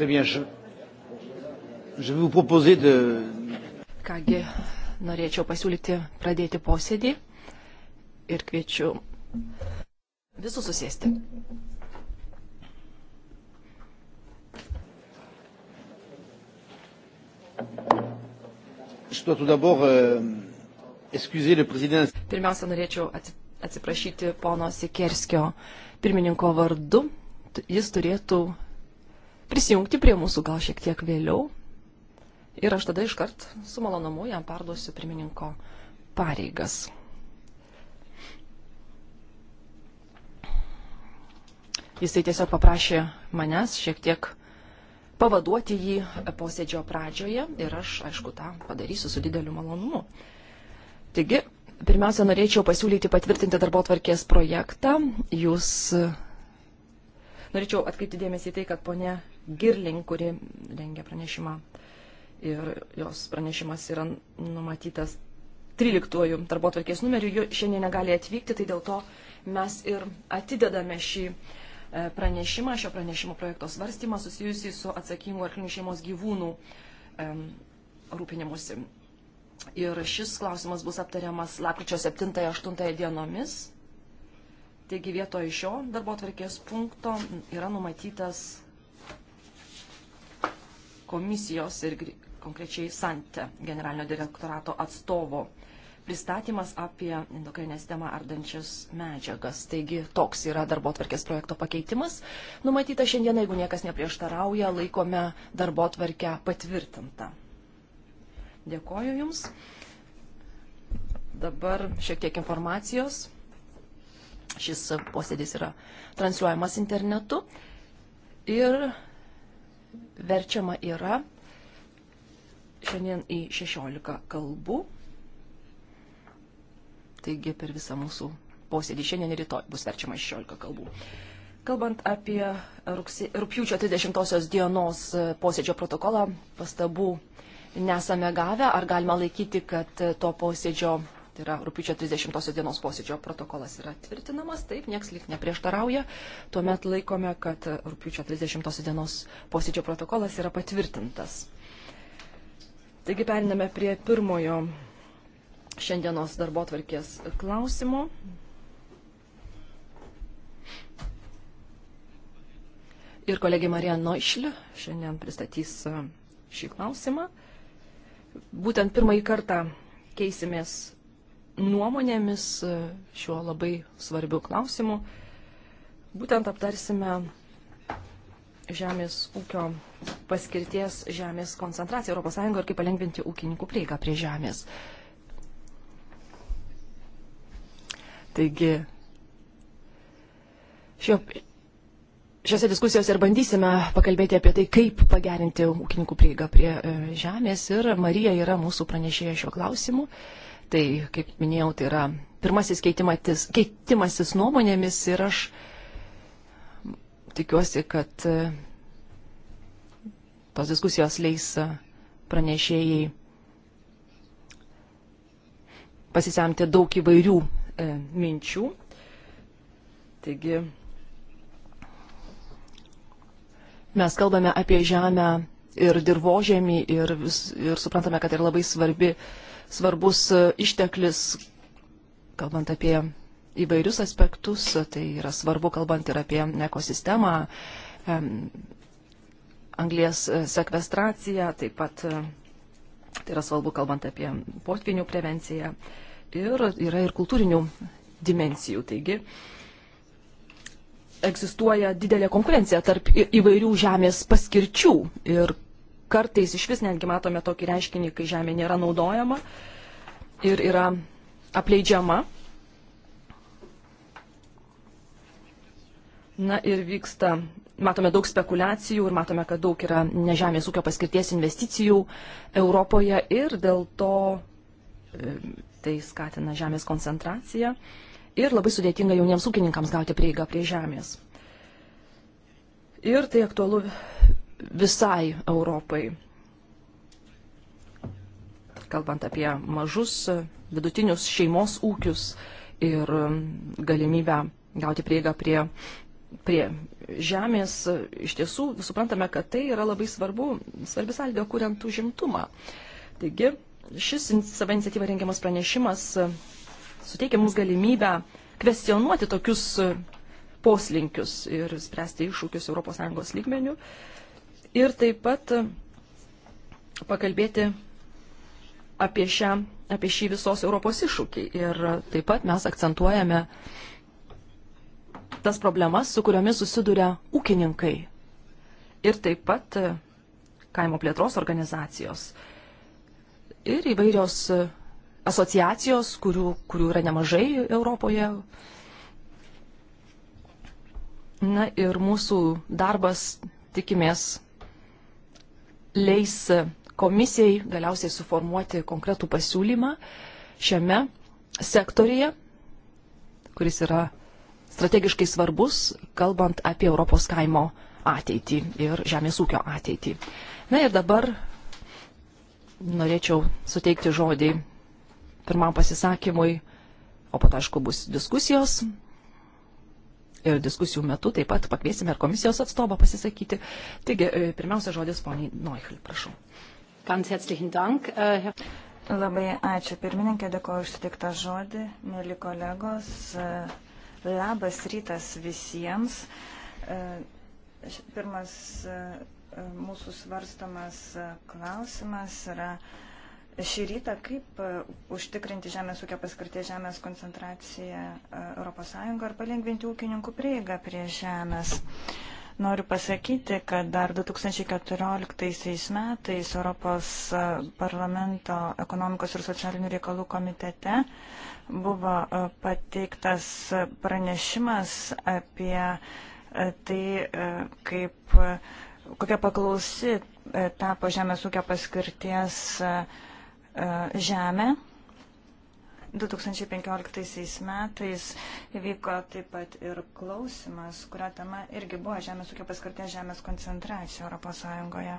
Très bien, je, je vais vous proposer de. Kągi, norėčiau pasiūlyti pradėti posėdį ir kviečiu visus susėsti. Euh, Pirmiausia, norėčiau atsiprašyti pono Sikerskio pirmininko vardu. Jis turėtų prisijungti prie mūsų gal šiek tiek vėliau. Ir aš tada iškart su malonumu jam perduosiu pirmininko pareigas. Jisai tiesiog paprašė manęs šiek tiek pavaduoti jį posėdžio pradžioje ir aš, aišku, tą padarysiu su dideliu malonumu. Taigi, pirmiausia, norėčiau pasiūlyti patvirtinti darbo tvarkės projektą. Jūs norėčiau atkreipti dėmesį į tai, kad ponė Girling, kuri rengia pranešimą. Ir jos pranešimas yra numatytas 13 darbo tvarkės numeriu. Ji šiandien negali atvykti, tai dėl to mes ir atidedame šį e, pranešimą, šio pranešimo projekto svarstymą susijusį su atsakingu arklinių šeimos gyvūnų um, rūpinimusi. Ir šis klausimas bus aptariamas lapkričio 7-8 dienomis. Taigi vietoje šio darbo tvarkės punkto yra numatytas komisijos ir konkrečiai Sante generalinio direktorato atstovo pristatymas apie endokrinę sistemą ardančias medžiagas. Taigi toks yra darbo tvarkės projekto pakeitimas. Numatyta šiandieną, jeigu niekas neprieštarauja, laikome darbo tvarkę patvirtintą. Dėkoju Jums. Dabar šiek tiek informacijos. Šis posėdis yra transliuojamas internetu. Ir verčiama yra šiandien į 16 kalbų. Taigi per visą mūsų posėdį šiandien ir rytoj bus verčiama į 16 kalbų. Kalbant apie rūpjūčio 30 dienos e, posėdžio protokolą, pastabų nesame gavę, ar galima laikyti, kad e, to posėdžio tai yra rūpiučio 30 dienos posėdžio protokolas yra tvirtinamas, taip, nieks lyg neprieštarauja, tuomet laikome, kad rūpiučio 30 dienos posėdžio protokolas yra patvirtintas. Taigi periname prie pirmojo šiandienos darbo tvarkės klausimo. Ir kolegė Marija Noišlė šiandien pristatys e, šį klausimą. Būtent pirmąjį kartą keisimės nuomonėmis e, šiuo labai svarbiu klausimu. Būtent aptarsime žemės ūkio paskirties žemės koncentraciją ES ir kaip palengvinti ūkininkų prieigą prie žemės. Taigi, šio, šiose diskusijose ir bandysime pakalbėti apie tai, kaip pagerinti ūkininkų prieigą prie e, žemės. Ir Marija yra mūsų pranešėja šiuo klausimu. Uh, Tai, kaip minėjau, tai yra pirmasis keitimatis, keitimasis nuomonėmis ir aš tikiuosi, kad e, tos diskusijos leis e, pranešėjai pasisemti daug įvairių e, minčių. Taigi, mes kalbame apie žemę ir dirbožėmį ir, vis, ir suprantame, kad tai yra labai svarbi e, svarbus e, išteklis, kalbant apie įvairius aspektus, tai yra svarbu kalbant ir apie ekosistemą, anglės e, sekvestraciją, taip pat e, tai yra svarbu kalbant apie potvinių prevenciją ir yra ir kultūrinių dimensijų. Taigi egzistuoja didelė konkurencija tarp įvairių žemės paskirčių ir kartais iš vis netgi matome tokį reiškinį, kai žemė nėra naudojama ir yra apleidžiama. Na ir vyksta, matome daug spekulacijų ir matome, kad daug yra nežemės ūkio paskirties investicijų Europoje ir dėl to e, tai skatina žemės koncentraciją ir labai sudėtinga jauniems ūkininkams gauti prieigą prie žemės. Ir tai aktualu visai Europai. Kalbant apie mažus, vidutinius šeimos ūkius ir galimybę gauti prieigą prie, prie žemės, iš tiesų suprantame, kad tai yra labai svarbu, svarbi sąlyga kuriant užimtumą. Taigi, šis savo iniciatyvą rengiamas pranešimas e, suteikia mums galimybę kvestionuoti tokius e, poslinkius ir spręsti iššūkius ES lygmenių. Uh, ir taip pat pakalbėti apie, šią, apie šį visos Europos iššūkį. Ir taip pat mes akcentuojame tas problemas, su kuriomis susiduria ūkininkai. Ir taip pat kaimo plėtros organizacijos. Ir įvairios asociacijos, kurių, kurių yra nemažai Europoje. Na ir mūsų darbas, tikimės, leis komisijai galiausiai suformuoti konkretų pasiūlymą šiame sektorija, kuris yra strategiškai svarbus, kalbant apie Europos kaimo ateitį ir žemės ūkio ateitį. Na ir dabar norėčiau suteikti žodį pirmam pasisakymui, o pat aišku bus diskusijos ir e, diskusijų metu taip pat pakviesime ir komisijos atstovą pasisakyti. Taigi, e, pirmiausia, žodis poniai Noichel, prašau. Ganz herzlichen Dank. Äh, Labai ačiū pirmininkė, dėkoju už sutiktą žodį, mėly kolegos. E, labas rytas visiems. Pirmas mūsų svarstamas klausimas yra šį rytą, kaip e, užtikrinti žemės ūkio paskirties žemės koncentraciją ES ir palengvinti ūkininkų prieigą prie žemės. Noriu pasakyti, kad dar 2014 metais Europos e, parlamento ekonomikos ir socialinių reikalų komitete buvo e, pateiktas pranešimas apie tai, kaip, kokia paklausi tapo žemės ūkio paskirties uh, E, žemę. 2015 metais įvyko taip pat ir klausimas, kurio tema irgi buvo žemės ūkio paskirties žemės koncentracija Europos Sąjungoje.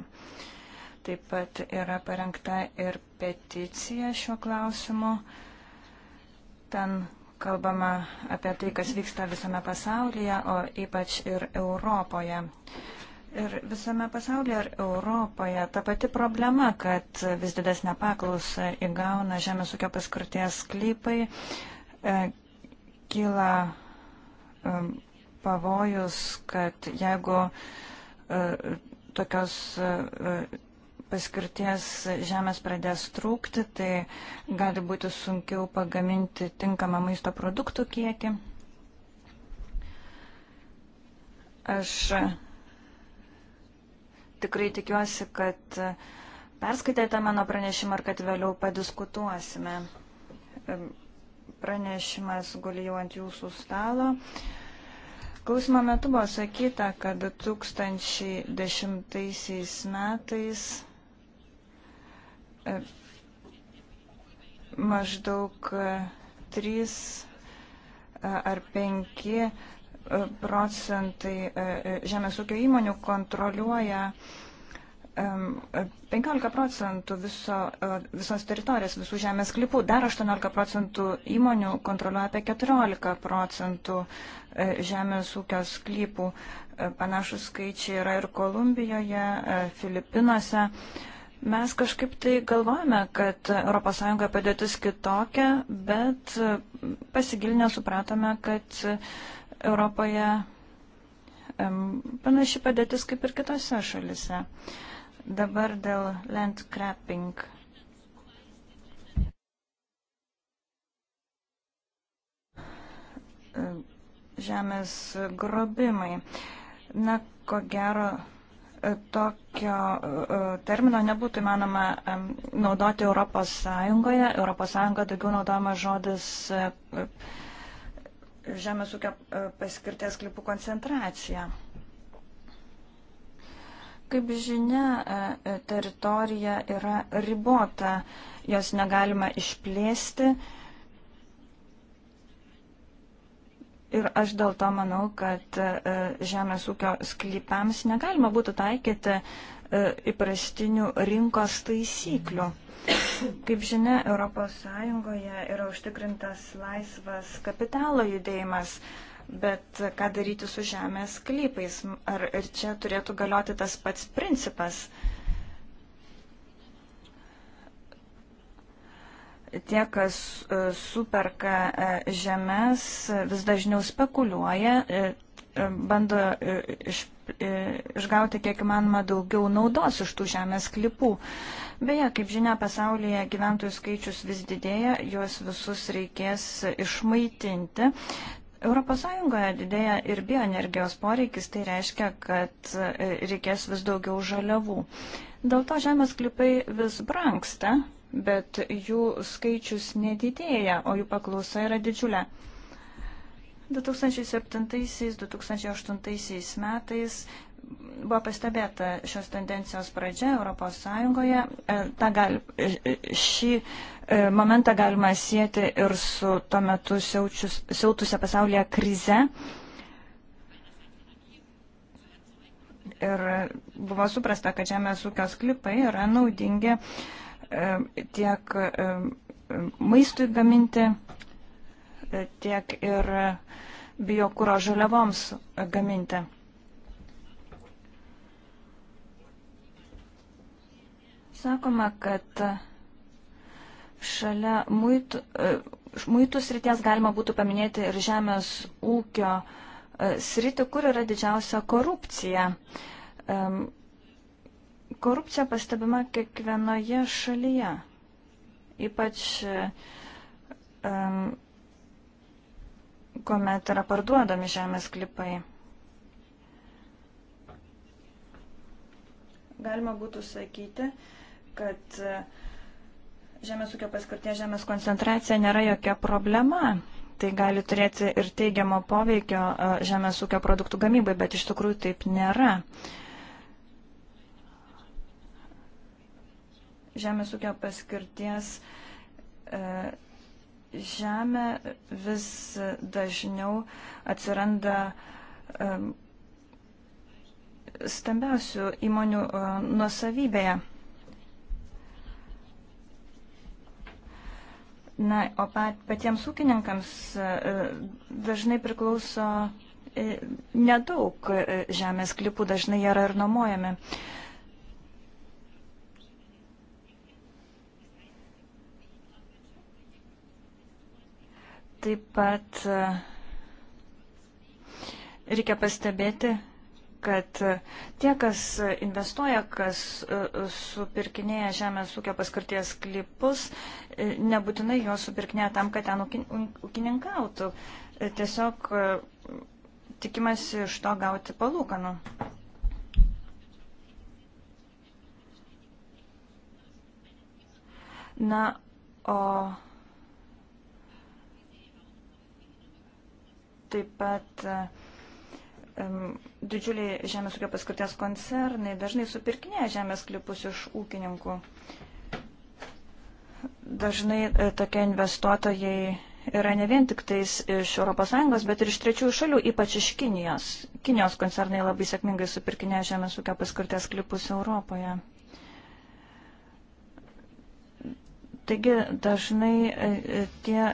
Taip pat yra parengta ir peticija šiuo klausimu. Ten kalbama apie tai, kas vyksta visame pasaulyje, o ypač ir Europoje. Ir visame pasaulyje ir Europoje ta pati problema, kad vis didesnę paklausą įgauna žemės ūkio paskirties sklypai, e, kyla e, pavojus, kad jeigu e, tokios e, paskirties žemės pradės trūkti, tai gali būti sunkiau pagaminti tinkamą maisto produktų kiekį. Aš. E, tikrai tikiuosi, kad perskaitėte mano pranešimą ir kad vėliau padiskutuosime. Pranešimas gulijau ant jūsų stalo. Klausimo metu buvo sakyta, kad 2010 metais maždaug 3 e, e, ar 5 procentai e, e, žemės ūkio įmonių kontroliuoja 15 procentų viso, e, visos teritorijos, visų žemės klipų, dar 18 procentų įmonių kontroliuoja apie 14 procentų žemės ūkio sklypų. Panašus skaičiai yra ir Kolumbijoje, Filipinuose. Mes kažkaip tai galvojame, kad ES padėtis kitokia, bet pasigilinę supratome, kad Europoje panaši padėtis kaip ir kitose šalise. Dabar dėl land crapping. Žemės grobimai. Na, ko gero, tokio e, termino nebūtų įmanoma naudoti Europos Sąjungoje. Europos Sąjunga daugiau naudojama žodis e, žemės ūkio e, paskirties klipų koncentracija. Kaip žinia, e, e, teritorija yra ribota, jos negalima išplėsti. Ir aš dėl to manau, kad žemės ūkio sklypams negalima būtų taikyti E, įprastinių rinkos taisyklių. Kaip žinia, ES yra užtikrintas laisvas kapitalo judėjimas, bet ką daryti su žemės klypais? Ar ir čia turėtų galioti tas pats principas? Tie, kas e, superka e, žemės, vis dažniau spekuliuoja, bando iš E, išgauti kiek įmanoma daugiau naudos iš tų žemės klipų. Beje, kaip žinia, pasaulyje gyventojų skaičius vis didėja, juos visus reikės išmaitinti. ES didėja ir bioenergijos poreikis, tai reiškia, kad e, reikės vis daugiau žaliavų. Dėl to žemės klipai vis branksta, bet jų skaičius nedidėja, o jų paklausa yra didžiulė. 2007-2008 metais buvo pastebėta šios tendencijos pradžia Europos Sąjungoje. E, Ta gal, e, e, šį momentą galima sieti ir su tuo metu siaučius, siautusią pasaulyje krize. Ir buvo suprasta, kad žemės ūkio sklypai yra naudingi tiek maistui gaminti, tiek ir biokūro žaliavoms gaminti. Sakoma, kad šalia muitų, muitų srities galima būtų paminėti ir žemės ūkio e, sritį, kur yra didžiausia korupcija. Korupcija pastebima kiekvienoje šalyje, ypač kuomet yra parduodami žemės klipai. Galima būtų sakyti, kad e, žemės ūkio paskirties žemės koncentracija nėra jokia problema. Tai gali turėti ir teigiamo poveikio e, žemės ūkio produktų gamybai, bet iš tikrųjų taip nėra. Žemės ūkio paskirties e, Žemė vis dažniau atsiranda um, stambiausių įmonių um, nuosavybėje. Na, o pat, patiems ūkininkams e, dažnai priklauso e, nedaug žemės klipų, dažnai jie yra ir nuomojami. Taip pat e, reikia pastebėti, kad e, tie, kas investuoja, kas e, supirkinėja žemės ūkio paskirties klipus, nebūtinai juos supirkinėja tam, kad ten ūkininkautų. Tiesiog tikimasi iš to gauti palūkanų. Na, o Taip pat um, didžiuliai žemės ūkio paskirties koncernai dažnai supirkinėja žemės klipus iš ūkininkų. Dažnai e, tokie investuotojai yra ne vien tik tais iš ES, bet ir iš trečiųjų šalių, ypač iš Kinijos. Kinijos koncernai labai sėkmingai supirkinėja žemės ūkio paskirties klipus Europoje. Taigi dažnai e, e, tie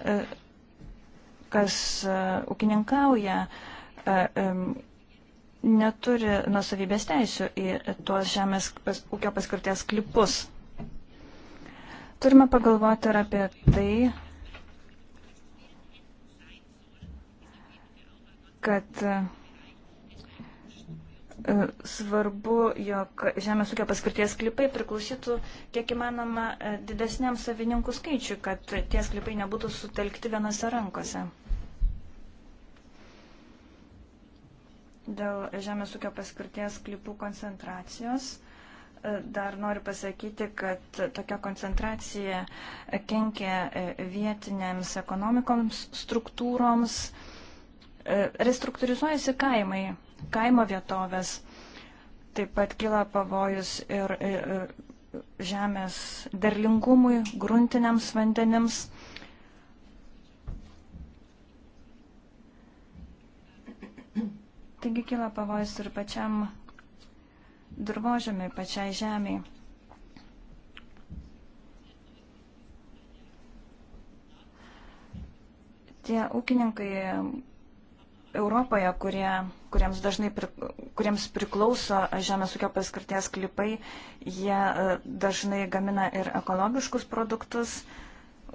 kas e, ūkininkauja, e, e, neturi nusavybės teisių į tuos žemės pas, ūkio paskirties klipus. Turime pagalvoti ir apie tai, kad E, svarbu, jog žemės ūkio paskirties sklypai priklausytų kiek įmanoma e, didesniam savininkų skaičiui, kad tie sklypai nebūtų sutelkti vienose rankose. Dėl žemės ūkio paskirties sklypų koncentracijos e, dar noriu pasakyti, kad tokia koncentracija kenkia vietinėms ekonomikoms, struktūroms, restruktūrizuojasi kaimai kaimo vietovės. Taip pat kyla pavojus ir, ir, ir žemės derlingumui, gruntiniams vandenims. Taigi kyla pavojus ir pačiam dirbožėmiai, pačiai žemiai. Tie ūkininkai Europoje, kurie, kuriems, dažnai, kuriems priklauso žemės ūkio paskirties klipai, jie e, dažnai gamina ir ekologiškus produktus,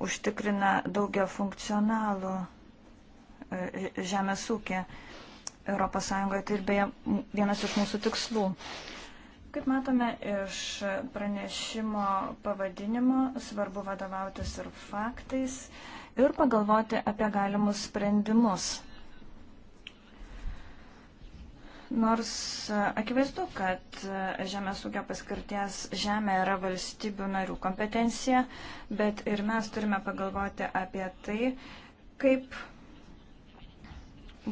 užtikrina daugia funkcionalų e, žemės ūkį ES. Tai ir beje vienas iš mūsų tikslų. Kaip matome iš pranešimo pavadinimo, svarbu vadovautis ir faktais ir pagalvoti apie galimus sprendimus Nors e, akivaizdu, kad e, žemės ūkio paskirties žemė yra valstybių narių kompetencija, bet ir mes turime pagalvoti apie tai, kaip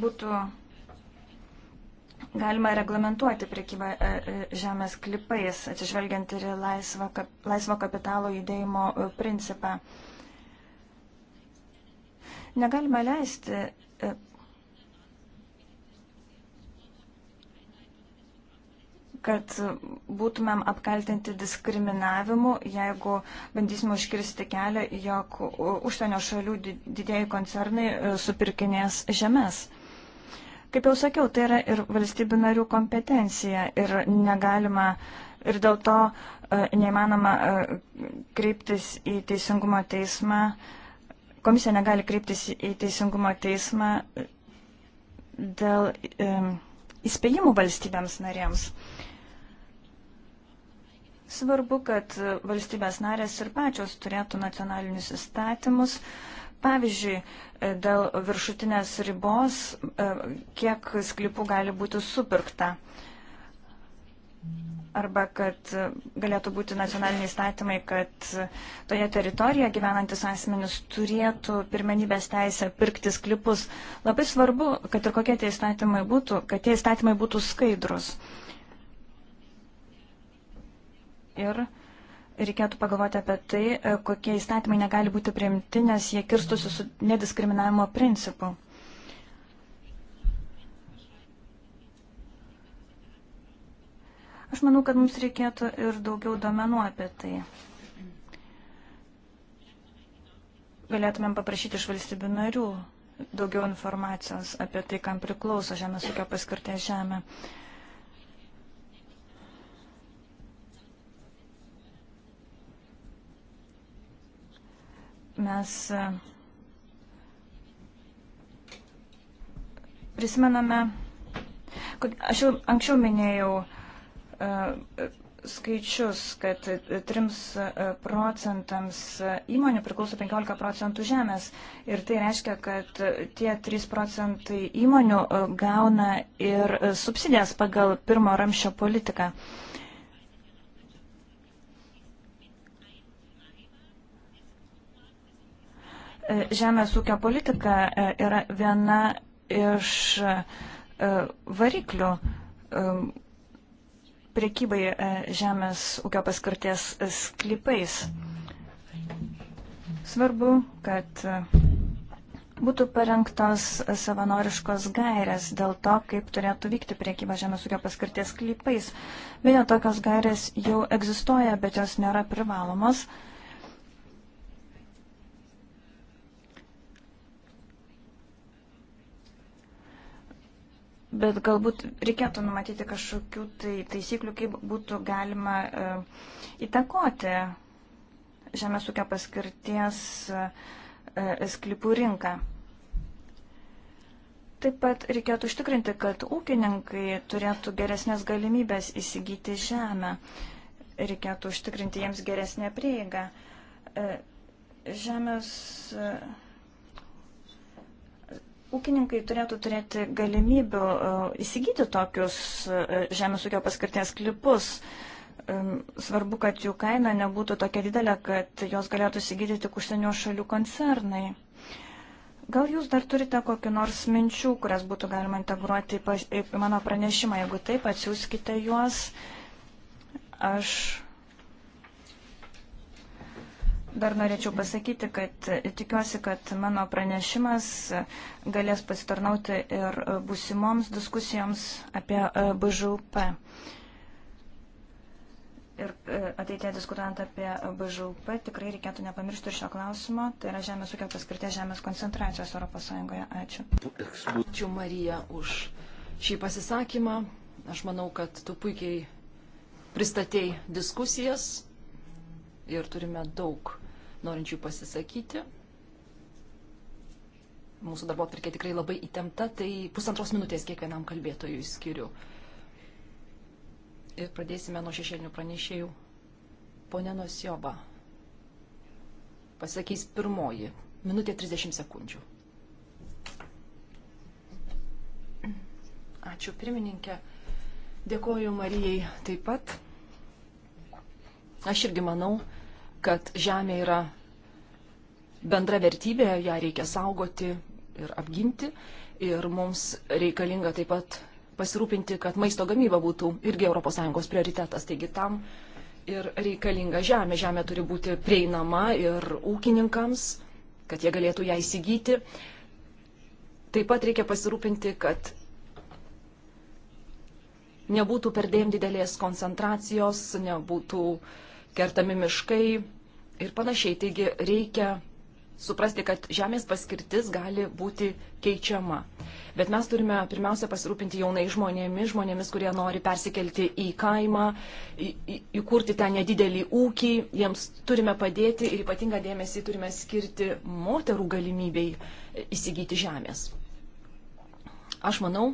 būtų galima reglamentuoti priekybą e, žemės klipais, atsižvelgiant ir laisvo, laisvo kapitalo judėjimo principą. Negalima leisti kad būtumėm apkaltinti diskriminavimu, jeigu bandysime užkirsti kelią, jog užsienio šalių didėjai koncernai e, supirkinės žemės. Kaip jau sakiau, tai yra ir valstybių narių kompetencija ir negalima ir dėl to e, neįmanoma e, kreiptis į teisingumo teismą. Komisija negali kreiptis į teisingumo teismą dėl įspėjimų valstybėms narėms. Svarbu, kad valstybės narės ir pačios turėtų nacionalinius įstatymus. Pavyzdžiui, dėl viršutinės ribos, e, kiek sklypų gali būti supirkta. Arba kad galėtų būti nacionaliniai įstatymai, kad toje teritorijoje gyvenantis asmenys turėtų pirmenybės teisę pirkti sklypus. Labai svarbu, kad ir kokie tie įstatymai būtų, kad tie įstatymai būtų skaidrus ir reikėtų pagalvoti apie tai, e, kokie įstatymai negali būti priimti, nes jie kirstusi su nediskriminavimo principu. Aš manau, kad mums reikėtų ir daugiau domenų apie tai. Galėtumėm paprašyti iš valstybių narių daugiau informacijos apie tai, kam priklauso žemės ūkio paskirtė žemė. žemė Mes e, prisimename, aš jau anksčiau minėjau e, skaičius, kad 3 e, procentams įmonių priklauso 15 procentų žemės ir tai reiškia, kad tie 3 procentai įmonių gauna ir subsidijas pagal pirmo ramščio politiką. Uh, E, žemės ūkio politika e, yra viena iš e, variklių priekybai žemės ūkio paskirties sklypais. Svarbu, kad būtų parengtos savanoriškos gairės dėl to, kaip turėtų vykti priekyba žemės ūkio paskirties sklypais. Viena tokios gairės jau egzistuoja, bet jos nėra privalomos. Uh, bet galbūt reikėtų numatyti kažkokių tai taisyklių, kaip būtų galima e, įtakoti žemės ūkio paskirties e, e, sklipų rinką. Taip pat reikėtų užtikrinti, kad ūkininkai turėtų geresnės galimybės įsigyti žemę. Reikėtų užtikrinti jiems geresnę prieigą. Žemės Ūkininkai turėtų turėti galimybių e, įsigyti tokius e, žemės ūkio paskirties klipus. E, svarbu, kad jų kaina nebūtų tokia didelė, kad jos galėtų įsigyti tik užsienio šalių koncernai. Gal jūs dar turite kokį nors minčių, kurias būtų galima integruoti į mano pranešimą? Jeigu taip, atsiųskite juos. Aš Dar norėčiau pasakyti, kad tikiuosi, kad mano pranešimas galės pasitarnauti ir busimoms diskusijoms apie e, BŽUP. Ir e, ateitie diskutuojant apie e, BŽUP, tikrai reikėtų nepamiršti ir šio klausimo, tai yra žemės ūkio paskirties žemės koncentracijos ES. Ačiū. Ačiū Marija už šį pasisakymą. Aš manau, kad tu puikiai pristatėjai diskusijas ir turime daug norinčių pasisakyti. Mūsų darbo atvirkė tikrai labai įtempta, tai pusantros minutės kiekvienam kalbėtojui skiriu. Ir pradėsime nuo šešėlinių pranešėjų. Pone Nosjoba pasakys pirmoji, minutė 30 sekundžių. Ačiū pirmininkė. Dėkoju Marijai taip pat. Aš irgi manau, kad žemė yra bendra vertybė, ją reikia saugoti ir apginti. Ir mums reikalinga taip pat pasirūpinti, kad maisto gamyba būtų irgi ES prioritetas. Taigi tam ir reikalinga žemė. Žemė turi būti prieinama ir ūkininkams, kad jie galėtų ją įsigyti. Taip pat reikia pasirūpinti, kad nebūtų perdėm didelės koncentracijos, nebūtų uh, kertami miškai ir panašiai. Taigi reikia suprasti, kad žemės paskirtis gali būti keičiama. Bet mes turime pirmiausia pasirūpinti jaunai žmonėmis, žmonėmis, kurie nori persikelti į kaimą, į, į, įkurti tą nedidelį ūkį, jiems turime padėti ir ypatingą dėmesį turime skirti moterų galimybei įsigyti žemės. Aš manau,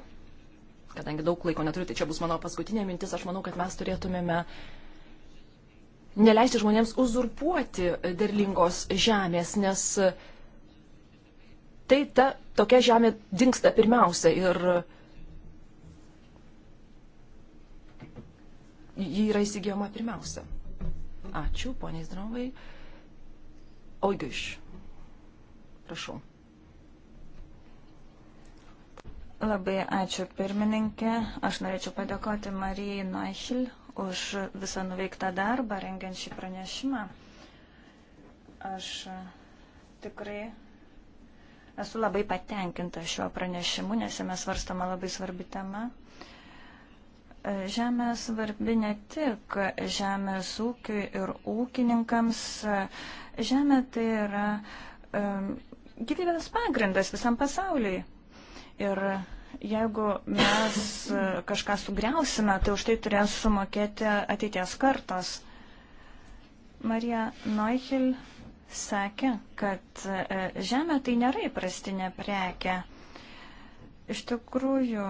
kadangi daug laiko neturiu, tai čia bus mano paskutinė mintis, aš manau, kad mes turėtumėme uh, neleisti žmonėms uzurpuoti derlingos žemės, nes tai ta tokia žemė dinksta pirmiausia ir ji yra įsigijama pirmiausia. Ačiū, poniai Zdravai. Oigiš, prašau. Labai ačiū pirmininkė. Aš norėčiau padėkoti Marijai Noichil už visą nuveiktą darbą rengiant šį pranešimą. Aš tikrai esu labai patenkinta šiuo pranešimu, nes jame svarstama labai svarbi tema. Žemė svarbi ne tik žemės ūkiui ir ūkininkams. Žemė tai yra um, gyvybės pagrindas visam pasauliui. Ir Jeigu mes e, kažką sugriausime, tai už tai turės sumokėti ateities kartos. Marija Neuchil sakė, kad e, žemė tai nėra įprastinė prekė. Iš tikrųjų,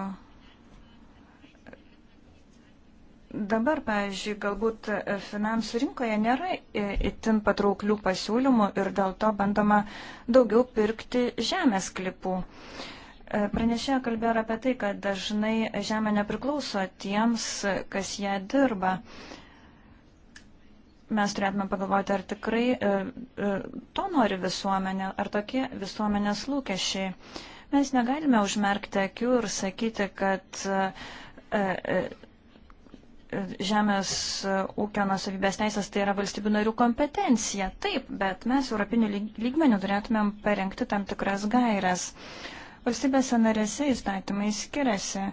dabar, pavyzdžiui, galbūt finansų rinkoje nėra e, itin patrauklių pasiūlymų ir dėl to bandoma daugiau pirkti žemės klipų. Uh, Pranešėja kalbėjo apie tai, kad dažnai žemė nepriklauso tiems, kas ją dirba. Mes turėtume pagalvoti, ar tikrai e, e, to nori visuomenė, ar tokie visuomenės lūkesčiai. Mes negalime užmerkti akių ir sakyti, kad e, žemės ūkio nusavybės teisės tai yra valstybių narių kompetencija. Taip, bet mes europinių lygmenių turėtumėm parengti tam tikras gairias. Valstybėse narėse įstatymai skiriasi.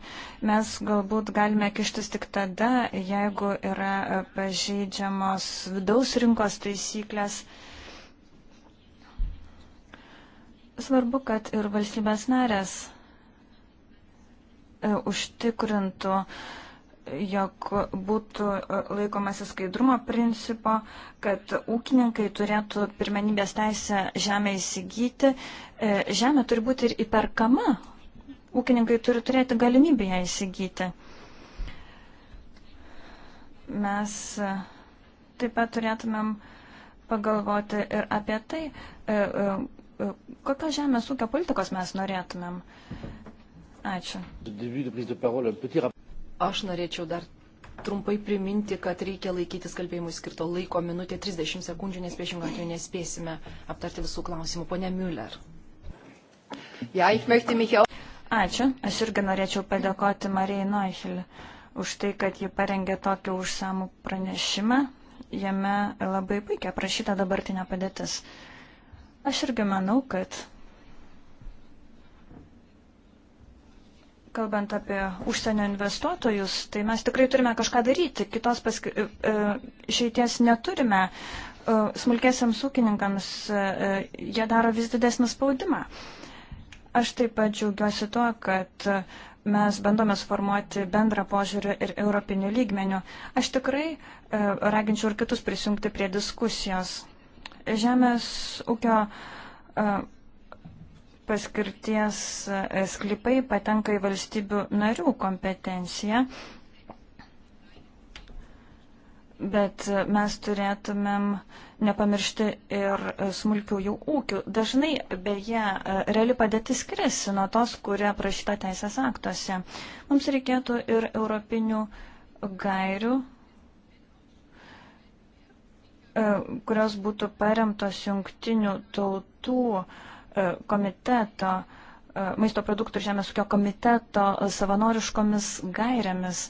Mes galbūt galime kištis tik tada, jeigu yra e, pažeidžiamos vidaus rinkos taisyklės. Svarbu, kad ir valstybės narės e, užtikrintų uh, jog būtų e, laikomasi skaidrumo principo, kad ūkininkai turėtų pirmenybės teisę žemę įsigyti. E, žemė turi būti ir įperkama. Ūkininkai turi turėti galimybę ją įsigyti. Mes e, taip pat turėtumėm pagalvoti ir apie tai, kokios žemės ūkio politikos mes norėtumėm. Ačiū. Aš norėčiau dar trumpai priminti, kad reikia laikytis kalbėjimui skirto laiko minutė 30 sekundžių, nes priešingą atveju nespėsime aptarti visų klausimų. Pone Müller. Ja, Ačiū. Aš irgi norėčiau padėkoti Marijai Noichel už tai, kad ji parengė tokį užsamų pranešimą. Jame labai puikiai aprašyta dabartinė padėtis. Aš irgi manau, kad Kalbant apie užsienio investuotojus, tai mes tikrai turime kažką daryti. Kitos pask... E, e, išeities neturime. E, Smulkėsiams ūkininkams jie daro vis didesnį spaudimą. Aš taip pat džiaugiuosi tuo, kad mes bandome sformuoti bendrą požiūrį ir europinių lygmenių. Aš tikrai raginčiau ir kitus prisijungti prie diskusijos. Žemės ūkio paskirties e, sklypai patenka į valstybių narių kompetenciją, bet mes turėtumėm nepamiršti ir smulkiųjų ūkių. Dažnai, beje, e, reali padėtis skiriasi nuo tos, kurie prašyta teisės aktuose. Mums reikėtų ir europinių gairių e, kurios būtų paremtos jungtinių tautų uh, E, komiteto, e, maisto produktų ir žemės ūkio komiteto savanoriškomis gairėmis.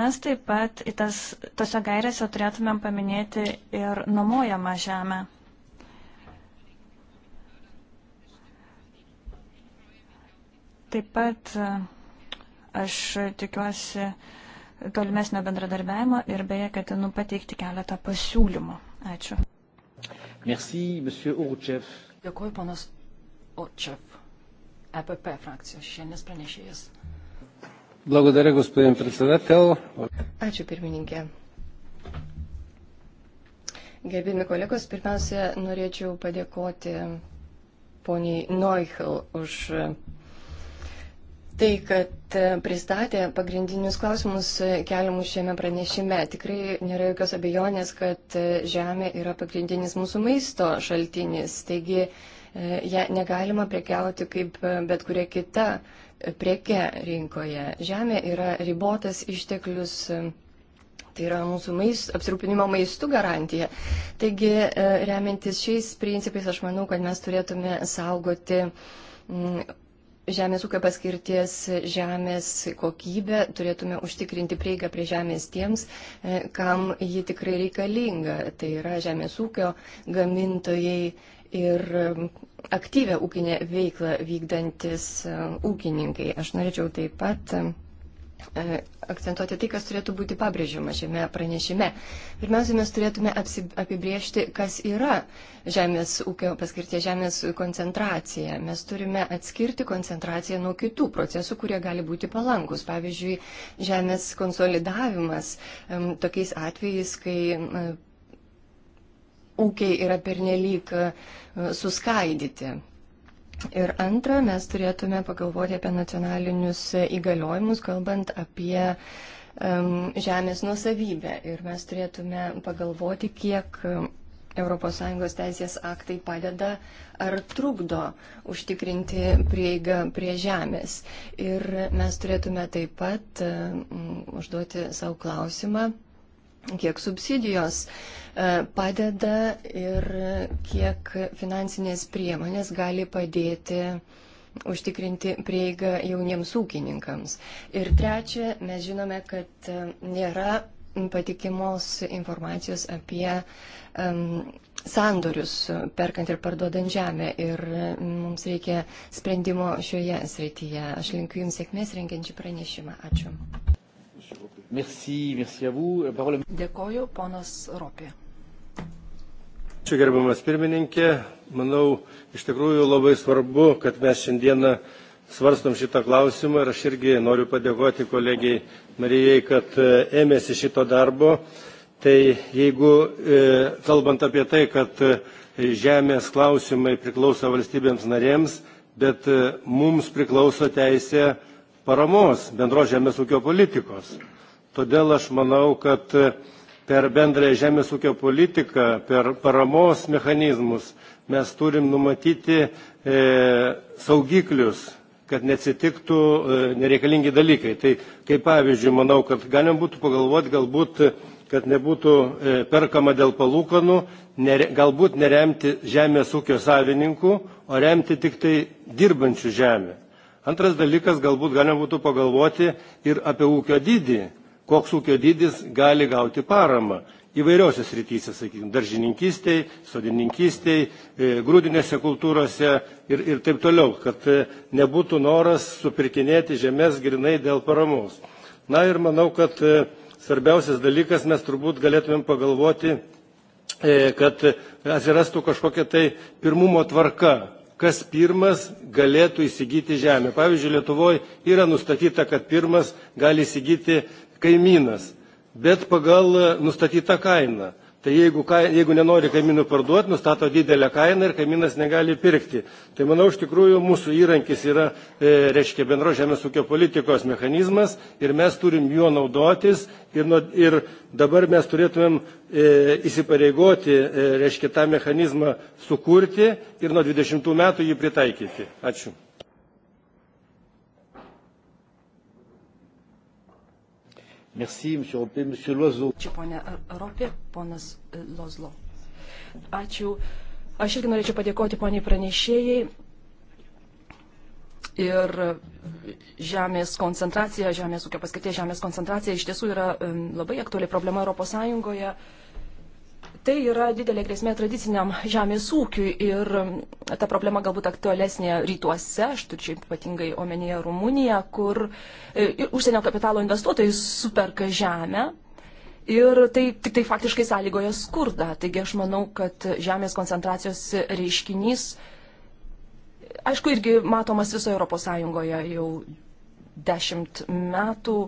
Mes taip pat į tas, tose gairėse turėtumėm paminėti ir nuomojamą žemę. Taip pat e, aš tikiuosi tolimesnio bendradarbiavimo ir beje, ketinu pateikti keletą pasiūlymų. Ačiū. Merci, Dėkuoju, panas Očev, EPP frakcijos šiandienis pranešėjas. Благодаря, господин председател. Ačiū pirmininkė. Gerbimi kolegos, pirmiausia, norėčiau padėkoti poniai Neuchel už tai, kad pristatė pagrindinius klausimus keliamus šiame pranešime. Tikrai nėra jokios abejonės, kad žemė yra pagrindinis mūsų maisto šaltinis. Taigi, E, ją negalima prekiauti kaip e, bet kuria kita e, prieke rinkoje. Žemė yra ribotas išteklius. Tai yra mūsų maist, apsirūpinimo maistų garantija. Taigi, remiantis šiais principais, aš manau, kad mes turėtume saugoti žemės ūkio paskirties žemės kokybę, turėtume užtikrinti prieigą prie žemės tiems, kam ji tikrai reikalinga. Tai yra žemės ūkio gamintojai, ir um, aktyvę ūkinę veiklą vykdantis um, ūkininkai. Aš norėčiau taip pat um, e, akcentuoti tai, kas turėtų būti pabrėžiama šiame pranešime. Pirmiausia, mes turėtume apibriežti, kas yra žemės ūkio paskirtie žemės koncentracija. Mes turime atskirti koncentraciją nuo kitų procesų, kurie gali būti palankus. Pavyzdžiui, žemės konsolidavimas tokiais atvejais, kai ūkiai yra pernelyg e, suskaidyti. Ir antra, mes turėtume pagalvoti apie nacionalinius įgaliojimus, kalbant apie um, žemės nusavybę. Ir mes turėtume pagalvoti, kiek ES teisės aktai padeda ar trukdo užtikrinti prieigą prie žemės. Ir mes turėtume taip pat um, užduoti savo klausimą, kiek subsidijos e, padeda ir kiek finansinės priemonės gali padėti užtikrinti prieigą jauniems ūkininkams. Ir trečia, mes žinome, kad e, nėra patikimos informacijos apie um, sandorius perkant ir parduodant žemę ir e, mums reikia sprendimo šioje srityje. Aš linkiu Jums sėkmės rengiančių pranešimą. Ačiū. Merci, merci a vous. Parole... Dėkoju, ponas Ropė. Ačiū gerbiamas pirmininkė. Manau, iš tikrųjų labai svarbu, kad mes šiandieną svarstom šitą klausimą ir aš irgi noriu padėkoti kolegiai Marijai, kad e, ėmėsi šito darbo. Tai jeigu e, kalbant apie tai, kad e, žemės klausimai priklauso valstybėms narėms, bet mums priklauso teisė paramos bendros žemės ūkio politikos. Todėl aš manau, kad e, per bendrąją žemės ūkio politiką, per paramos mechanizmus mes turim numatyti e, saugiklius, kad neatsitiktų e, nereikalingi dalykai. Tai kaip pavyzdžiui, manau, kad galim būtų pagalvoti galbūt, kad nebūtų e, perkama dėl palūkanų, nere, galbūt neremti žemės ūkio savininkų, o remti tik tai dirbančių žemę. Antras dalykas, galbūt galima būtų pagalvoti ir apie ūkio dydį koks ūkio dydis gali gauti paramą įvairiose srityse, sakykime, daržininkystėje, sodininkystėje, grūdinėse kultūrose ir, ir taip toliau, kad e, nebūtų noras supirkinėti žemės grinai dėl paramos. Na ir manau, kad e, svarbiausias dalykas mes turbūt galėtumėm pagalvoti, e, kad atsirastų kažkokia tai pirmumo tvarka, kas pirmas galėtų įsigyti žemę. Pavyzdžiui, Lietuvoje yra nustatyta, kad pirmas gali įsigyti kaimynas, bet pagal e, nustatytą kainą. Tai jeigu, jeigu nenori kaimynų parduoti, nustato didelę kainą ir kaimynas negali pirkti. Tai manau, iš tikrųjų mūsų įrankis yra, e, reiškia, bendro žemės ūkio politikos mechanizmas ir mes turim juo naudotis ir, nu, ir dabar mes turėtumėm e, įsipareigoti, e, reiškia, tą mechanizmą sukurti ir nuo 20 metų jį pritaikyti. Ačiū. Merci, monsieur Ropė, monsieur Loiseau. Ačiū, ponė e, Ropė, ponas e, Lozlo. Ačiū. Aš irgi norėčiau padėkoti poniai pranešėjai. Ir žemės koncentracija, žemės ūkio paskirties žemės koncentracija iš tiesų yra labai aktuali problema Europos Sąjungoje. Uh, Tai yra didelė grėsmė tradiciniam žemės ūkiui ir ta problema galbūt aktualesnė rytuose, aš turiu ypatingai omenyje Rumuniją, kur e, užsienio kapitalo investuotojai superka žemę ir tai tik tai faktiškai sąlygoja skurdą. Taigi aš manau, kad žemės koncentracijos reiškinys, aišku, irgi matomas visoje Europos Sąjungoje jau dešimt metų.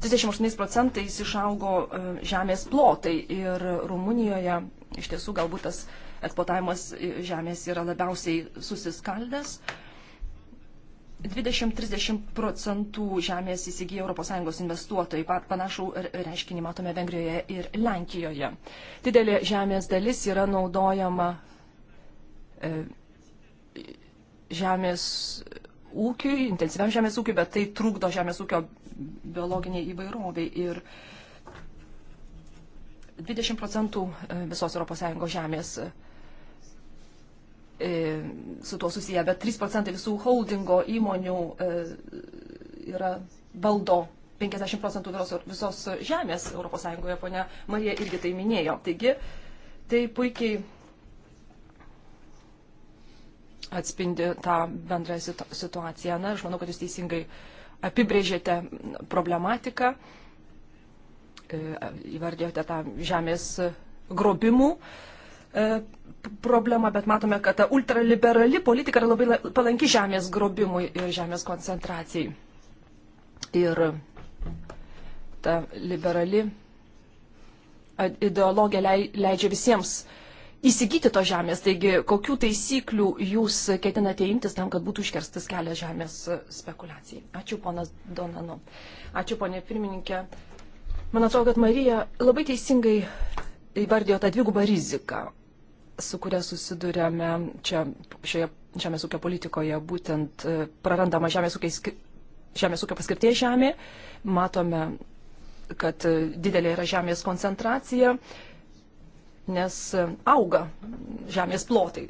38 procentais išaugo e, žemės plotai ir Rumunijoje iš tiesų galbūt tas eksploatavimas e, žemės yra labiausiai susiskaldęs. 20-30 procentų žemės įsigyja ES investuotojai. Panašų reiškinį matome Vengrijoje ir Lenkijoje. Didelė žemės dalis yra naudojama e, žemės ūkiui, intensyviam žemės ūkiui, bet tai trukdo žemės ūkio biologiniai įvairoviai. Ir 20 procentų e, visos ES žemės e, su tuo susiję, bet 3 procentai visų holdingo įmonių e, yra valdo 50 procentų visos žemės ES, ponia Marija irgi tai minėjo. Taigi, tai puikiai atspindi tą bendrą situaciją. Na, aš manau, kad jūs teisingai uh, apibrėžėte problematiką, e, įvardėjote tą žemės grobimų e, problemą, bet matome, kad ta ultraliberali politika yra labai palanki žemės grobimui ir žemės koncentracijai. Ir ta liberali ideologija leidžia visiems uh, įsigyti tos žemės. Taigi, kokių taisyklių jūs ketinate imtis tam, kad būtų iškerstas kelias žemės spekulacijai? Ačiū, ponas Donanu. Ačiū, ponė pirmininkė. Man atrodo, kad Marija labai teisingai įvardėjo tą dvigubą riziką, su kuria susidurėme čia šioje žemės ūkio politikoje, būtent e, prarandama žemės ūkio, žemės ūkio paskirties žemė. Matome kad e, didelė yra žemės koncentracija, nes e, auga žemės plotai.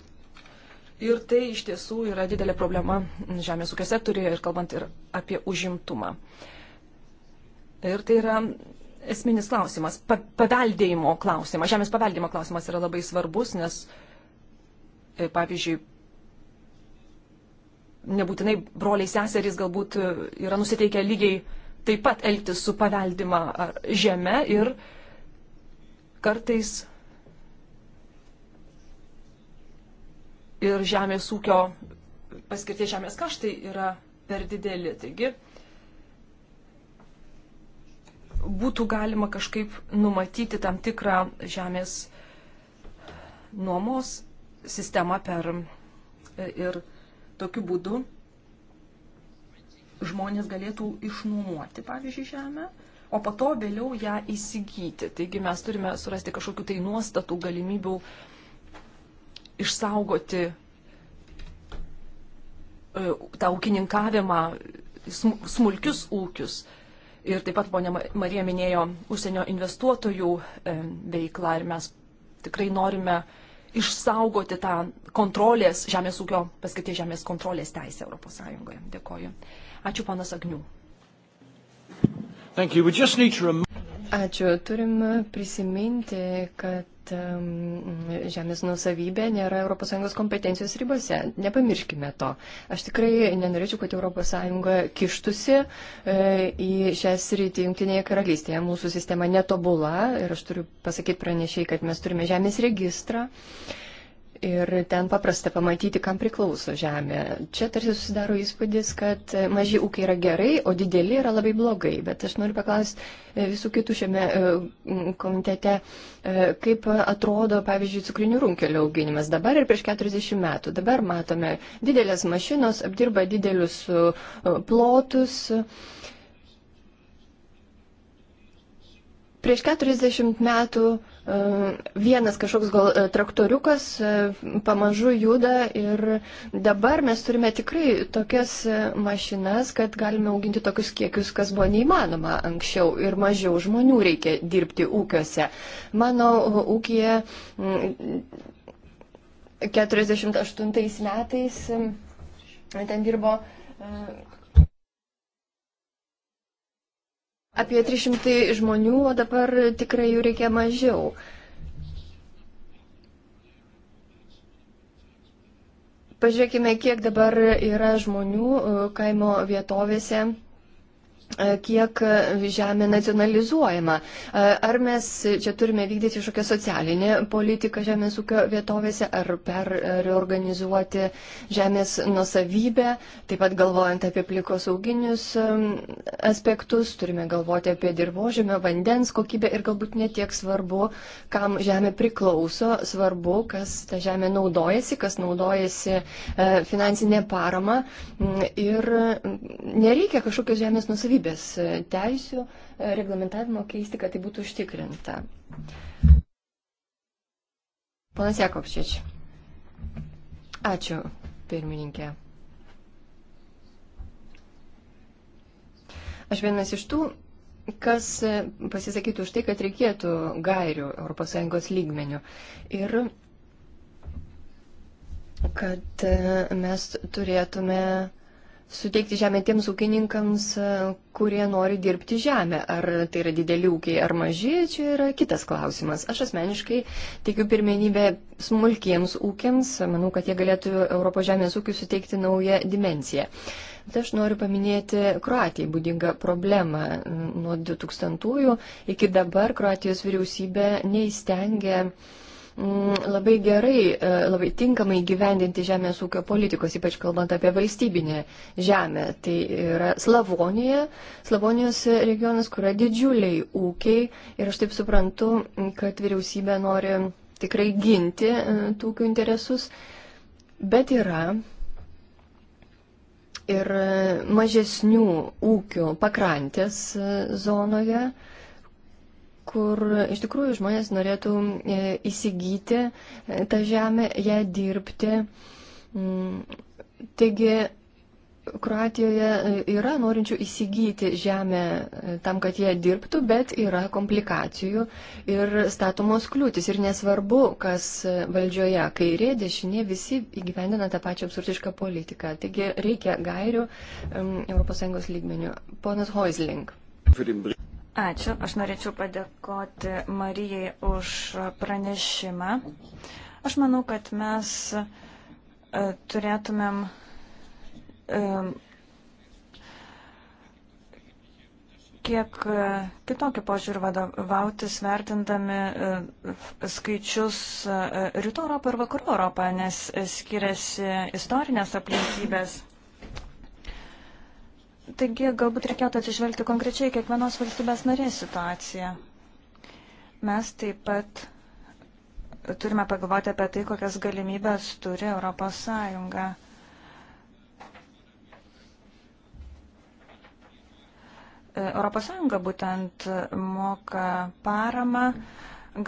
Ir tai iš tiesų yra didelė problema žemės ūkio sektoriuje ir kalbant ir apie užimtumą. Ir tai yra esminis klausimas, pa paveldėjimo klausimas. Žemės paveldėjimo klausimas yra labai svarbus, nes, e, pavyzdžiui, nebūtinai broliai seserys galbūt e, yra nusiteikę lygiai taip pat elgtis su paveldima žeme ir kartais ir žemės ūkio paskirties žemės kaštai yra per dideli. Taigi būtų galima kažkaip numatyti tam tikrą žemės nuomos sistemą per ir tokiu būdu žmonės galėtų išnuomoti, pavyzdžiui, žemę, o po to vėliau ją įsigyti. Taigi mes turime surasti kažkokiu tai nuostatų galimybių uh, išsaugoti e, tą ūkininkavimą, smulkius ūkius. Ir taip pat ponė Marija minėjo užsienio investuotojų e, veiklą ir mes tikrai norime išsaugoti tą kontrolės, žemės ūkio paskirtie žemės kontrolės teisę ES. Dėkoju. Ačiū, panas Agnių. Ačiū. Turim prisiminti, kad kad žemės nusavybė nėra ES kompetencijos ribose. Nepamirškime to. Aš tikrai nenorėčiau, kad ES kištusi e, į šią sritį Junktinėje karalystėje. Mūsų sistema netobula ir aš turiu pasakyti pranešiai, kad mes turime žemės registrą. Uh, Ir ten paprasta pamatyti, kam priklauso žemė. Čia tarsi susidaro įspūdis, kad maži ūkiai yra gerai, o dideli yra labai blogai. Bet aš noriu paklausti e, visų kitų šiame e, komitete, e, kaip atrodo, pavyzdžiui, cukrinių runkelių auginimas dabar ir prieš 40 metų. Dabar matome didelės mašinos, apdirba didelius plotus. Prieš 40 metų vienas kažkoks gal e, traktoriukas e, pamažu juda ir dabar mes turime tikrai tokias e, mašinas, kad galime auginti tokius kiekius, kas buvo neįmanoma anksčiau ir mažiau žmonių reikia dirbti ūkiuose. Mano ūkija mm, 48 metais ten dirbo apie 300 žmonių, o dabar tikrai jų reikia mažiau. Pažiūrėkime, kiek dabar yra žmonių uh, kaimo vietovėse E, kiek žemė nacionalizuojama. E, ar mes čia turime vykdyti kažkokią socialinę politiką žemės ūkio vietovėse, ar per reorganizuoti žemės nusavybę, taip pat galvojant apie plikos auginius e, aspektus, turime galvoti apie dirbožėmio, vandens kokybę ir galbūt netiek svarbu, kam žemė priklauso, svarbu, kas tą žemę naudojasi, kas naudojasi finansinė parama mm, ir mm, nereikia kažkokios žemės nusavybės nuosavybės e, teisių e, reglamentavimo keisti, kad tai būtų užtikrinta. Ponas Jakovčič. Ačiū, pirmininkė. Aš vienas iš tų, kas e, pasisakytų už tai, kad reikėtų gairių ES lygmenių. Ir kad mes turėtume suteikti žemę tiems ūkininkams, kurie nori dirbti žemę. Ar tai yra dideli ūkiai ar maži, čia yra kitas klausimas. Aš asmeniškai teikiu pirmenybę smulkiems ūkiams. Manau, kad jie galėtų Europos žemės ūkiui suteikti naują dimenciją. Bet aš noriu paminėti Kroatijai būdingą problemą. Nuo 2000-ųjų iki dabar Kroatijos vyriausybė neįstengia Mm, labai gerai, e, labai tinkamai gyvendinti žemės ūkio politikos, ypač kalbant apie valstybinę žemę. Tai yra Slavonija, Slavonijos regionas, kur yra didžiuliai ūkiai ir aš taip suprantu, kad vyriausybė nori tikrai ginti e, tūkių interesus, bet yra ir e, mažesnių ūkių pakrantės zonoje kur iš tikrųjų žmonės norėtų e, įsigyti e, tą žemę, ją dirbti. Mm, taigi, Kroatijoje e, yra norinčių įsigyti žemę tam, kad jie dirbtų, bet yra komplikacijų ir statomos kliūtis. Ir nesvarbu, kas valdžioje, kairė, dešinė, visi įgyvendina tą pačią absurdišką politiką. Taigi reikia gairių um, ES lygmenių. Ponas Hoisling. Ačiū. Aš norėčiau padėkoti Marijai už pranešimą. Aš manau, kad mes e, turėtumėm e, kiek e, kitokį požiūrį vadovautis, vertindami skaičius Rytų Europą ir Vakarų Europą, nes skiriasi istorinės aplinkybės. Taigi galbūt reikėtų atsižvelgti konkrečiai kiekvienos valstybės narės situaciją. Mes taip pat turime pagalvoti apie tai, kokias galimybės turi Europos Sąjunga. Europos Sąjunga būtent moka paramą.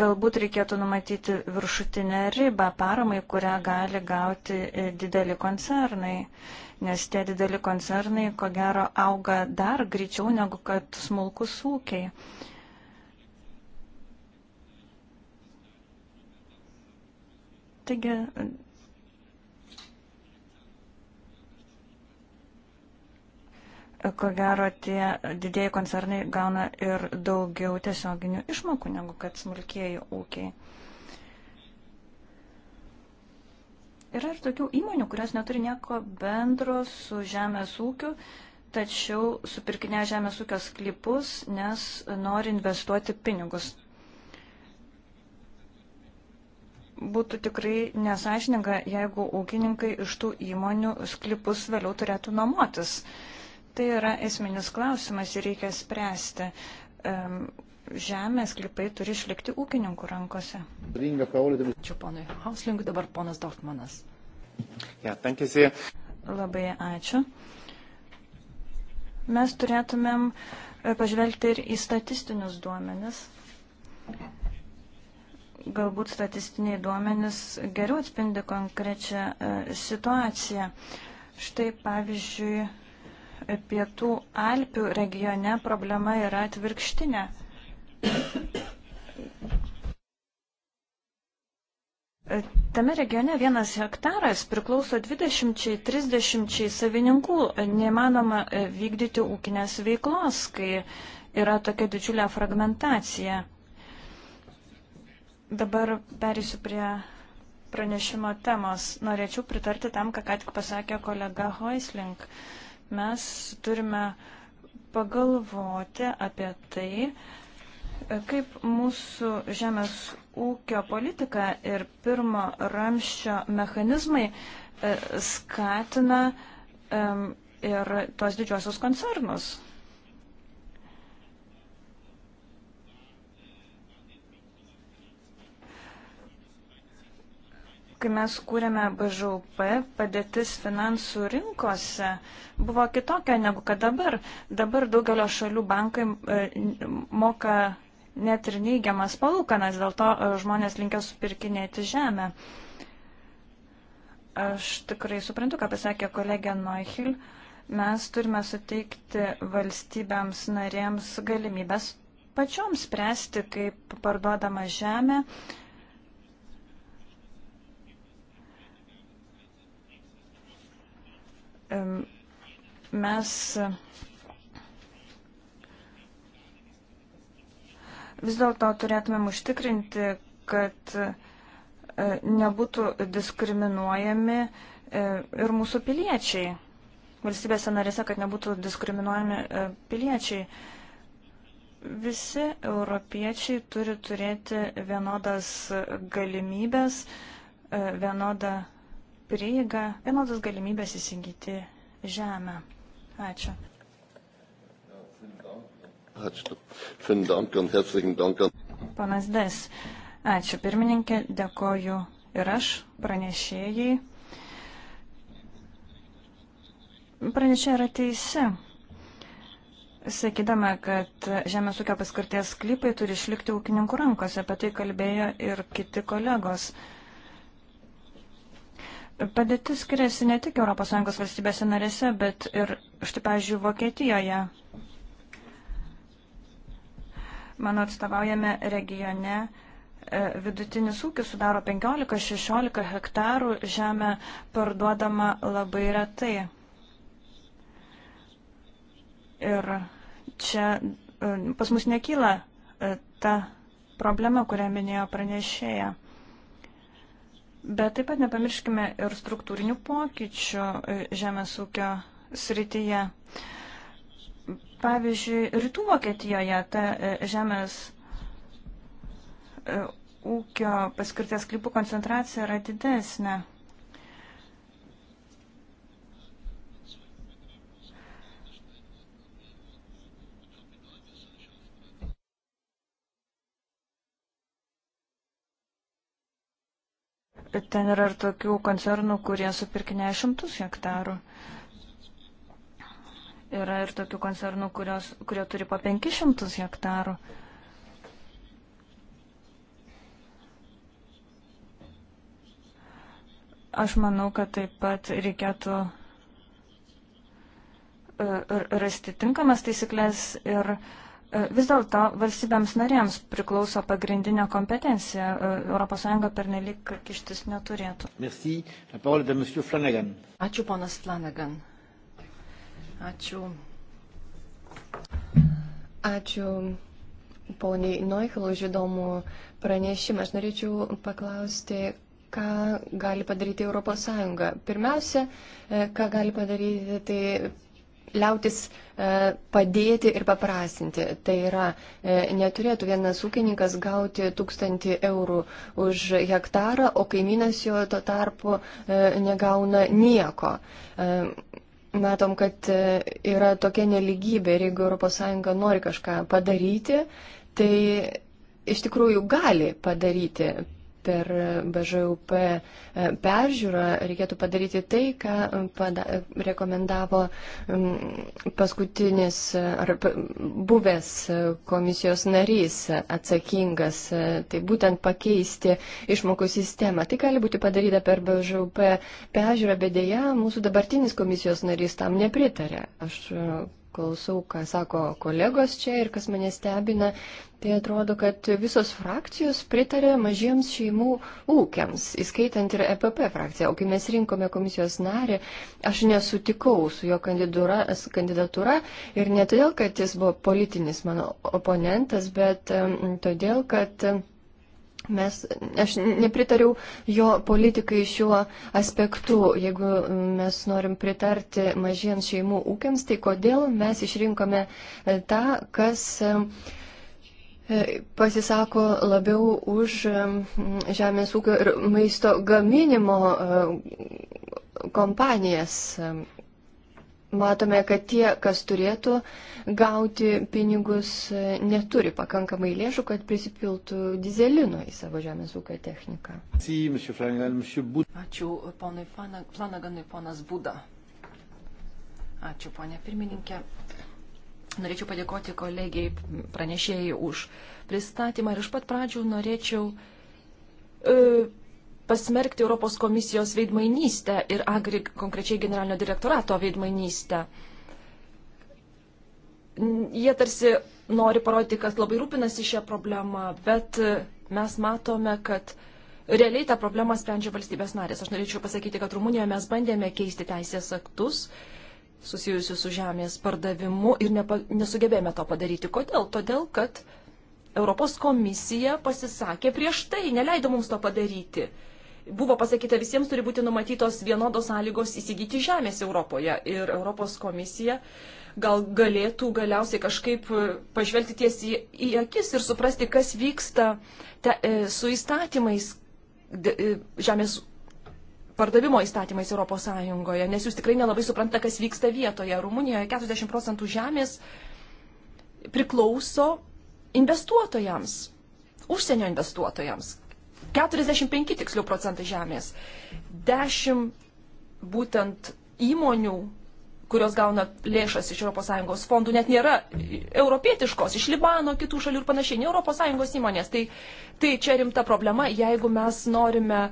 Galbūt reikėtų numatyti viršutinę ribą paramai, kurią gali gauti dideli koncernai nes tie dideli koncernai, ko gero, auga dar greičiau negu kad smulkus ūkiai. Taigi, ko gero, tie didėjai koncernai gauna ir daugiau tiesioginių išmokų negu kad smulkėjai ūkiai. Yra ir tokių įmonių, kurios neturi nieko bendro su žemės ūkiu, tačiau supirkinė žemės ūkio sklypus, nes nori investuoti pinigus. Būtų tikrai nesažininga, jeigu ūkininkai iš tų įmonių sklypus vėliau turėtų nuomotis. Tai yra esminis klausimas ir reikia spręsti žemės klipai turi išlikti ūkininkų rankose. Tai ačiū ponui Hauslingui, dabar ponas Dortmanas. Ja, tankėsi. Labai ačiū. Mes turėtumėm e, pažvelgti ir į statistinius duomenis. Galbūt statistiniai duomenis geriau atspindi konkrečią e, situaciją. Štai pavyzdžiui, e, pietų Alpių regione problema yra atvirkštinė. Tame regione vienas hektaras priklauso 20-30 savininkų. Neįmanoma e, vykdyti ūkinės veiklos, kai yra tokia didžiulė fragmentacija. Dabar perėsiu prie pranešimo temos. Norėčiau pritarti tam, ką ką tik pasakė kolega Hoisling. Mes turime pagalvoti apie tai, Kaip mūsų žemės ūkio politika ir pirmo ramščio mechanizmai e, skatina ir tuos didžiosius koncernus? kai mes kūrėme BŽUP, padėtis finansų rinkose buvo kitokia negu kad dabar. Dabar daugelio šalių bankai e, moka net ir neigiamas palūkanas, dėl to e, žmonės linkia supirkinėti žemę. Aš tikrai suprantu, ką pasakė kolegė Noichil. Mes turime suteikti valstybėms narėms galimybės pačioms spręsti, kaip parduodama žemė. Mes Vis dėlto turėtumėm užtikrinti, kad e, nebūtų diskriminuojami e, ir mūsų piliečiai. Valstybėse narėse, kad nebūtų diskriminuojami e, piliečiai. Visi europiečiai turi turėti vienodas galimybės, vienodą prieigą, vienodas galimybės įsigyti žemę. Ačiū. Ačiū. Fin Dankan, herzlichen Dankan. Panas Des. Ačiū pirmininkė, dėkoju ir aš pranešėjai. Pranešėja yra teisi sakydama, kad žemės ūkio paskirties sklypai turi išlikti ūkininkų rankose, apie tai kalbėjo ir kiti kolegos. Padėtis skiriasi ne tik ES valstybėse narėse, bet ir štai, pavyzdžiui, Vokietijoje. Mano atstovaujame regione e, vidutinis ūkis sudaro 15-16 hektarų, žemė parduodama labai retai. Ir čia e, pas mus nekyla e, ta problema, kurią minėjo pranešėja. Bet taip pat nepamirškime ir struktūrinių pokyčių žemės ūkio srityje. Pavyzdžiui, rytų Vokietijoje ta e, žemės e, ūkio paskirties klipų koncentracija yra didesnė. Ten yra ir tokių koncernų, kurie supirkinėja šimtus hektarų. Uh, Yra ir tokių koncernų, kurios, kurie turi po 500 hektarų. Aš manau, kad taip pat reikėtų e, rasti tinkamas taisyklės ir e, vis dėlto valstybėms narėms priklauso pagrindinė kompetencija. ES pernelyg kištis neturėtų. Merci. Ačiū, ponas Flanagan. Ačiū. Ačiū poniai Noichel už įdomų pranešimą. Aš norėčiau paklausti, ką gali padaryti ES. Pirmiausia, e, ką gali padaryti, tai liautis e, padėti ir paprasinti. Tai yra, e, neturėtų vienas ūkininkas gauti tūkstantį eurų už hektarą, o kaimynas jo tuo tarpu negauna nieko matom, kad e, yra tokia neligybė ir jeigu ES nori kažką padaryti, tai iš tikrųjų gali padaryti per BŽUP e, peržiūrą reikėtų padaryti tai, ką e, pada, e, rekomendavo paskutinis ar buvęs komisijos narys atsakingas, tai būtent pakeisti išmokų sistemą. Tai gali būti padaryta per BŽUP peržiūrą, bet dėja mūsų dabartinis komisijos narys tam nepritarė. Aš klausau, ką sako kolegos čia ir kas mane stebina, tai atrodo, kad visos frakcijos pritarė mažiems šeimų ūkiams, įskaitant ir EPP frakciją. O kai mes rinkome komisijos narį, aš nesutikau su jo kandidatūra ir ne todėl, kad jis buvo politinis mano oponentas, bet todėl, kad Mes, aš nepritariau jo politikai šiuo aspektu. Jeigu mes norim pritarti mažiems šeimų ūkiams, tai kodėl mes išrinkome tą, kas e, pasisako labiau už žemės ūkio ir maisto gaminimo kompanijas matome, kad tie, kas turėtų gauti pinigus, neturi pakankamai lėšų, kad prisipiltų dizelino į savo žemės ūkio techniką. Ačiū ponui Flanaganui, ponas Būda. Ačiū, ponė pirmininkė. Norėčiau padėkoti kolegijai pranešėjai už pristatymą ir iš pat pradžių norėčiau e, pasmerkti Europos komisijos veidmainystę ir agri konkrečiai generalinio direktorato veidmainystę. Jie tarsi nori parodyti, kad labai rūpinasi šią problemą, bet e, mes matome, kad realiai tą problemą sprendžia valstybės narės. Aš norėčiau pasakyti, kad Rumunijoje mes bandėme keisti teisės aktus susijusius su žemės pardavimu ir nepa, nesugebėjome to padaryti. Kodėl? Todėl, kad Europos komisija pasisakė prieš tai, neleido mums to padaryti buvo pasakyta, visiems turi būti numatytos vienodos sąlygos įsigyti žemės Europoje. Ir Europos komisija gal galėtų galiausiai kažkaip e, pažvelgti tiesiai į, į akis ir suprasti, kas vyksta te, e, su įstatymais, e, žemės pardavimo įstatymais Europos Sąjungoje, nes jūs tikrai nelabai supranta, kas vyksta vietoje. Rumunijoje 40 procentų žemės priklauso investuotojams, užsienio investuotojams. 45 tiksliau procentai žemės. 10 būtent įmonių, kurios gauna lėšas iš ES fondų, net nėra europietiškos, iš Libano, kitų šalių ir panašiai, ne ES įmonės. Tai, tai čia rimta problema, jeigu mes norime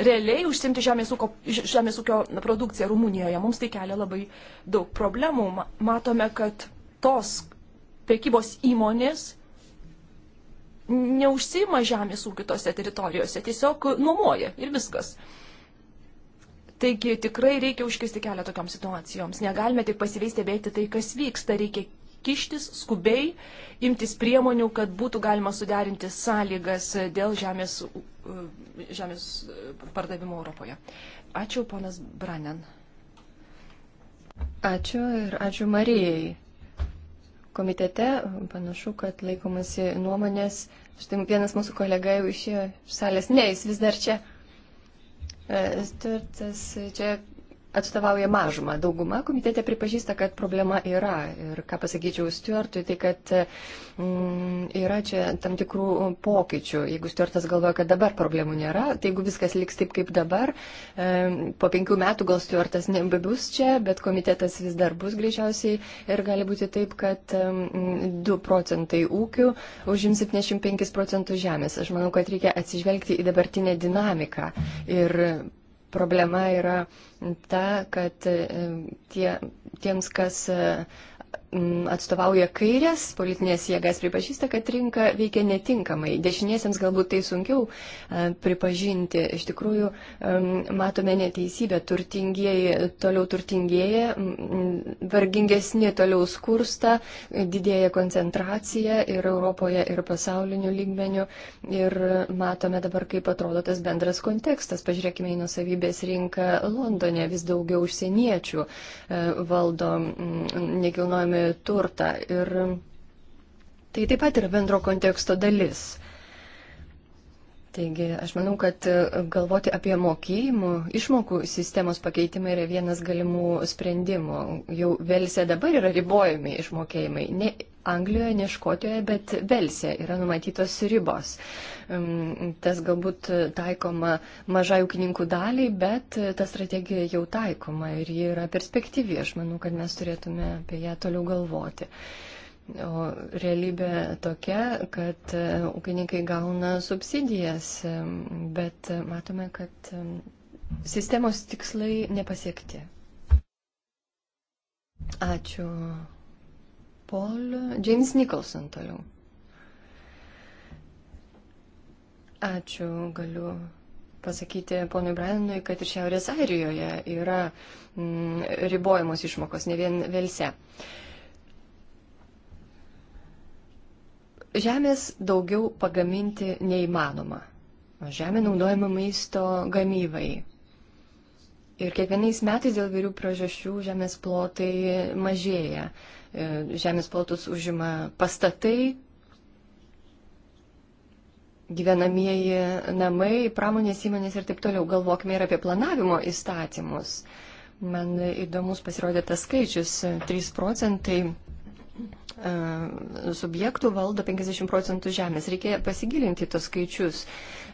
realiai užsimti žemės ūkio, žemės ūkio produkciją Rumunijoje. Mums tai kelia labai daug problemų. Matome, kad tos prekybos įmonės neužsima žemės ūkiu tose teritorijose, tiesiog nuomoja ir viskas. Taigi tikrai reikia užkisti kelią tokioms situacijoms. Negalime tik pasyviai stebėti tai, kas vyksta. Reikia kištis skubiai, imtis priemonių, kad būtų galima suderinti sąlygas dėl žemės, žemės pardavimo Europoje. Ačiū, ponas Branen. Ačiū ir ačiū Marijai. Komitete panašu, kad laikomasi nuomonės Štai vienas mūsų kolega jau išėjo iš salės. Ne, jis vis dar čia. E, Sturtas čia atstovauja mažumą. Dauguma komitete pripažįsta, kad problema yra. Ir ką pasakyčiau Stuartui, tai kad mm, yra čia tam tikrų pokyčių. Jeigu Stuartas galvoja, kad dabar problemų nėra, tai jeigu viskas liks taip kaip dabar, e, po penkių metų gal Stuartas nebebus čia, bet komitetas vis dar bus greičiausiai ir gali būti taip, kad e, mm, 2 procentai ūkių užims 75 procentų žemės. Aš manau, kad reikia atsižvelgti į dabartinę dinamiką. Ir Problema yra ta, kad tie, tiems, kas Mm, atstovauja kairės politinės jėgas pripažįsta, kad rinka veikia netinkamai. Dešiniesiems galbūt tai sunkiau e, pripažinti. Iš tikrųjų, matome neteisybę. Turtingieji toliau turtingėja, vargingesni toliau skursta, didėja koncentracija ir Europoje, ir pasauliniu lygmeniu. Ir matome dabar, kaip atrodo tas bendras kontekstas. Pažiūrėkime į nusavybės rinką Londone. Vis daugiau užsieniečių e, valdo nekilnojami turtą. Ir tai taip pat yra bendro konteksto dalis. Taigi, aš manau, kad galvoti apie mokėjimų, išmokų sistemos pakeitimą yra vienas galimų sprendimų. Jau vėlise dabar yra ribojami išmokėjimai. Ne, Anglijoje, ne Škotijoje, bet Velsė yra numatytos ribos. Tas galbūt taikoma mažai ūkininkų daliai, bet ta strategija jau taikoma ir ji yra perspektyvi. Aš manau, kad mes turėtume apie ją toliau galvoti. O realybė tokia, kad e, ūkininkai gauna subsidijas, bet matome, kad sistemos tikslai nepasiekti. Ačiū Paul, James Nicholson toliau. Ačiū, galiu pasakyti ponui Brianui, kad ir Šiaurės Airijoje yra mm, ribojamos išmokos, ne vien Velse. Žemės daugiau pagaminti neįmanoma. Žemė naudojama maisto gamybai. Ir kiekvienais metais dėl vairių priežasčių žemės plotai mažėja. Uh, E, žemės plotus užima pastatai, gyvenamieji namai, pramonės įmonės ir taip toliau. Galvokime ir apie planavimo įstatymus. Man įdomus pasirodė tas skaičius - 3 procentai e, subjektų valdo 50 procentų žemės. Reikia pasigilinti tos skaičius,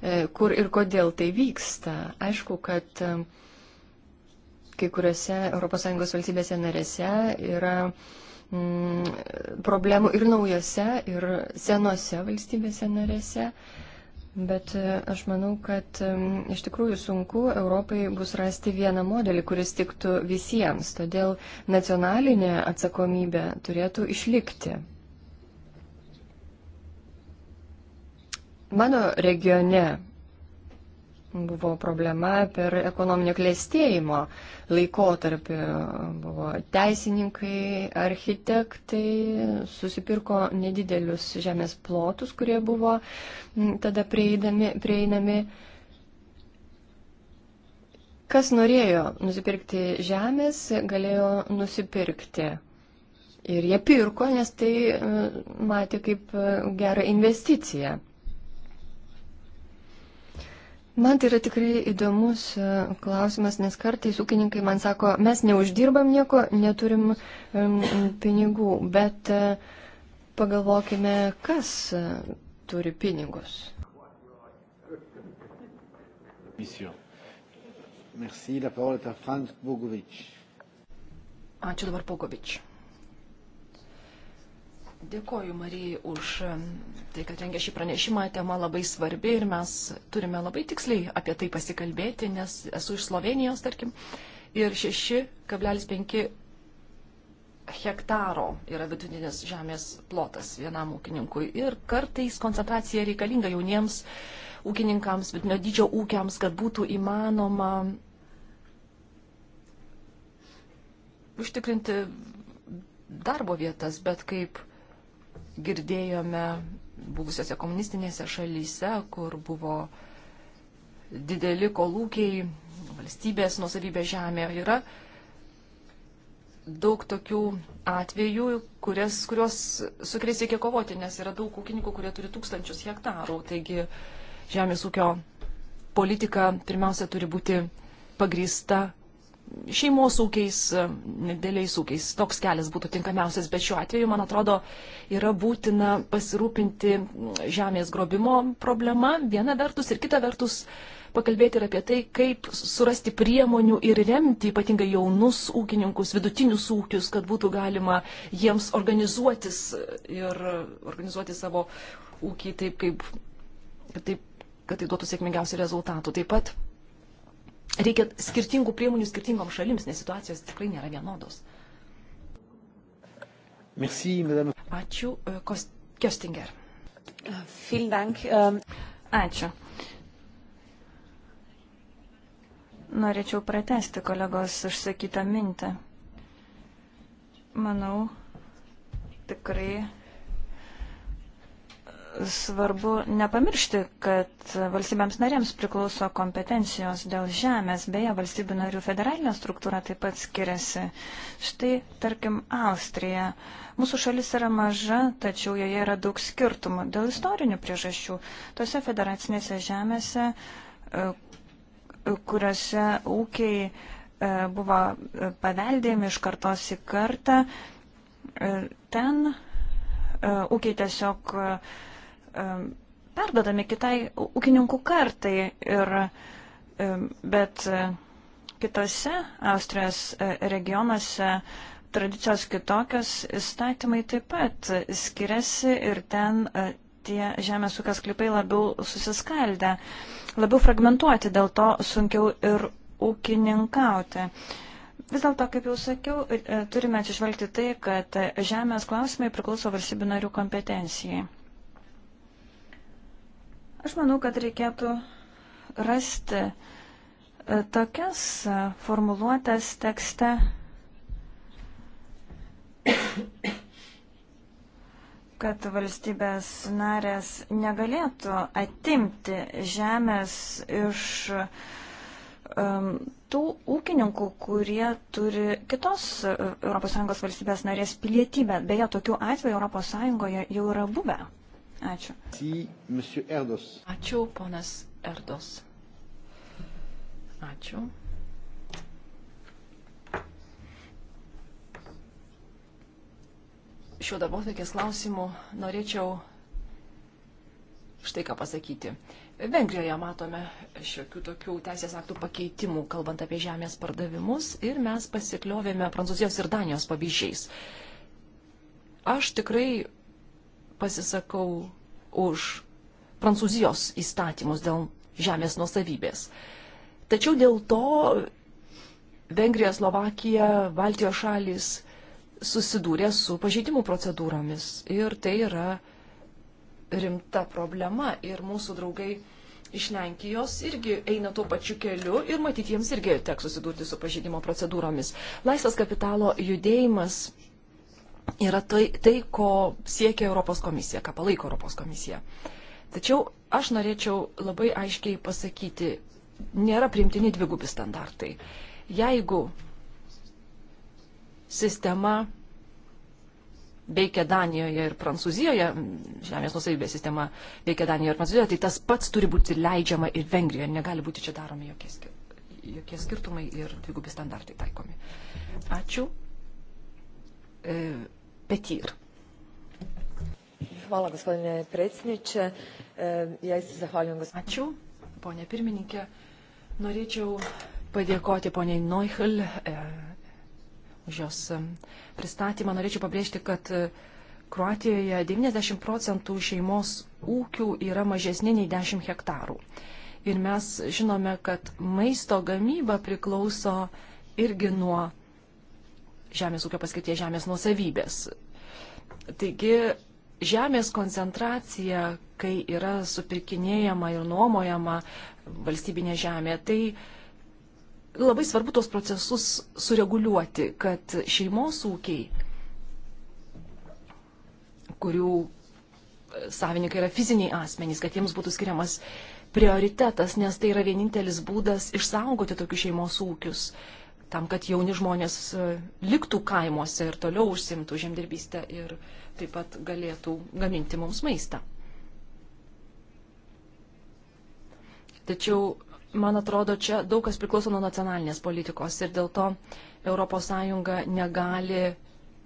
e, kur ir kodėl tai vyksta. Aišku, kad kai kuriuose ES valstybėse narėse yra uh, mm, problemų ir naujose, ir senose valstybėse narėse. Bet e, aš manau, kad mm, iš tikrųjų sunku Europai bus rasti vieną modelį, kuris tiktų visiems. Todėl nacionalinė atsakomybė turėtų išlikti. Mano regione buvo problema per ekonominio klėstėjimo laikotarpį. Buvo teisininkai, architektai, susipirko nedidelius žemės plotus, kurie buvo tada prieidami, prieinami. Kas norėjo nusipirkti žemės, galėjo nusipirkti. Ir jie pirko, nes tai matė kaip gerą investiciją. Man tai yra tikrai įdomus e, klausimas, nes kartais ūkininkai man sako, mes neuždirbam nieko, neturim pinigų, bet e, pagalvokime, kas e, turi pinigus. Ačiū dabar Pogovič. Dėkoju Marijai už um, tai, kad rengė šį pranešimą. Tema labai svarbi ir mes turime labai tiksliai apie tai pasikalbėti, nes esu iš Slovenijos, tarkim, ir 6,5 hektaro yra vidutinis žemės plotas vienam ūkininkui. Ir kartais koncentracija reikalinga jauniems ūkininkams, vidutinio dydžio ūkiams, kad būtų įmanoma užtikrinti darbo vietas, bet kaip girdėjome buvusiose komunistinėse šalyse, kur buvo dideli kolūkiai, valstybės nusavybė žemė, yra daug tokių atvejų, kurias, kurios su kuriais reikia kovoti, nes yra daug ūkininkų, kurie turi tūkstančius hektarų. Taigi žemės ūkio politika pirmiausia turi būti pagrįsta šeimos ūkiais, nedėliais ūkiais. Toks kelias būtų tinkamiausias, bet šiuo atveju, man atrodo, yra būtina pasirūpinti žemės grobimo problema viena vertus ir kita vertus pakalbėti ir apie tai, kaip surasti priemonių ir remti ypatingai jaunus ūkininkus, vidutinius ūkius, kad būtų galima jiems organizuotis ir organizuoti savo ūkį taip, kaip, taip kad tai duotų sėkmingiausių rezultatų. Taip pat reikia skirtingų priemonių skirtingoms šalims, nes situacijos tikrai nėra vienodos. Merci, madame. Ačiū, e, Kostinger. E, Dank, um... Ačiū. Norėčiau pratesti kolegos išsakytą mintę. Manau, tikrai svarbu nepamiršti, kad valstybėms narėms priklauso kompetencijos dėl žemės, beje, valstybių narių federalinė struktūra taip pat skiriasi. Štai, tarkim, Austrija. Mūsų šalis yra maža, tačiau joje yra daug skirtumų dėl istorinių priežasčių. Tose federacinėse žemėse, e, kuriuose ūkiai e, buvo paveldėjami iš kartos į kartą, e, ten ūkiai tiesiog uh, perdodami kitai ūkininkų kartai. Ir, bet e, kitose Austrijos e, regionuose tradicijos kitokios, įstatymai taip pat skiriasi ir ten e, tie žemės ūkio sklypai labiau susiskaldę, labiau fragmentuoti, dėl to sunkiau ir ūkininkauti. Vis dėlto, kaip jau sakiau, turime atsižvelgti tai, kad žemės klausimai priklauso valstybių narių kompetencijai. Aš manau, kad reikėtų rasti e, tokias e, formuluotės tekste, kad valstybės narės negalėtų atimti žemės iš um, tų ūkininkų, kurie turi kitos ES valstybės narės pilietybę. Beje, tokių atvejų ES jau yra buvę. Ačiū. Ačiū, ponas Erdos. Ačiū. Šiuo darbotvarkės klausimu norėčiau štai ką pasakyti. Vengrijoje matome šiokių tokių teisės aktų pakeitimų, kalbant apie žemės pardavimus, ir mes pasikliovėme Prancūzijos ir Danijos pavyzdžiais. Aš tikrai pasisakau už Prancūzijos įstatymus dėl žemės nuosavybės. Tačiau dėl to Vengrija, Slovakija, Baltijos šalis susidūrė su pažeidimų procedūromis. Ir tai yra rimta problema. Ir mūsų draugai iš Lenkijos irgi eina tuo pačiu keliu ir matyt jiems irgi teks susidurti su pažeidimo procedūromis. Laisvas kapitalo judėjimas yra tai, tai, ko siekia Europos komisija, ką palaiko Europos komisija. Tačiau aš norėčiau labai aiškiai pasakyti, nėra primtini dvigubi standartai. Jeigu sistema veikia Danijoje ir Prancūzijoje, žemės nusavybės sistema veikia Danijoje ir Prancūzijoje, tai tas pats turi būti leidžiama ir Vengrijoje, negali būti čia daromi jokie, jokie skirtumai ir dvigubi standartai taikomi. Ačiū. E Petir. Hvala, gospodine predsjedniče. E, ja isto zahvaljujem gospodinu. Ačiū, ponė pirmininkė. Norėčiau padėkoti poniai Neuchel e, už jos e, pristatymą. Norėčiau pabrėžti, kad Kroatijoje 90 procentų šeimos ūkių yra mažesni nei 10 hektarų. Ir mes žinome, kad maisto gamyba priklauso irgi nuo žemės ūkio paskirties žemės nuosavybės. Taigi žemės koncentracija, kai yra supirkinėjama ir nuomojama valstybinė žemė, tai labai svarbu tos procesus sureguliuoti, kad šeimos ūkiai, kurių savininkai yra fiziniai asmenys, kad jiems būtų skiriamas prioritetas, nes tai yra vienintelis būdas išsaugoti tokius šeimos ūkius. Uh, tam, kad jauni žmonės e, liktų kaimuose ir toliau užsimtų žemdirbystę ir taip pat galėtų gaminti mums maistą. Tačiau, man atrodo, čia daug kas priklauso nuo nacionalinės politikos ir dėl to ES negali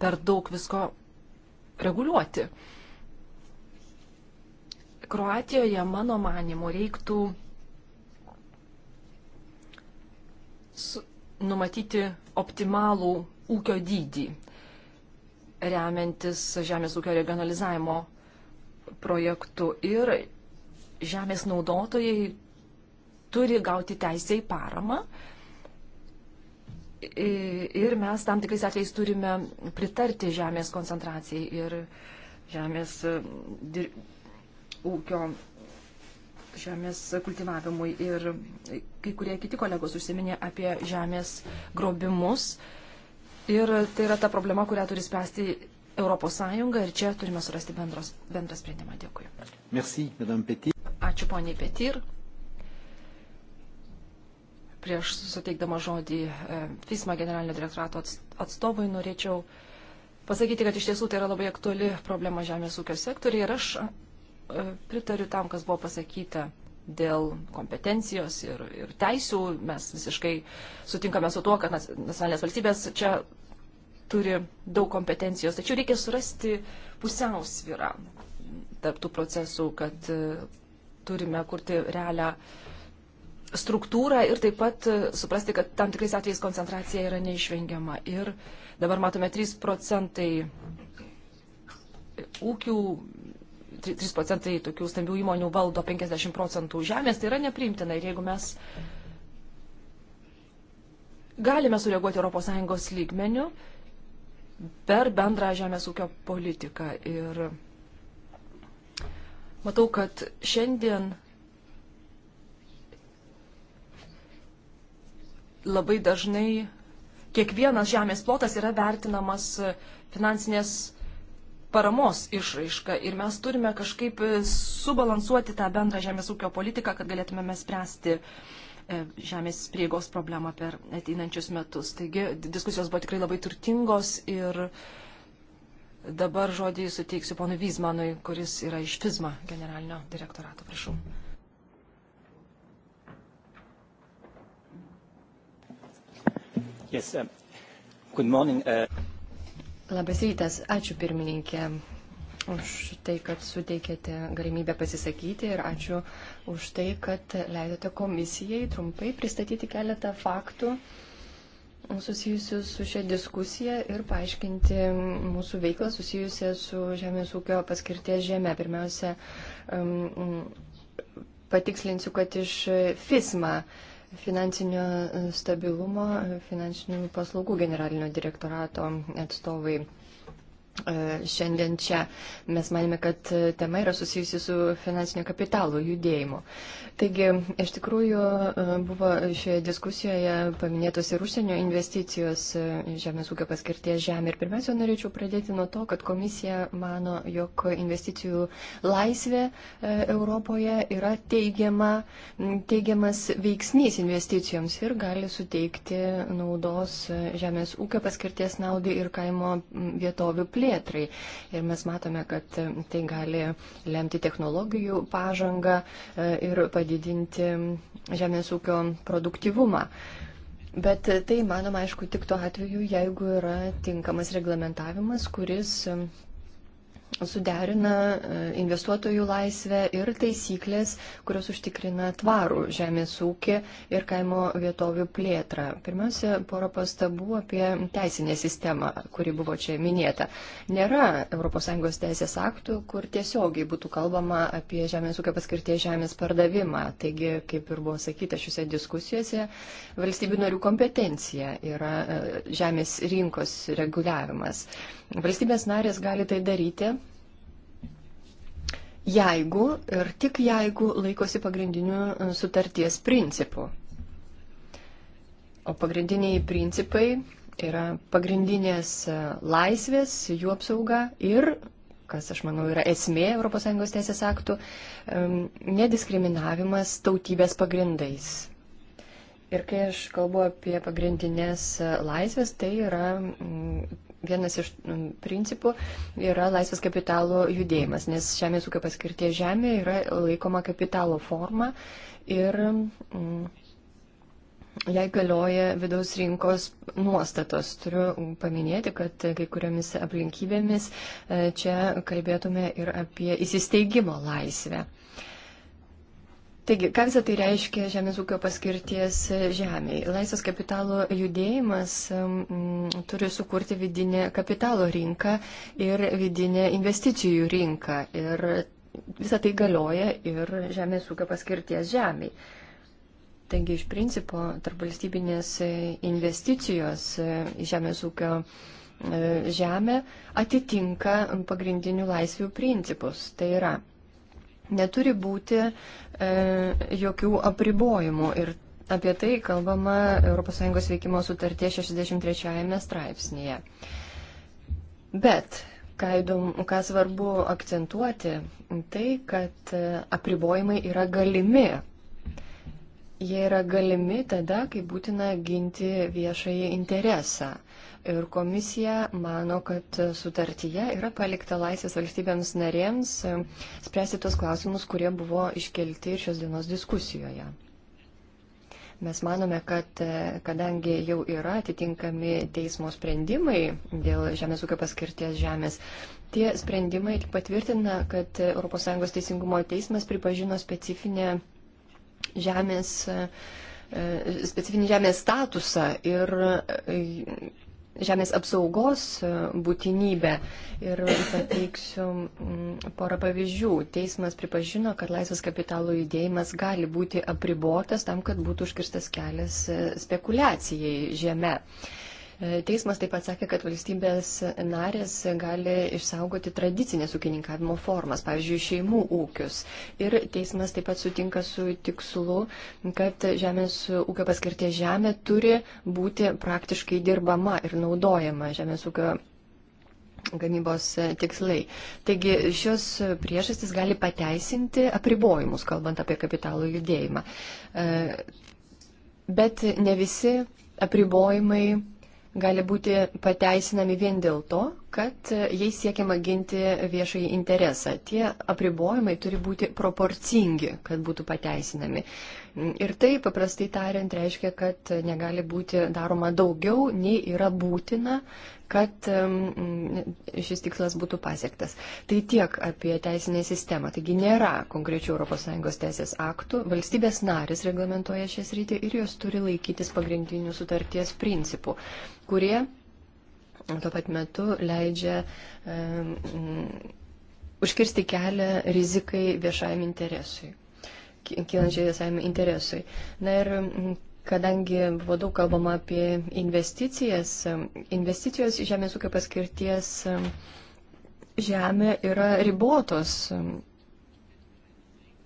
per daug visko reguliuoti. Kroatijoje, mano manimu, reiktų su, numatyti optimalų ūkio dydį, remiantis žemės ūkio regionalizavimo projektu. Ir žemės naudotojai turi gauti teisę į paramą. Ir mes tam tikrais atvejais turime pritarti žemės koncentracijai ir žemės e, dir... ūkio žemės kultivavimui. Ir kai kurie kiti kolegos užsiminė apie žemės grobimus. Ir tai yra ta problema, kurią turi spręsti ES ir čia turime surasti bendros, bendrą sprendimą. Dėkui. Merci, Ačiū poniai Petir. Prieš suteikdama žodį e, FISMA generalinio direktorato atstovui norėčiau pasakyti, kad iš tiesų tai yra labai aktuali problema žemės ūkio sektoriai ir aš E, pritariu tam, kas buvo pasakyta dėl kompetencijos ir, ir teisių. Mes visiškai sutinkame su tuo, kad nacionalinės valstybės čia turi daug kompetencijos. Tačiau reikia surasti pusiausvyrą tarptų procesų, kad e, turime kurti realią struktūrą ir taip pat e, suprasti, kad tam tikrais atvejais koncentracija yra neišvengiama. Ir dabar matome 3 procentai ūkių 3 procentai tokių stambių įmonių valdo 50 procentų žemės, tai yra nepriimtina. Ir jeigu mes galime sureaguoti ES lygmenių per bendrą žemės ūkio politiką. Ir matau, kad šiandien labai dažnai kiekvienas žemės plotas yra vertinamas finansinės paramos išraiška ir mes turime kažkaip e, subalansuoti tą bendrą žemės ūkio politiką, kad galėtumėme spręsti e, žemės prieigos problemą per ateinančius metus. Taigi diskusijos buvo tikrai labai turtingos ir dabar žodį suteiksiu ponui Vizmanui, kuris yra iš FIZMA generalinio direktorato. Prašau. Yes, um, good morning. Uh... Labas rytas, ačiū pirmininkė už tai, kad suteikėte galimybę pasisakyti ir ačiū už tai, kad leidote komisijai trumpai pristatyti keletą faktų susijusių su šia diskusija ir paaiškinti mūsų veiklą susijusią su žemės ūkio paskirties žemė. Pirmiausia, um, patikslinsiu, kad iš FISMA finansinio e, stabilumo, e, finansinių paslaugų generalinio direktorato atstovai E, šiandien čia. Mes manėme, kad tema yra susijusi su finansinio kapitalo judėjimu. Taigi, iš tikrųjų, e, buvo šioje diskusijoje paminėtos ir užsienio investicijos e, žemės ūkio paskirties žemė. Ir pirmiausia, norėčiau pradėti nuo to, kad komisija mano, jog investicijų laisvė Europoje yra teigiama, teigiamas veiksnys investicijoms ir gali suteikti naudos žemės ūkio paskirties naudai ir kaimo vietovių plėtrai plėtrai. Ir mes matome, kad tai gali lemti technologijų pažangą e, ir padidinti žemės ūkio produktivumą. Bet tai manoma, aišku, tik tuo atveju, jeigu yra tinkamas reglamentavimas, kuris suderina e, investuotojų laisvę ir taisyklės, kurios užtikrina tvarų žemės ūkį ir kaimo vietovių plėtrą. Pirmiausia, poro pastabų apie teisinę sistemą, kuri buvo čia minėta. Nėra ES teisės aktų, kur tiesiogiai būtų kalbama apie žemės ūkio paskirties žemės pardavimą. Taigi, kaip ir buvo sakyta šiuose diskusijose, valstybių narių kompetencija yra e, žemės rinkos reguliavimas. Valstybės narės gali tai daryti jeigu ir tik jeigu laikosi pagrindinių e, sutarties principų. O pagrindiniai principai yra pagrindinės e, laisvės, jų apsauga ir, kas aš manau yra esmė ES teisės aktų, nediskriminavimas tautybės pagrindais. Ir kai aš kalbu apie pagrindinės e, laisvės, tai yra Vienas iš mm, principų yra laisvas kapitalo judėjimas, nes žemės ūkio paskirties žemė yra laikoma kapitalo forma ir mm, jai galioja vidaus rinkos nuostatos. Turiu paminėti, kad kai kuriomis aplinkybėmis e, čia kalbėtume ir apie įsisteigimo laisvę. Taigi, ką visą tai reiškia žemės ūkio paskirties žemiai? Laisvas kapitalo judėjimas m, turi sukurti vidinę kapitalo rinką ir vidinę investicijų rinką. Ir visą tai galioja ir žemės ūkio paskirties žemiai. Taigi, iš principo, tarpvalstybinės investicijos į žemės ūkio e, žemę atitinka pagrindinių laisvių principus. Tai yra Neturi būti e, jokių apribojimų ir apie tai kalbama ES veikimo sutartie 63 straipsnėje. Bet ką, įdomu, ką svarbu akcentuoti, tai, kad e, apribojimai yra galimi. Jie yra galimi tada, kai būtina ginti viešąjį interesą. Ir komisija mano, kad sutartyje yra palikta laisvės valstybėms narėms e, spręsti tos klausimus, kurie buvo iškelti ir šios dienos diskusijoje. Mes manome, kad e, kadangi jau yra atitinkami teismo sprendimai dėl žemės ūkio paskirties žemės, tie sprendimai tik patvirtina, kad ES teisingumo teismas pripažino specifinę žemės e, specifinį žemės statusą ir žemės apsaugos e, būtinybę. Ir pateiksiu mm, porą pavyzdžių. Teismas pripažino, kad laisvas kapitalo judėjimas gali būti apribotas tam, kad būtų užkirstas kelias e, spekulacijai žemė. Teismas taip pat sakė, kad valstybės narės gali išsaugoti tradicinės ūkininkavimo formas, pavyzdžiui, šeimų ūkius. Ir teismas taip pat sutinka su tikslu, kad žemės ūkio paskirties žemė turi būti praktiškai dirbama ir naudojama žemės ūkio gamybos tikslai. Taigi šios priežastys gali pateisinti apribojimus, kalbant apie kapitalų judėjimą. E, bet ne visi apribojimai gali būti pateisinami vien dėl to, kad jais siekiama ginti viešai interesą. Tie apribojimai turi būti proporcingi, kad būtų pateisinami. Ir tai, paprastai tariant, reiškia, kad negali būti daroma daugiau, nei yra būtina, kad um, šis tikslas būtų pasiektas. Tai tiek apie teisinę sistemą. Taigi nėra konkrečių ES teisės aktų. Valstybės narės reglamentoja šią sritį ir jos turi laikytis pagrindinių sutarties principų, kurie tuo pat metu leidžia užkirsti kelią rizikai viešajam interesui, kylančiai viešajam interesui. Na ir kadangi buvo daug kalbama apie investicijas, investicijos į žemės ūkio paskirties žemė yra ribotos.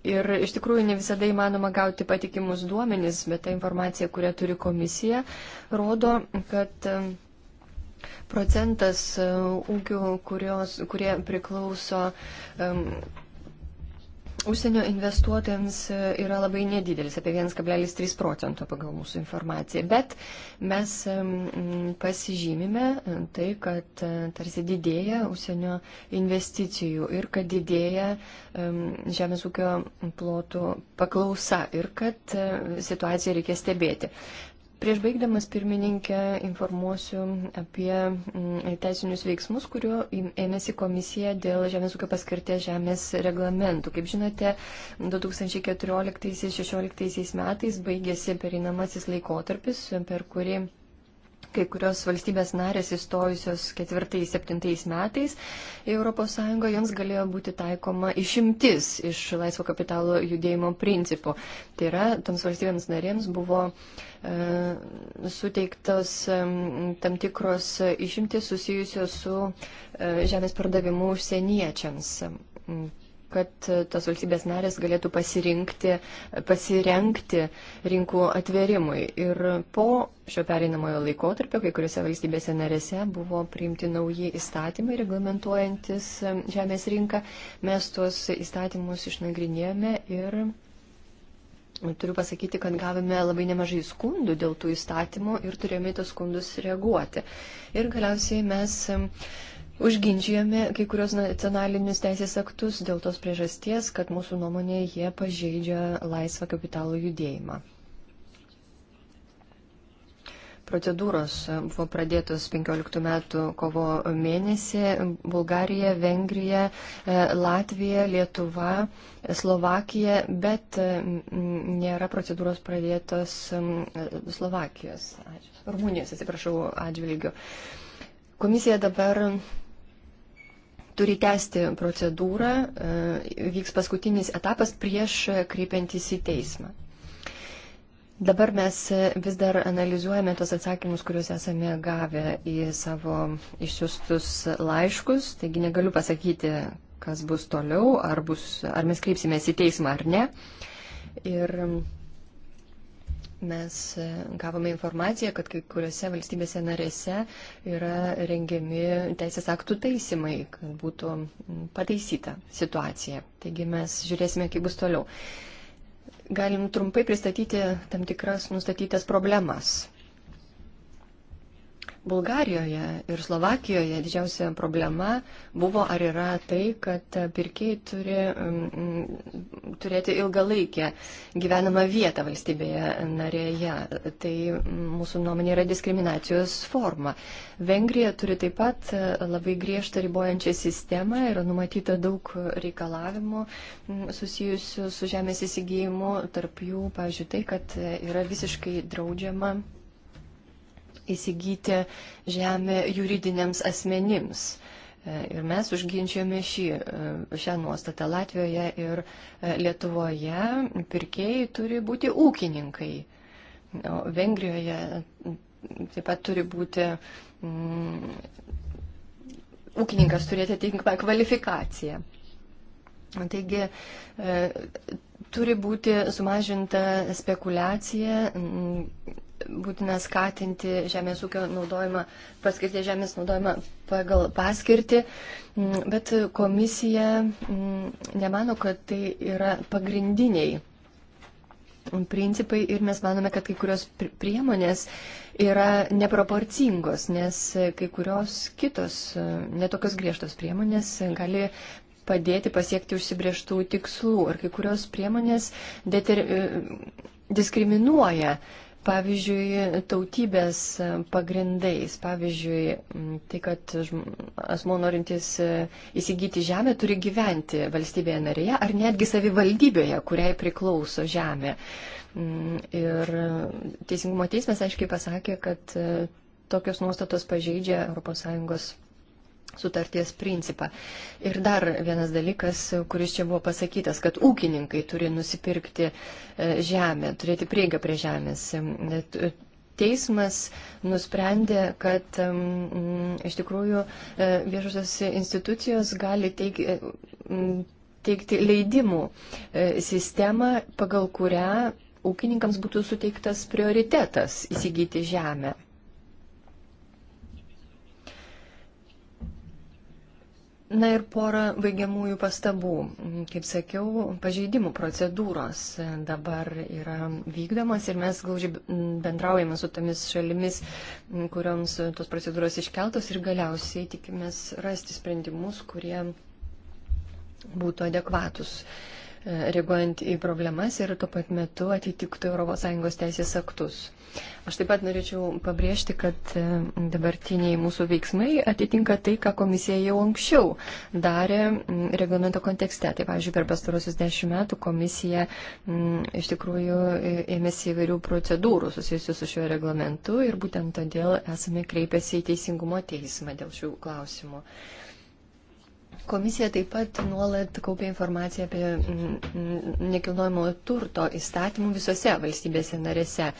Ir iš tikrųjų ne visada įmanoma gauti patikimus duomenis, bet ta informacija, kurią turi komisija, rodo, kad Procentas e, ūkių, kurios, kurie priklauso um, užsienio investuotojams e, yra labai nedidelis, apie 1,3 procento pagal mūsų informaciją. Bet mes pasižymime tai, kad tarsi didėja užsienio investicijų ir kad didėja žemės ūkio plotų paklausa ir kad situaciją reikia stebėti. Prieš baigdamas pirmininkę informuosiu apie mm, teisinius veiksmus, kurio ėmėsi komisija dėl žemės ūkio paskirties žemės reglamentų. Kaip žinote, 2014-2016 metais baigėsi perinamasis laikotarpis, per kurį kai kurios valstybės narės įstojusios 4-7 metais į ES joms galėjo būti taikoma išimtis iš laisvo kapitalo judėjimo principų. Tai yra, toms valstybėms narėms buvo e, suteiktos e, tam tikros išimtis susijusios su e, žemės pardavimu užsieniečiams kad tos valstybės narės galėtų pasirinkti, pasirenkti rinkų atverimui. Ir po šio pereinamojo laikotarpio kai kuriuose valstybėse narėse buvo priimti nauji įstatymai reglamentuojantis e, žemės rinką. Mes tuos įstatymus išnagrinėjome ir. Turiu pasakyti, kad gavome labai nemažai skundų dėl tų įstatymų ir turėjome į tos skundus reaguoti. Ir galiausiai mes uh, Užginčijame kai kurios nacionalinius teisės aktus dėl tos priežasties, kad mūsų nuomonė jie pažeidžia laisvą kapitalo judėjimą. Procedūros buvo pradėtos 15 metų kovo mėnesį. Bulgarija, Vengrija, e, Latvija, Lietuva, Slovakija, bet e, nėra procedūros pradėtos e, Slovakijos, Rumunijos, atsiprašau, atžvilgiu. Komisija dabar turi tęsti procedūrą, e, vyks paskutinis etapas prieš kreipiantis į teismą. Dabar mes vis dar analizuojame tos atsakymus, kuriuos esame gavę į savo išsiustus laiškus, taigi negaliu pasakyti, kas bus toliau, ar, bus, ar mes kreipsimės į teismą ar ne. Ir Mes e, gavome informaciją, kad kai kuriuose valstybėse narėse yra rengiami teisės aktų taisymai, kad būtų pataisyta situacija. Taigi mes žiūrėsime, kaip bus toliau. Galim trumpai pristatyti tam tikras nustatytas problemas. Bulgarijoje ir Slovakijoje didžiausia problema buvo ar yra tai, kad pirkėjai turi um, turėti ilgalaikę gyvenamą vietą valstybėje narėje. Tai mūsų nuomonė yra diskriminacijos forma. Vengrija turi taip pat labai griežtą ribojančią sistemą, yra numatyta daug reikalavimų mm, susijusių su žemės įsigijimu, tarp jų, pavyzdžiui, tai, kad yra visiškai draudžiama įsigyti žemę juridiniams asmenims. E, ir mes užginčiame šį, e, šią nuostatą Latvijoje ir e, Lietuvoje. Pirkėjai turi būti ūkininkai. O Vengrijoje taip pat turi būti mm, ūkininkas turėti atitinkamą kvalifikaciją. Taigi turi būti sumažinta spekulacija mm, būtina skatinti žemės ūkio naudojimą, paskirti žemės naudojimą pagal paskirti, mm, bet komisija mm, nemano, kad tai yra pagrindiniai principai ir mes manome, kad kai kurios priemonės yra neproporcingos, nes kai kurios kitos netokios griežtos priemonės gali padėti pasiekti užsibrieštų tikslų ir kai kurios priemonės deter, e, diskriminuoja Pavyzdžiui, tautybės pagrindais. Pavyzdžiui, tai, kad asmo norintis e, įsigyti žemę turi gyventi valstybėje narėje ar netgi savivaldybėje, kuriai priklauso žemė. Ir Teisingumo teismas aiškiai pasakė, kad e, tokios nuostatos pažeidžia ES sutarties principą. Ir dar vienas dalykas, kuris čia buvo pasakytas, kad ūkininkai turi nusipirkti e, žemę, turėti prieigą prie žemės. E, teismas nusprendė, kad um, iš tikrųjų e, viešosios institucijos gali teik, teikti leidimų sistemą, pagal kurią ūkininkams būtų suteiktas prioritetas įsigyti žemę. Na ir pora baigiamųjų pastabų. Kaip sakiau, pažeidimų procedūros dabar yra vykdomas ir mes glaužiai bendraujame su tomis šalimis, kurioms tos procedūros iškeltos ir galiausiai tikimės rasti sprendimus, kurie būtų adekvatus. Uh, reaguojant į problemas ir tuo pat metu atitiktų ES teisės aktus. Aš taip pat norėčiau pabrėžti, kad e, dabartiniai mūsų veiksmai atitinka tai, ką komisija jau anksčiau darė reglamento kontekste. Tai, pavyzdžiui, per pastarosius dešimt metų komisija m, iš tikrųjų ėmėsi įvairių procedūrų susijusių su šiuo reglamentu ir būtent todėl esame kreipęsi į Teisingumo teismą dėl šių klausimų. Uh, Komisija taip pat nuolat kaupia informaciją apie nekilnojamo turto įstatymų visose valstybėse narėse.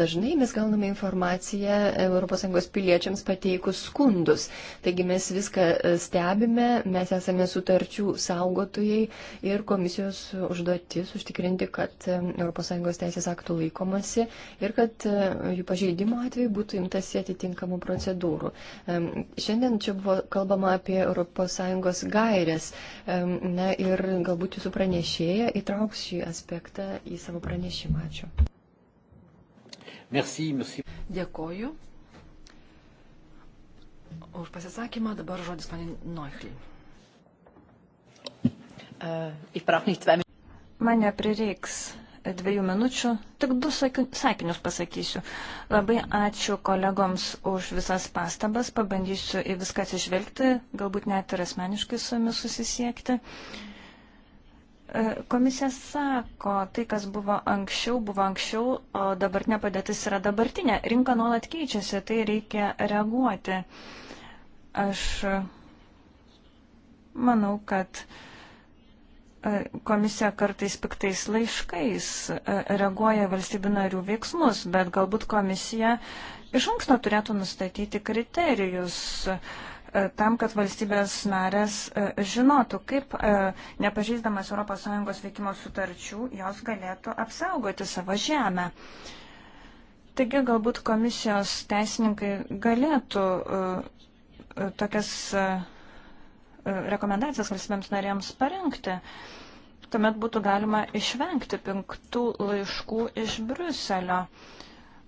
Dažnai mes gauname informaciją ES piliečiams pateikus skundus. Taigi mes viską e, stebime, mes esame sutarčių saugotojai ir komisijos užduotis užtikrinti, kad ES teisės aktų laikomasi ir kad e, jų pažeidimo atveju būtų imtasi atitinkamų procedūrų. Šiandien čia buvo kalbama apie ES gairės. Na ir galbūt jūsų pranešėja įtrauks šį aspektą į savo pranešimą. Ačiū. Merci, merci. Dėkoju. Už pasisakymą dabar žodis man Neuchl. Äh, Mane prireiks dviejų minučių, tik du sakinius pasakysiu. Labai ačiū kolegoms už visas pastabas, pabandysiu į viską atsižvelgti, galbūt net ir asmeniškai su jumis susisiekti. E, komisija sako, tai, kas buvo anksčiau, buvo anksčiau, o dabartinė padėtis yra dabartinė. Rinka nuolat keičiasi, tai reikia reaguoti. Aš manau, kad uh, E, komisija kartais piktais laiškais e, reaguoja valstybių narių veiksmus, bet galbūt komisija iš anksto turėtų nustatyti kriterijus e, tam, kad valstybės narės žinotų, kaip nepažįstamas ES veikimo sutarčių jos galėtų apsaugoti savo žemę. Taigi galbūt komisijos teisininkai galėtų tokias rekomendacijas valstybėms narėms parengti. Tuomet būtų galima išvengti penktų laiškų iš Bruselio.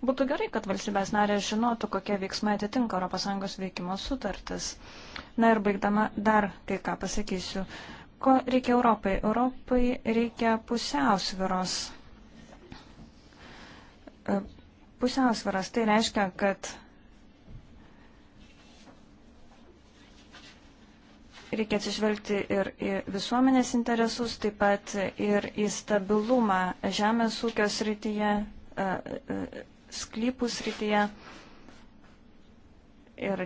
Būtų gerai, kad valstybės narės žinotų, kokie veiksmai atitinka ES veikimo sutartis. Na ir baigdama dar kai ką pasakysiu. Ko reikia Europai? Europai reikia pusiausviros. E, Pusiausviras tai reiškia, kad Reikia atsižvelgti ir į visuomenės interesus, taip pat ir į stabilumą žemės ūkio srityje, e, e, sklypų srityje. Ir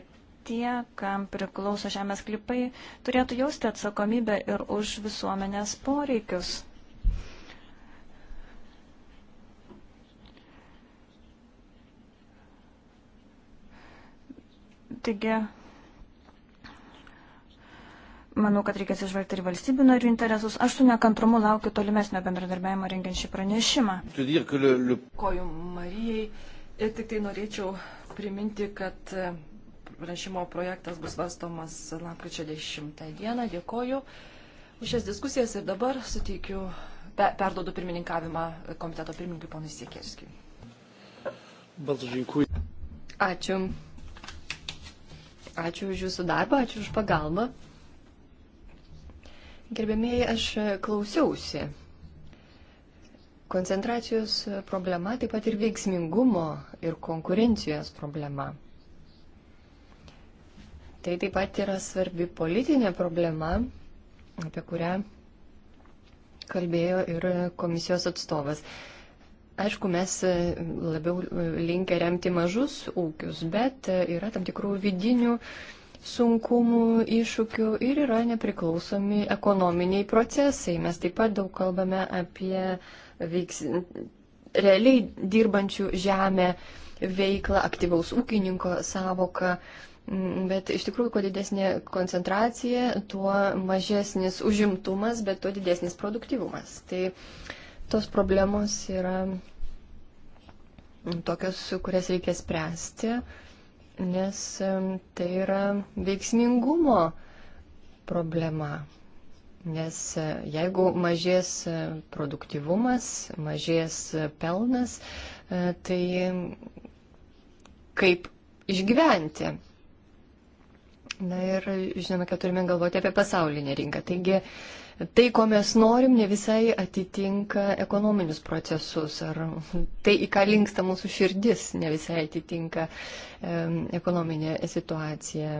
tie, kam priklauso žemės sklypai, turėtų jausti atsakomybę ir už visuomenės poreikius. Taigi, Manau, kad reikės išvelgti ir valstybių narių interesus. Aš su nekantrumu laukiu tolimesnio bendradarbiavimo rengiant šį pranešimą. Koju Marijai ir tik tai norėčiau priminti, kad e, pranešimo projektas bus varstomas lapkričio 10 dieną. Dėkoju už šias diskusijas ir dabar suteikiu, pe, perdodu pirmininkavimą komiteto pirmininkui ponui Siekirskiui. Ačiū. Ačiū už jūsų darbą, ačiū už pagalbą. Gerbėmėjai, aš klausiausi. Koncentracijos problema taip pat ir veiksmingumo ir konkurencijos problema. Tai taip pat yra svarbi politinė problema, apie kurią kalbėjo ir komisijos atstovas. Aišku, mes labiau linkę remti mažus ūkius, bet yra tam tikrų vidinių uh, sunkumų, iššūkių ir yra nepriklausomi ekonominiai procesai. Mes taip pat daug kalbame apie veiks... realiai dirbančių žemę veiklą, aktyvaus ūkininko savoką. Bet iš tikrųjų, kuo didesnė koncentracija, tuo mažesnis užimtumas, bet tuo didesnis produktyvumas. Tai tos problemos yra tokios, kurias reikia spręsti. Uh, nes tai yra veiksmingumo problema. Nes e, jeigu mažės e, produktivumas, mažės e, pelnas, tai kaip išgyventi? Na ir žinome, kad turime galvoti apie pasaulinę rinką. Taigi tai, ko mes norim, ne visai atitinka ekonominius procesus, ar tai, į ką linksta mūsų širdis, ne visai atitinka ekonominė situacija.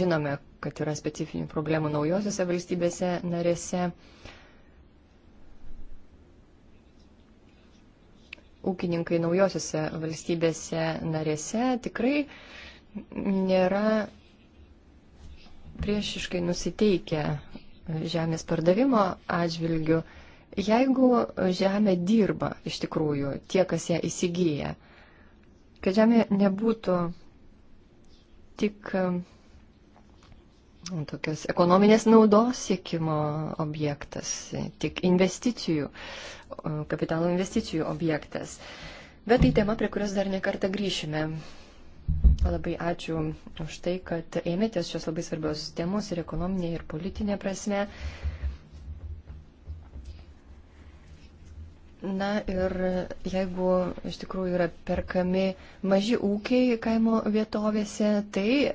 Žinome, kad yra specifinių problemų naujosiuose valstybėse narėse. Ūkininkai naujosiuose valstybėse narėse tikrai nėra priešiškai nusiteikę žemės pardavimo atžvilgių, jeigu žemė dirba iš tikrųjų tie, kas ją įsigyja, kad žemė nebūtų tik mm, tokios ekonominės naudos siekimo objektas, tik investicijų, mm, kapitalo investicijų objektas. Bet tai tema, prie kurios dar nekartą grįšime. Labai ačiū už tai, kad ėmėtės šios labai svarbios temos ir ekonominė, ir politinė prasme. Na ir jeigu iš tikrųjų yra perkami maži ūkiai kaimo vietovėse, tai e,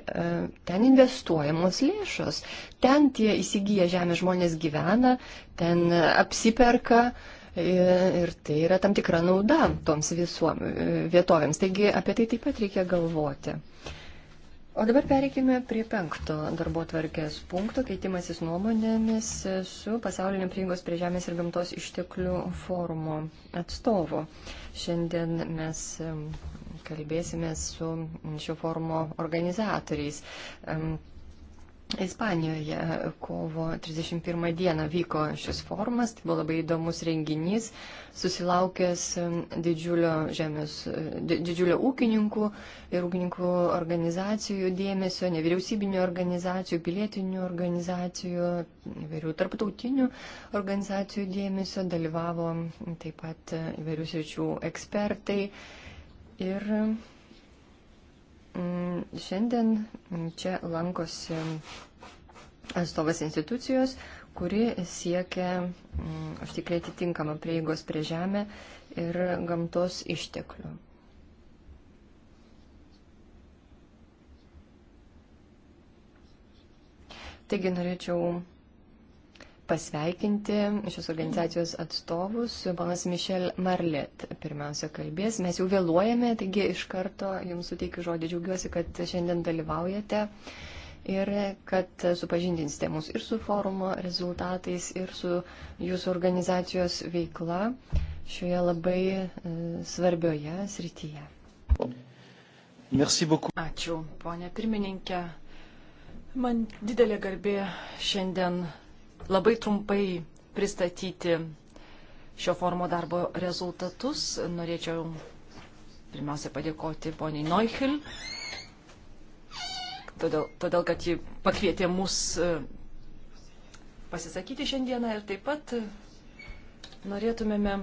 ten investuojamos lėšos. Ten tie įsigiję žemės žmonės gyvena, ten apsiperka, e, ir tai yra tam tikra nauda toms visuom, vietovėms. Taigi apie tai taip pat reikia galvoti. O dabar pereikime prie penkto darbo tvarkės punkto, keitimasis nuomonėmis su pasaulinio prieigos prie žemės ir gamtos išteklių forumo atstovu. Šiandien mes kalbėsime su šio forumo organizatoriais. Ispanijoje kovo 31 dieną vyko šis forumas, tai buvo labai įdomus renginys, susilaukęs didžiulio, žemės, didžiulio ūkininkų ir ūkininkų organizacijų dėmesio, nevyriausybinio organizacijų, pilietinių organizacijų, įvairių tarptautinių organizacijų dėmesio, dalyvavo taip pat e, įvairių sričių ekspertai. Ir Mm, šiandien mm, čia lankosi atstovas institucijos, kuri siekia mm, užtikrėti tinkamą prieigos prie žemę ir gamtos išteklių. Taigi norėčiau pasveikinti šios organizacijos atstovus. Panas Mišel Marlet pirmiausia kalbės. Mes jau vėluojame, taigi iš karto jums suteikiu žodį. Džiaugiuosi, kad šiandien dalyvaujate ir kad supažindinsite mus ir su forumo rezultatais, ir su jūsų organizacijos veikla šioje labai e, svarbioje srityje. Ačiū, ponė pirmininkė. Man didelė garbė šiandien labai trumpai pristatyti šio formo darbo rezultatus. Norėčiau pirmiausia padėkoti poniai Neuchil, todėl, todėl kad ji pakvietė mus e, pasisakyti šiandieną ir taip pat norėtumėme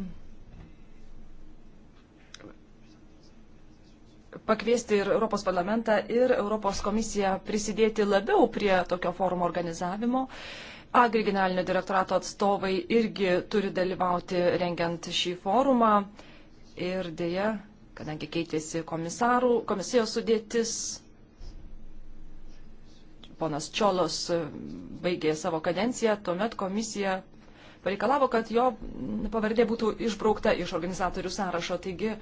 pakviesti ir Europos parlamentą, ir Europos komisiją prisidėti labiau prie tokio forumo organizavimo. Uh, Agri generalinio direktorato atstovai irgi turi dalyvauti rengiant šį forumą ir dėja, kadangi keitėsi komisarų, komisijos sudėtis, ponas Čiolos e, baigė savo kadenciją, tuomet komisija pareikalavo, kad jo pavardė būtų išbraukta iš organizatorių sąrašo. Taigi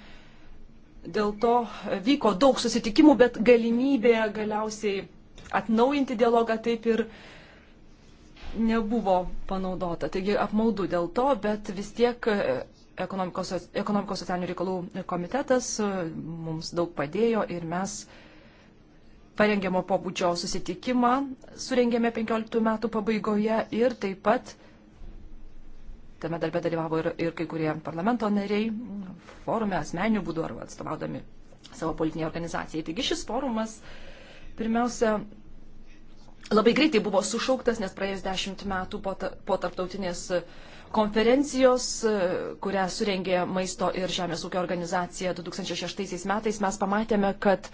dėl to vyko daug susitikimų, bet galimybė galiausiai atnaujinti dialogą taip ir nebuvo panaudota. Taigi apmaudu dėl to, bet vis tiek e, ekonomikos, ekonomikos socialinių reikalų komitetas e, mums daug padėjo ir mes parengiamo pobūdžio susitikimą surengėme 15 metų pabaigoje ir taip pat tame darbe dalyvavo ir, ir kai kurie parlamento nariai forume asmenių būdų arba atstovaudami savo politinį organizaciją. Taigi šis forumas pirmiausia labai greitai buvo sušauktas, nes praėjus dešimt metų po, ta, po tarptautinės konferencijos, kurią surengė Maisto ir Žemės ūkio organizacija 2006 metais, mes pamatėme, kad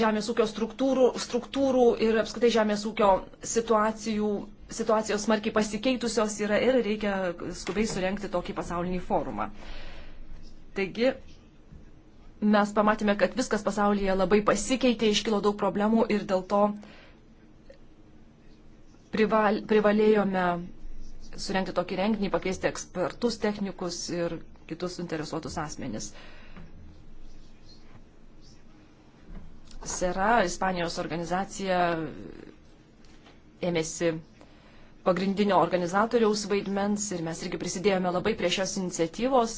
žemės ūkio struktūrų, struktūrų ir apskritai žemės ūkio situacijų, situacijos smarkiai pasikeitusios yra ir reikia skubiai surenkti tokį pasaulinį forumą. Taigi, mes pamatėme, kad viskas pasaulyje labai pasikeitė, iškilo daug problemų ir dėl to uh, prival, privalėjome surenkti tokį renginį, pakeisti ekspertus, technikus ir kitus interesuotus asmenis. Sera, Ispanijos organizacija, ėmėsi pagrindinio organizatoriaus vaidmens ir mes irgi prisidėjome labai prie šios iniciatyvos,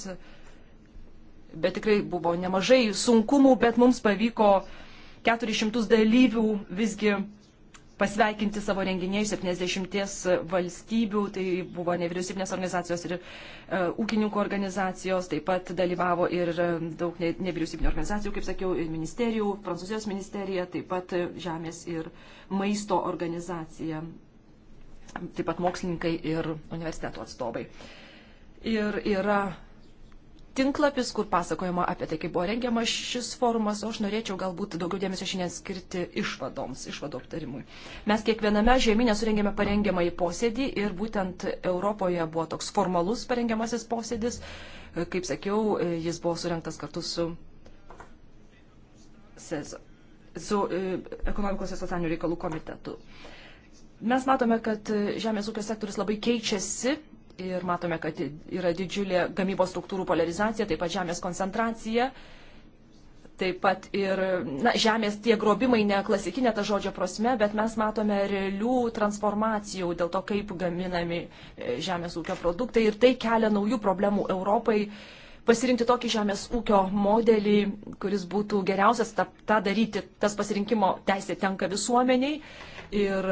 bet tikrai buvo nemažai sunkumų, bet mums pavyko 400 dalyvių visgi pasveikinti savo renginiai 70 valstybių, tai buvo nevyriausybinės organizacijos ir e, ūkininkų organizacijos, taip pat dalyvavo ir e, daug nevyriausybinio organizacijų, kaip sakiau, ministerijų, Prancūzijos ministerija, taip pat Žemės ir maisto organizacija, taip pat mokslininkai ir universiteto atstovai. Ir yra tinklapis, kur pasakojama apie tai, kaip buvo rengiamas šis forumas, o aš norėčiau galbūt daugiau dėmesio šiandien skirti išvadoms, išvadų aptarimui. Mes kiekviename žemynė surengėme parengiamąjį posėdį ir būtent Europoje buvo toks formalus parengiamasis posėdis. Kaip sakiau, jis buvo surinktas kartu su, CESO, su e, ekonomikos ir socialinių reikalų komitetu. Mes matome, kad e, žemės ūkio sektorius labai keičiasi ir matome, kad yra didžiulė gamybos struktūrų polarizacija, taip pat žemės koncentracija, taip pat ir na, žemės tie grobimai ne klasikinė ta žodžio prasme, bet mes matome realių transformacijų dėl to, kaip gaminami e, žemės ūkio produktai ir tai kelia naujų problemų Europai. Pasirinkti tokį žemės ūkio modelį, kuris būtų geriausias, tą, tą daryti, tas pasirinkimo teisė tenka visuomeniai. Ir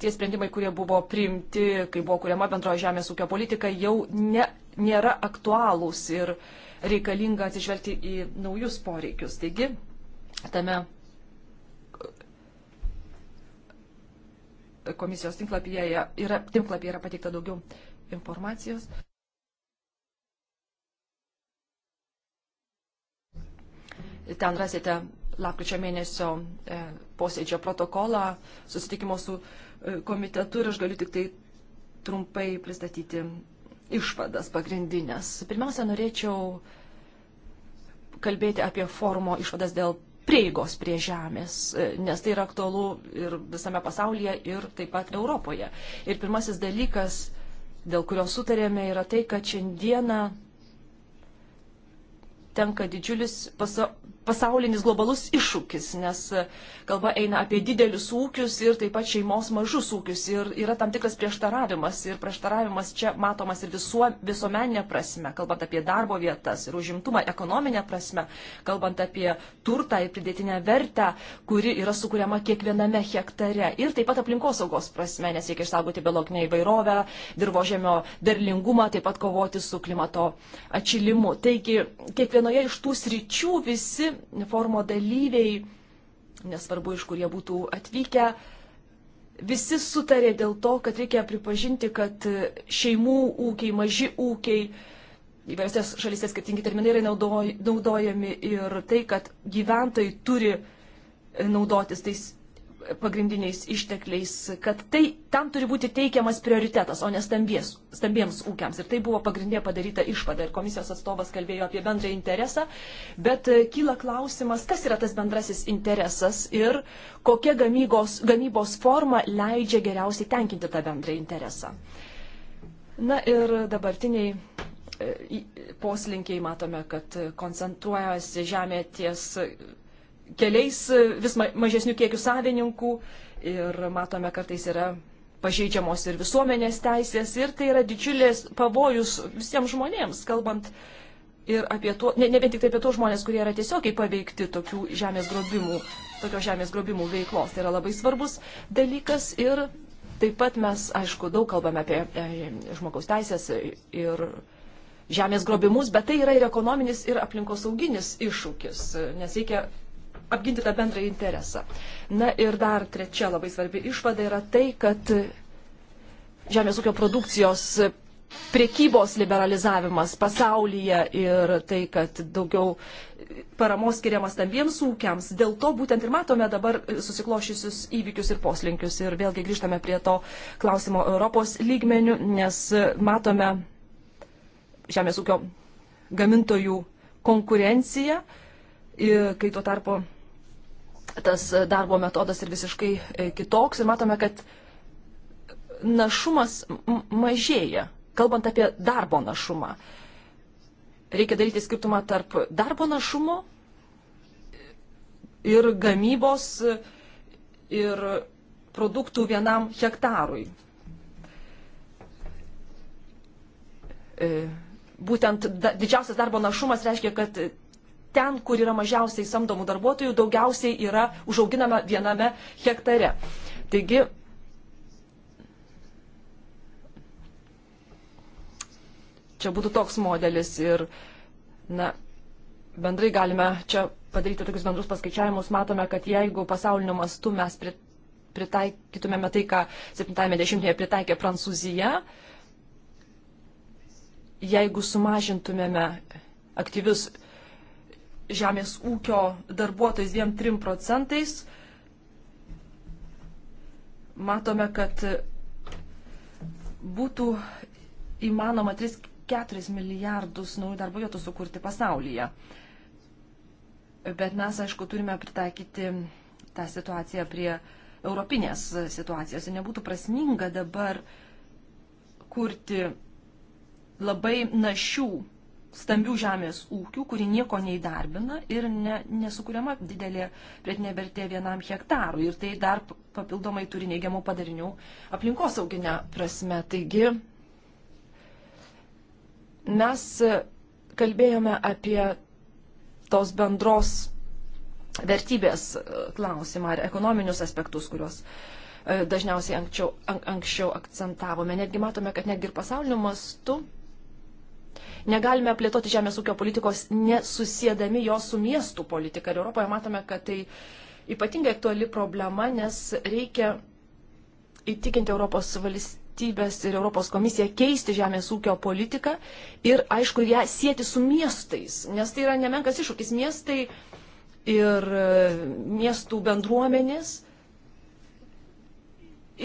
tie sprendimai, kurie buvo priimti, kai buvo kuriama bendroji žemės ūkio politika, jau ne, nėra aktualūs ir reikalinga atsižvelgti į naujus poreikius. Taigi, tame komisijos tinklapyje yra, tinklapyje yra pateikta daugiau informacijos. Ten rasite lapkričio mėnesio e, posėdžio protokolą, susitikimo su komitetu ir aš galiu tik tai trumpai pristatyti išvadas pagrindinės. Pirmiausia, norėčiau kalbėti apie forumo išvadas dėl prieigos prie žemės, e, nes tai yra aktualu ir visame pasaulyje, ir taip pat Europoje. Ir pirmasis dalykas, dėl kurio sutarėme, yra tai, kad šiandieną tenka didžiulis pasa pasaulinis globalus iššūkis, nes e, kalba eina apie didelius ūkius ir taip pat šeimos mažus ūkius. Ir yra tam tikras prieštaravimas. Ir prieštaravimas čia matomas ir visuo, visuomeninė prasme, kalbant apie darbo vietas ir užimtumą ekonominę prasme, kalbant apie turtą ir pridėtinę vertę, kuri yra sukūriama kiekviename hektare. Ir taip pat aplinkosaugos prasme, nes reikia išsaugoti biologinę įvairovę, dirbožėmio derlingumą, taip pat kovoti su klimato atšilimu. Taigi, kiekvienoje iš tų sričių visi forumo dalyviai, nesvarbu iš kur jie būtų atvykę, visi sutarė dėl to, kad reikia pripažinti, kad šeimų ūkiai, maži ūkiai, įvairiose šalyse skirtingi terminai yra naudojami ir tai, kad gyventojai turi naudotis tais pagrindiniais ištekliais, kad tai, tam turi būti teikiamas prioritetas, o ne stambies, stambiems ūkiams. Ir tai buvo pagrindė padaryta išvada. Ir komisijos atstovas kalbėjo apie bendrą interesą, bet e, kyla klausimas, kas yra tas bendrasis interesas ir kokia gamybos, gamybos forma leidžia geriausiai tenkinti tą bendrą interesą. Na ir dabartiniai e, poslinkiai matome, kad e, koncentruojasi žemė ties keliais vis mažesnių kiekių savininkų ir matome kartais yra pažeidžiamos ir visuomenės teisės ir tai yra didžiulės pavojus visiems žmonėms, kalbant ir apie tuo, ne, ne vien tik tai apie tuos žmonės, kurie yra tiesiogiai paveikti tokių žemės grobimų, tokio žemės grobimų veiklos. Tai yra labai svarbus dalykas ir taip pat mes, aišku, daug kalbame apie e, žmogaus teisės ir žemės grobimus, bet tai yra ir ekonominis, ir aplinkosauginis iššūkis, nes reikia apginti tą bendrą interesą. Na ir dar trečia labai svarbi išvada yra tai, kad žemės ūkio produkcijos priekybos liberalizavimas pasaulyje ir tai, kad daugiau paramos skiriamas stambiems ūkiams. Dėl to būtent ir matome dabar susiklošysius įvykius ir poslinkius. Ir vėlgi grįžtame prie to klausimo Europos lygmenių, nes matome žemės ūkio gamintojų konkurenciją, kai tuo tarpu tas darbo metodas ir visiškai e, kitoks ir matome, kad našumas mažėja, kalbant apie darbo našumą. Reikia daryti skirtumą tarp darbo našumo ir gamybos ir produktų vienam hektarui. E, būtent da, didžiausias darbo našumas reiškia, kad ten, kur yra mažiausiai samdomų darbuotojų, daugiausiai yra užauginama viename hektare. Taigi, čia būtų toks modelis ir, na, bendrai galime čia padaryti tokius bendrus paskaičiavimus, matome, kad jeigu pasauliniu mastu mes pritaikytumėme tai, ką 70-ąją pritaikė Prancūzija, jeigu sumažintumėme aktyvius žemės ūkio darbuotojais 2-3 procentais. Matome, kad būtų įmanoma 3-4 milijardus naujų darbo vietų sukurti pasaulyje. Bet mes, aišku, turime pritaikyti tą situaciją prie europinės situacijos. Ir nebūtų prasminga dabar kurti labai našių stambių žemės ūkių, kuri nieko neįdarbina ir ne, nesukuriama didelė prietinė vertė vienam hektarui. Ir tai dar papildomai turi neigiamų padarinių aplinkosauginę prasme. Taigi mes kalbėjome apie tos bendros vertybės e, klausimą ar ekonominius aspektus, kuriuos e, dažniausiai anksčiau, an, anksčiau akcentavome. Netgi matome, kad netgi ir pasaulio mastu Negalime plėtoti žemės ūkio politikos nesusėdami jos su miestų politika. Ir Europoje matome, kad tai ypatingai aktuali problema, nes reikia įtikinti Europos valstybės ir Europos komisiją keisti žemės ūkio politiką ir, aišku, ją sieti su miestais, nes tai yra nemenkas iššūkis. Miestai ir e, miestų bendruomenės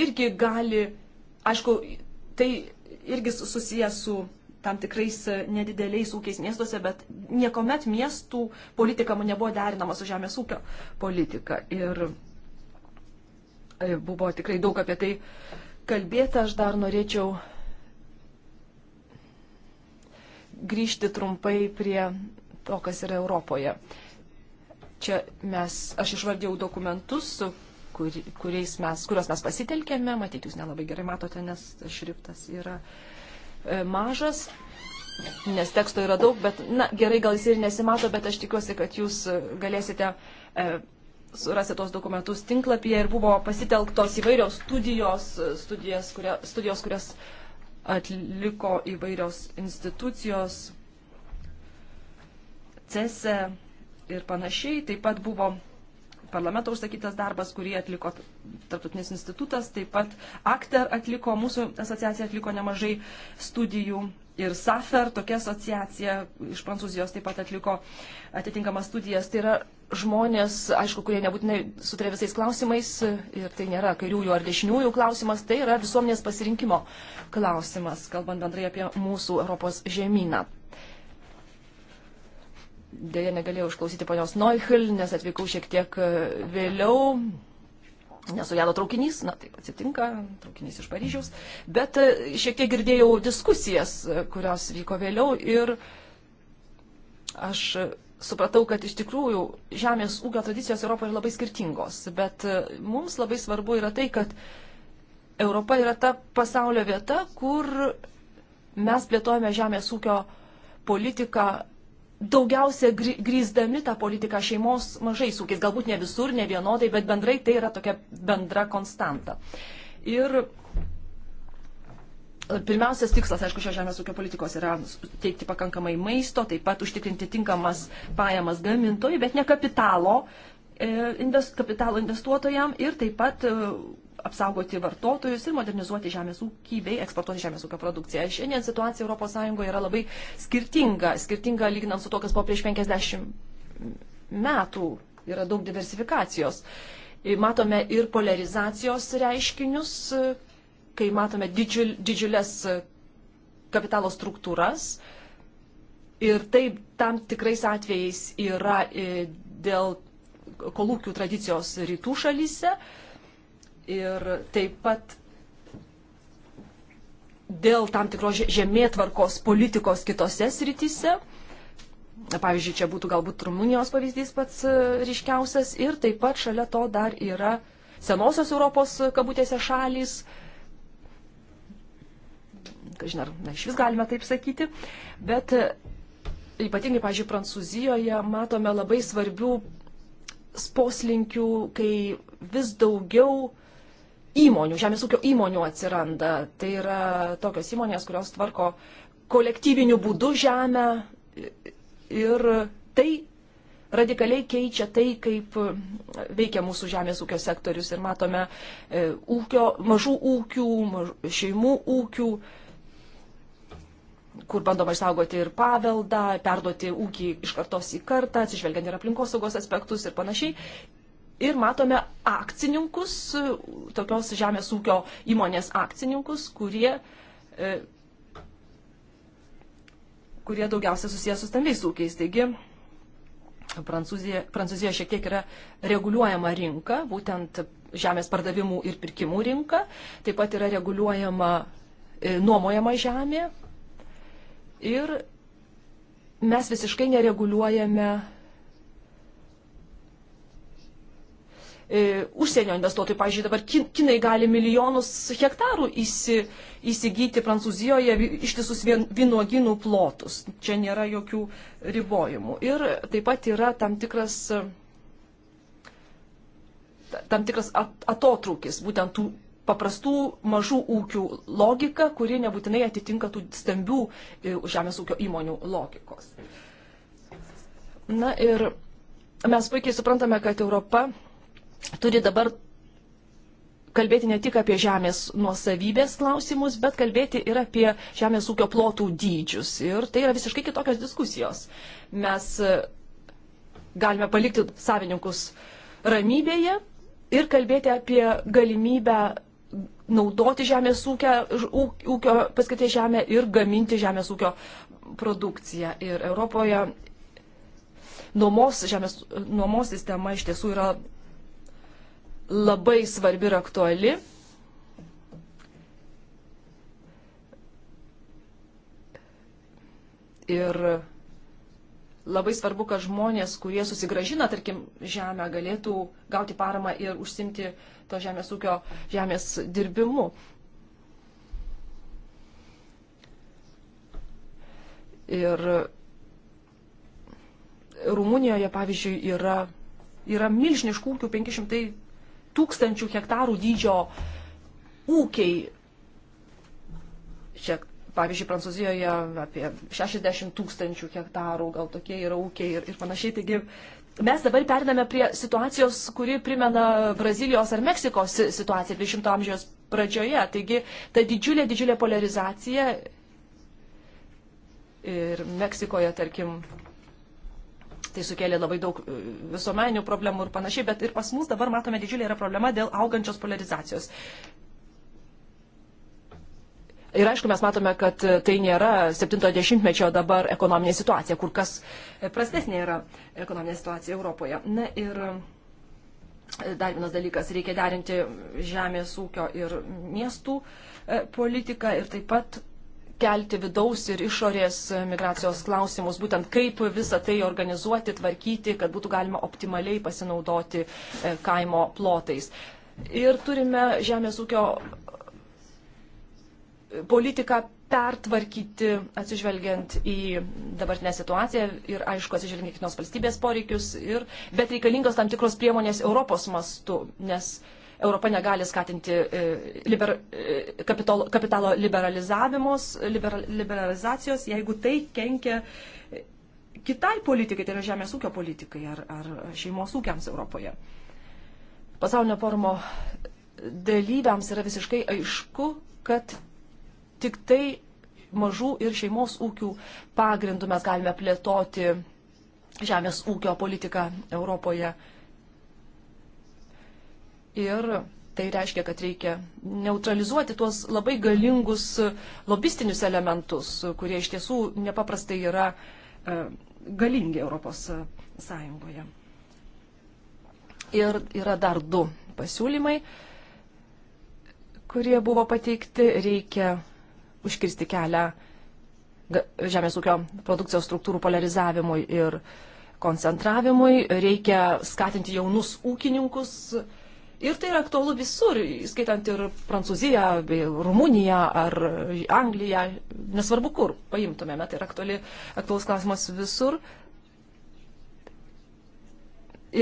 irgi gali, aišku, tai irgi susijęs su tam tikrais e, nedideliais ūkiais miestuose, bet niekuomet miestų politika nebuvo derinama su žemės ūkio politika. Ir e, buvo tikrai daug apie tai kalbėta, aš dar norėčiau grįžti trumpai prie to, kas yra Europoje. Čia mes, aš išvardėjau dokumentus, kur, kuriais mes, kuriuos mes pasitelkėme, matyt, jūs nelabai gerai matote, nes šriftas yra uh, E, mažas, nes teksto yra daug, bet, na, gerai, gal jis ir nesimato, bet aš tikiuosi, kad jūs e, galėsite e, surasti tos dokumentus tinklapyje ir buvo pasitelktos įvairios studijos, e, studijas, kuria, studijos kurias atliko įvairios institucijos, CESE ir panašiai. Taip pat buvo parlamento užsakytas darbas, kurį atliko Tartutinis institutas, taip pat Akter atliko, mūsų asociacija atliko nemažai studijų. Ir SAFER, tokia asociacija iš Prancūzijos taip pat atliko atitinkamas studijas. Tai yra žmonės, aišku, kurie nebūtinai sutarė visais klausimais, ir tai nėra kairiųjų ar dešiniųjų klausimas, tai yra visuomenės pasirinkimo klausimas, kalbant bendrai apie mūsų Europos žemyną. Dėja negalėjau išklausyti ponios Neuchel, nes atvykau šiek tiek e, vėliau, nesugedo traukinys, na taip atsitinka, traukinys iš Paryžiaus, bet e, šiek tiek girdėjau diskusijas, e, kurios vyko vėliau ir aš supratau, kad iš tikrųjų žemės ūkio tradicijos Europoje yra labai skirtingos, bet mums labai svarbu yra tai, kad Europa yra ta pasaulio vieta, kur mes plėtojame žemės ūkio politiką daugiausia grįsdami tą politiką šeimos mažais ūkiais, galbūt ne visur, ne vienodai, bet bendrai tai yra tokia bendra konstanta. Ir e, pirmiausias tikslas, aišku, šios žemės ūkio politikos yra teikti pakankamai maisto, taip pat užtikrinti tinkamas pajamas gamintojui, bet ne kapitalo, e, invest, kapitalo investuotojam ir taip pat e, apsaugoti vartotojus ir modernizuoti žemės ūkį bei eksportuoti žemės ūkio produkciją. Šiandien situacija ES yra labai skirtinga, skirtinga lyginant su to, kas buvo prieš 50 metų. Yra daug diversifikacijos. Matome ir polarizacijos reiškinius, kai matome didžiul, didžiulės kapitalo struktūras. Ir taip tam tikrais atvejais yra e, dėl kolūkių tradicijos rytų šalyse. Uh, ir taip pat dėl tam tikros žemėtvarkos politikos kitose srityse. Pavyzdžiui, čia būtų galbūt Rumunijos pavyzdys pats e, ryškiausias ir taip pat šalia to dar yra senosios Europos kabutėse šalys. Kažin ar na, iš vis galime taip sakyti, bet e, ypatingai, pavyzdžiui, Prancūzijoje matome labai svarbių poslinkių, kai vis daugiau uh, įmonių, žemės ūkio įmonių atsiranda. Tai yra tokios įmonės, kurios tvarko kolektyviniu būdu žemę ir tai radikaliai keičia tai, kaip veikia mūsų žemės ūkio sektorius ir matome e, ūkio, mažų ūkių, maž, šeimų ūkių kur bandoma išsaugoti ir paveldą, perduoti ūkį iš kartos į kartą, atsižvelgiant ir aplinkosaugos aspektus ir panašiai ir matome akcininkus, tokios žemės ūkio įmonės akcininkus, kurie, e, kurie daugiausia susijęs su stambiais ūkiais. Taigi, Prancūzija, Prancūzija šiek tiek yra reguliuojama rinka, būtent žemės pardavimų ir pirkimų rinka, taip pat yra reguliuojama e, nuomojama žemė ir mes visiškai nereguliuojame E, užsienio investuotojų. Pavyzdžiui, dabar kinai gali milijonus hektarų įsi, įsigyti Prancūzijoje ištisus vien, vynuoginų plotus. Čia nėra jokių ribojimų. Ir taip pat yra tam tikras, e, tam tikras atotrūkis, būtent tų paprastų mažų ūkių logika, kuri nebūtinai atitinka tų stambių e, žemės ūkio įmonių logikos. Na ir mes puikiai suprantame, kad Europa turi dabar kalbėti ne tik apie žemės nuosavybės klausimus, bet kalbėti ir apie žemės ūkio plotų dydžius. Ir tai yra visiškai kitokios diskusijos. Mes e, galime palikti savininkus ramybėje ir kalbėti apie galimybę naudoti žemės ūkio, ūkio paskirtį žemę ir gaminti žemės ūkio produkciją. Ir Europoje nuomos, žemės, nuomos sistema iš tiesų yra labai svarbi ir aktuali. Ir labai svarbu, kad žmonės, kurie susigražina, tarkim, žemę, galėtų gauti paramą ir užsimti to žemės ūkio žemės dirbimu. Ir Rumunijoje, pavyzdžiui, yra, yra milžiniškų ūkių, 500 tūkstančių hektarų dydžio ūkiai. Čia, pavyzdžiui, Prancūzijoje apie 60 tūkstančių hektarų, gal tokie yra ūkiai ir, ir panašiai. Taigi mes dabar periname prie situacijos, kuri primena Brazilijos ar Meksikos situaciją 20 amžiaus pradžioje. Taigi ta didžiulė, didžiulė polarizacija ir Meksikoje, tarkim, tai sukėlė labai daug e, visuomeninių problemų ir panašiai, bet ir pas mus dabar matome didžiulį yra problema dėl augančios polarizacijos. Ir aišku, mes matome, kad tai nėra 70-mečio dabar ekonominė situacija, kur kas prastesnė yra ekonominė situacija Europoje. Na ir e, dar vienas dalykas, reikia derinti žemės ūkio ir miestų e, politiką ir taip pat kelti vidaus ir išorės migracijos klausimus, būtent kaip visą tai organizuoti, tvarkyti, kad būtų galima optimaliai pasinaudoti e, kaimo plotais. Ir turime žemės ūkio e, politiką pertvarkyti atsižvelgiant į dabartinę situaciją ir, aišku, atsižvelgiant į kiekvienos valstybės poreikius, ir, bet reikalingos tam tikros priemonės Europos mastu, nes uh, Europa negali skatinti e, liber, e, kapitalo, kapitalo liberal, liberalizacijos, jeigu tai kenkia e, kitai politikai, tai yra žemės ūkio politikai ar, ar šeimos ūkiams Europoje. Pasaulinio forumo dalyviams yra visiškai aišku, kad tik tai mažų ir šeimos ūkių pagrindų mes galime plėtoti žemės ūkio politiką Europoje. Ir tai reiškia, kad reikia neutralizuoti tuos labai galingus lobistinius elementus, kurie iš tiesų nepaprastai yra e, galingi Europos Sąjungoje. Ir yra dar du pasiūlymai, kurie buvo pateikti. Reikia užkirsti kelią žemės ūkio produkcijos struktūrų polarizavimui ir koncentravimui. Reikia skatinti jaunus ūkininkus Ir tai yra aktualu visur, skaitant ir Prancūziją, bei Rumuniją ar Angliją, nesvarbu kur paimtumėme, tai yra aktuali, aktualus klausimas visur.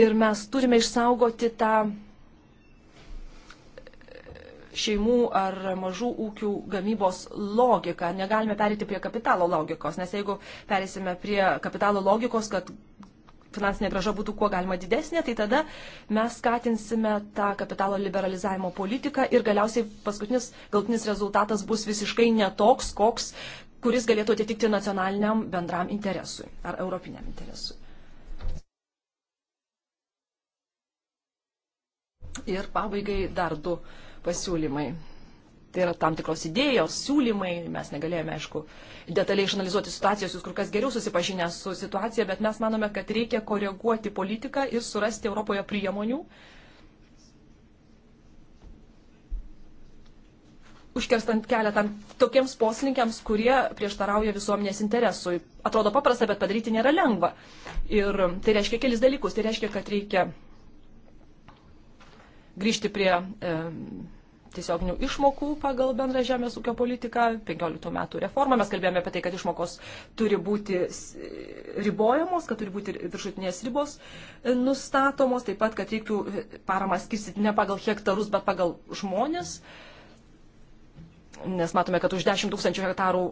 Ir mes turime išsaugoti tą šeimų ar mažų ūkių gamybos logiką. Negalime perėti prie kapitalo logikos, nes jeigu perėsime prie kapitalo logikos, kad finansinė graža būtų kuo galima didesnė, tai tada mes skatinsime tą kapitalo liberalizavimo politiką ir galiausiai paskutinis galtinis rezultatas bus visiškai netoks, koks, kuris galėtų atitikti nacionaliniam bendram interesui ar europiniam interesui. Ir pabaigai dar du pasiūlymai tai yra tam tikros idėjos, siūlymai, mes negalėjome, aišku, detaliai išanalizuoti situacijos, jūs kur kas geriau susipažinę su situacija, bet mes manome, kad reikia koreguoti politiką ir surasti Europoje priemonių. Užkerstant kelią tam tokiems poslinkiams, kurie prieštarauja visuomenės interesui. Atrodo paprasta, bet padaryti nėra lengva. Ir tai reiškia kelis dalykus. Tai reiškia, kad reikia grįžti prie e, tiesioginių išmokų pagal bendrą žemės ūkio politiką, 15 metų reformą. Mes kalbėjome apie tai, kad išmokos turi būti ribojamos, kad turi būti viršutinės ribos e, nustatomos, taip pat, kad reiktų e, paramą skirstyti ne pagal hektarus, bet pagal žmonės. Nes matome, kad už 10 tūkstančių hektarų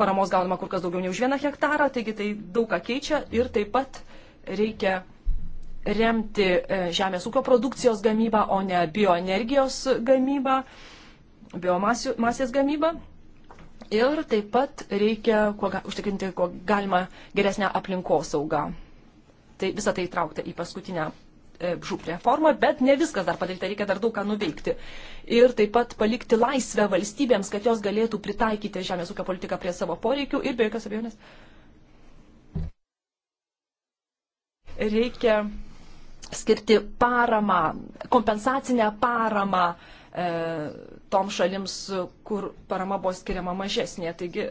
paramos gaunama kur kas daugiau nei už vieną hektarą, taigi tai daug ką keičia ir taip pat reikia remti e, žemės ūkio produkcijos gamybą, o ne bioenergijos gamybą, biomasės gamybą. Ir taip pat reikia kuo, užtikrinti, kuo galima geresnę aplinkosaugą. Tai visą tai įtraukta į paskutinę e, žūp reformą, bet ne viskas dar padaryta, reikia dar daug ką nuveikti. Ir taip pat palikti laisvę valstybėms, kad jos galėtų pritaikyti žemės ūkio politiką prie savo poreikių ir be jokios abejonės reikia skirti paramą, kompensacinę paramą e, tom šalims, kur parama buvo skiriama mažesnė. Taigi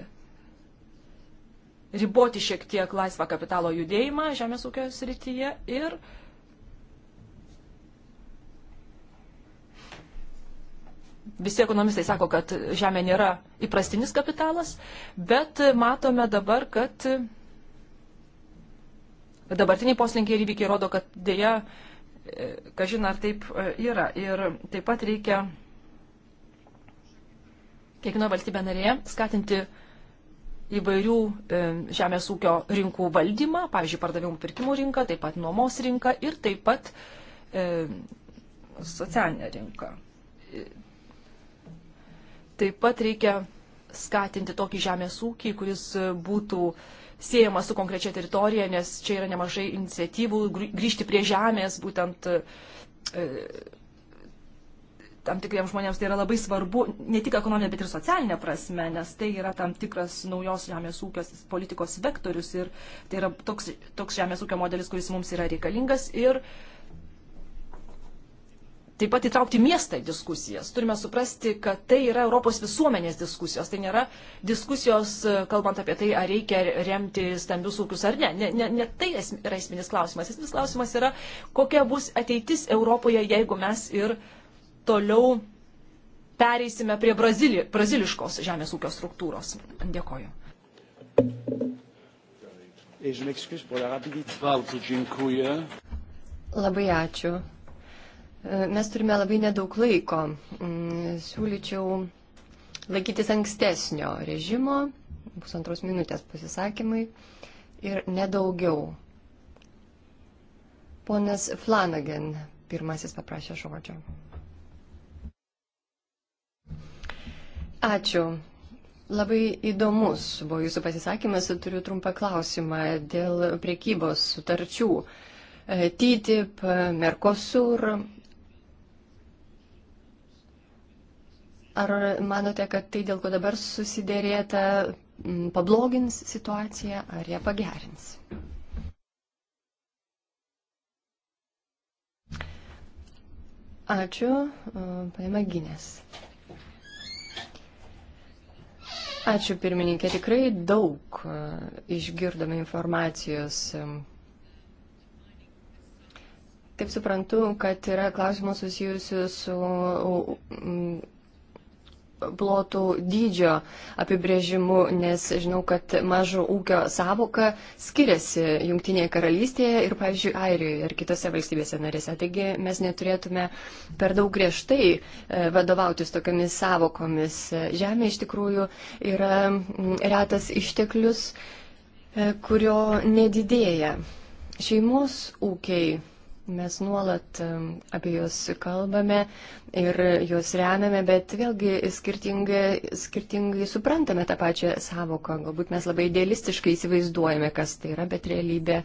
riboti šiek tiek laisvą kapitalo judėjimą žemės ūkio srityje ir visi ekonomistai sako, kad žemė nėra įprastinis kapitalas, bet matome dabar, kad dabartiniai poslinkiai ir įvykiai rodo, kad dėja, e, kažin ar taip e, yra. Ir taip pat reikia kiekvienoje valstybė narėje skatinti įvairių e, žemės ūkio rinkų valdymą, pavyzdžiui, pardavimų pirkimų rinką, taip pat nuomos rinką ir taip pat e, socialinę rinką. Taip pat reikia skatinti tokį žemės ūkį, kuris būtų e, siejama su konkrečia teritorija, nes čia yra nemažai iniciatyvų grįžti prie žemės, būtent e, tam tikriems žmonėms tai yra labai svarbu, ne tik ekonominė, bet ir socialinė prasme, nes tai yra tam tikras naujos žemės ūkio politikos vektorius ir tai yra toks, toks žemės ūkio modelis, kuris mums yra reikalingas ir uh, Taip pat įtraukti miestą į diskusijas. Turime suprasti, kad tai yra Europos visuomenės diskusijos. Tai nėra diskusijos, e, kalbant apie tai, ar reikia remti stambius ūkius ar ne. Ne, ne, ne tai yra esminis klausimas. Esminis klausimas yra, kokia bus ateitis Europoje, jeigu mes ir toliau pereisime prie Brazili, braziliškos žemės ūkio struktūros. Dėkoju. Labai ačiū. Mes turime labai nedaug laiko. Mm, siūlyčiau laikytis ankstesnio režimo, pusantros minutės pasisakymai ir nedaugiau. Ponas Flanagan pirmasis paprašė žodžio. Ačiū. Labai įdomus buvo jūsų pasisakymas. Turiu trumpą klausimą dėl priekybos sutarčių. E, TTIP, Mercosur, Ar manote, kad tai, dėl ko dabar susidėrėta, pablogins situaciją ar ją pagerins? Ačiū, paima Ginės. Ačiū pirmininkė, tikrai daug išgirdome informacijos. Taip suprantu, kad yra klausimų susijusių su plotų dydžio apibrėžimu, nes žinau, kad mažo ūkio savoka skiriasi Junktinėje karalystėje ir, pavyzdžiui, Airijoje ir kitose valstybėse narėse. Taigi mes neturėtume per daug griežtai e, vadovautis tokiamis savokomis. Žemė iš tikrųjų yra retas išteklius, e, kurio nedidėja. Šeimos ūkiai Mes nuolat apie juos kalbame ir juos remiame, bet vėlgi skirtingai, skirtingai suprantame tą pačią savoką. Galbūt mes labai idealistiškai įsivaizduojame, kas tai yra, bet realybė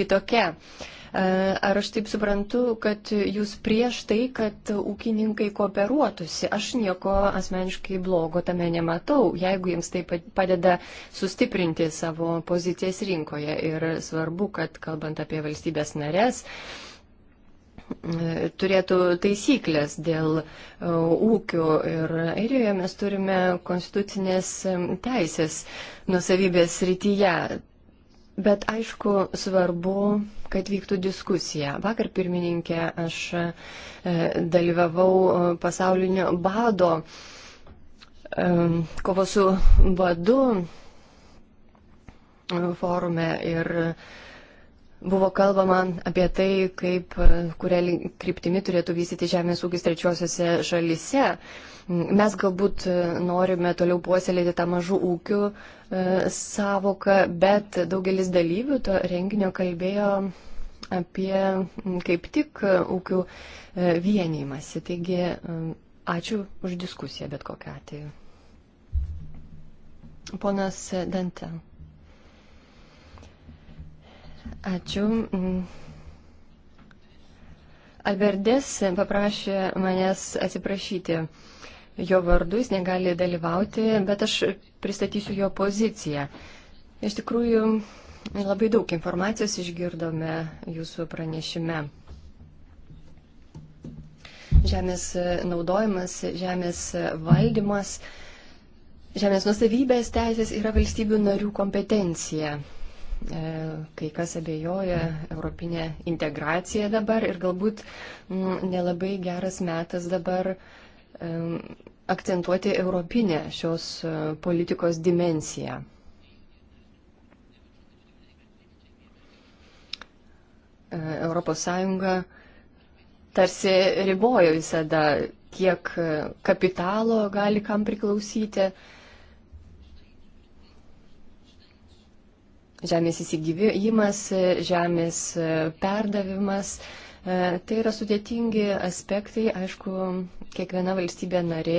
kitokia. E, ar aš taip suprantu, kad jūs prieš tai, kad ūkininkai kooperuotųsi, aš nieko asmeniškai blogo tame nematau, jeigu jiems tai padeda sustiprinti savo pozicijas rinkoje. Ir svarbu, kad kalbant apie valstybės narės, uh, turėtų taisyklės dėl e, ūkių ir Airijoje mes turime konstitucinės e, teisės nusavybės rytyje. Bet aišku, svarbu, kad vyktų diskusija. Vakar pirmininkė aš e, dalyvavau pasaulinio bado kovo su badu forume ir uh, Buvo kalbama apie tai, kaip, kuria kryptimi turėtų vystyti žemės ūkis trečiosiose šalise. Mes galbūt norime toliau puoselėti tą mažų ūkių e, savoką, bet daugelis dalyvių to renginio kalbėjo apie kaip tik ūkių e, vienymasi. Taigi e, ačiū už diskusiją bet kokią atveju. Ponas Dante. Ačiū. Mm. Alberdės paprašė manęs atsiprašyti jo vardu, jis negali dalyvauti, bet aš pristatysiu jo poziciją. Iš tikrųjų, labai daug informacijos išgirdome jūsų pranešime. Žemės naudojimas, žemės valdymas, žemės nusavybės teisės yra valstybių narių kompetencija. E, kai kas abejoja europinė integracija dabar ir galbūt nelabai geras metas dabar e, akcentuoti europinę šios e, politikos dimensiją. Europos Sąjunga tarsi ribojo visada, kiek kapitalo gali kam priklausyti, žemės įsigyvimas, žemės e, perdavimas. E, tai yra sudėtingi aspektai, aišku, kiekviena valstybė narė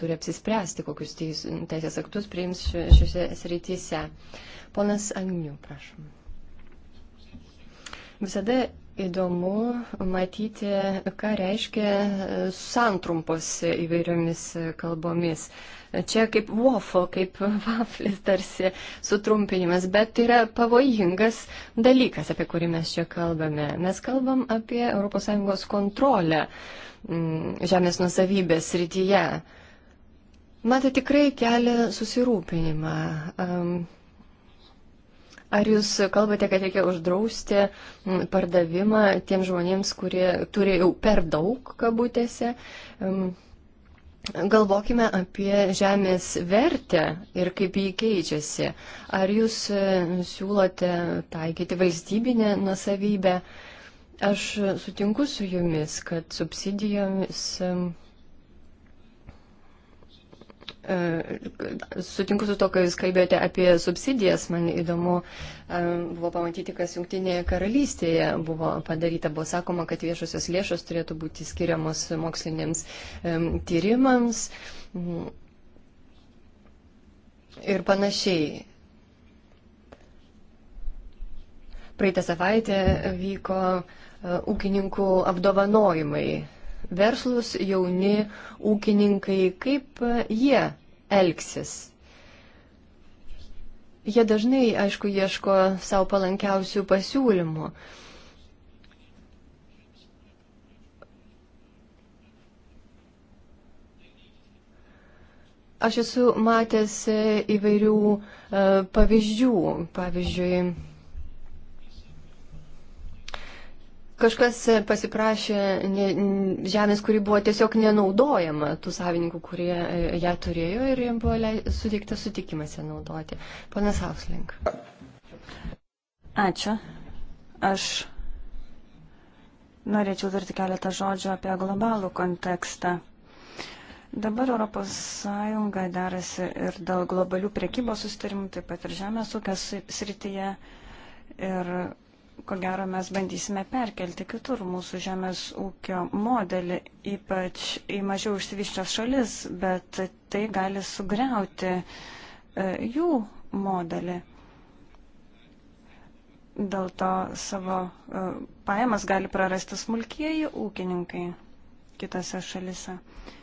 turi apsispręsti, kokius teisės aktus priims šiuose srityse. Ponas Agniu, prašom. Visada įdomu matyti, ką reiškia santrumpos įvairiomis kalbomis. Čia kaip waffle, kaip vaflis tarsi sutrumpinimas, bet tai yra pavojingas dalykas, apie kurį mes čia kalbame. Mes kalbam apie ES kontrolę mm, žemės nusavybės rytyje. Matai, tikrai kelia susirūpinimą. Um, Ar jūs kalbate, kad reikia uždrausti mm, pardavimą tiem žmonėms, kurie turi jau per daug kabutėse? Galvokime apie žemės vertę ir kaip jį keičiasi. Ar jūs e, siūlote taikyti valstybinę nusavybę? Aš sutinku su jumis, kad subsidijomis. Um, E, sutinku su to, kai jūs kalbėjote apie subsidijas. Man įdomu e, buvo pamatyti, kas Junktinėje karalystėje buvo padaryta. Buvo sakoma, kad viešosios lėšos turėtų būti skiriamos moksliniams e, tyrimams mm, ir panašiai. Praeitą savaitę vyko ūkininkų apdovanojimai verslus, jauni ūkininkai, kaip jie elgsis. Jie dažnai, aišku, ieško savo palankiausių pasiūlymų. Aš esu matęs įvairių e, pavyzdžių, pavyzdžiui, Kažkas e, pasiprašė ne, žemės, kuri buvo tiesiog nenaudojama tų savininkų, kurie e, ją turėjo ir jiems buvo suteikta sutikimas ją naudoti. Panas Auslink. Ačiū. Aš norėčiau tarti keletą žodžių apie globalų kontekstą. Dabar ES derasi ir dėl globalių priekybos sustarimų, taip pat ir žemės ūkės srityje. Ir ko gero mes bandysime perkelti kitur mūsų žemės ūkio modelį, ypač į mažiau išsivyščios šalis, bet tai gali sugriauti e, jų modelį. Dėl to savo e, pajamas gali prarasti smulkieji ūkininkai kitose šalise. Uh,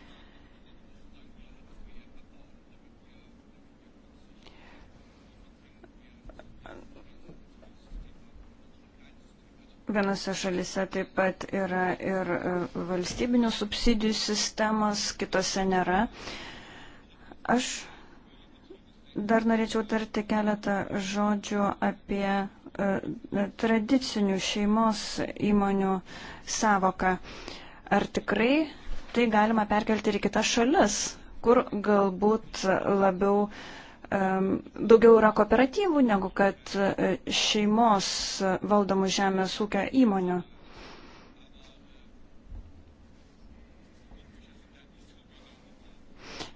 Vienose šalise taip pat yra ir e, valstybinių subsidijų sistemos, kitose nėra. Aš dar norėčiau tarti keletą žodžių apie e, tradicinių šeimos įmonių savoką. Ar tikrai tai galima perkelti ir į kitas šalis, kur galbūt labiau uh, daugiau yra kooperatyvų negu kad e, šeimos valdomų žemės ūkio įmonių.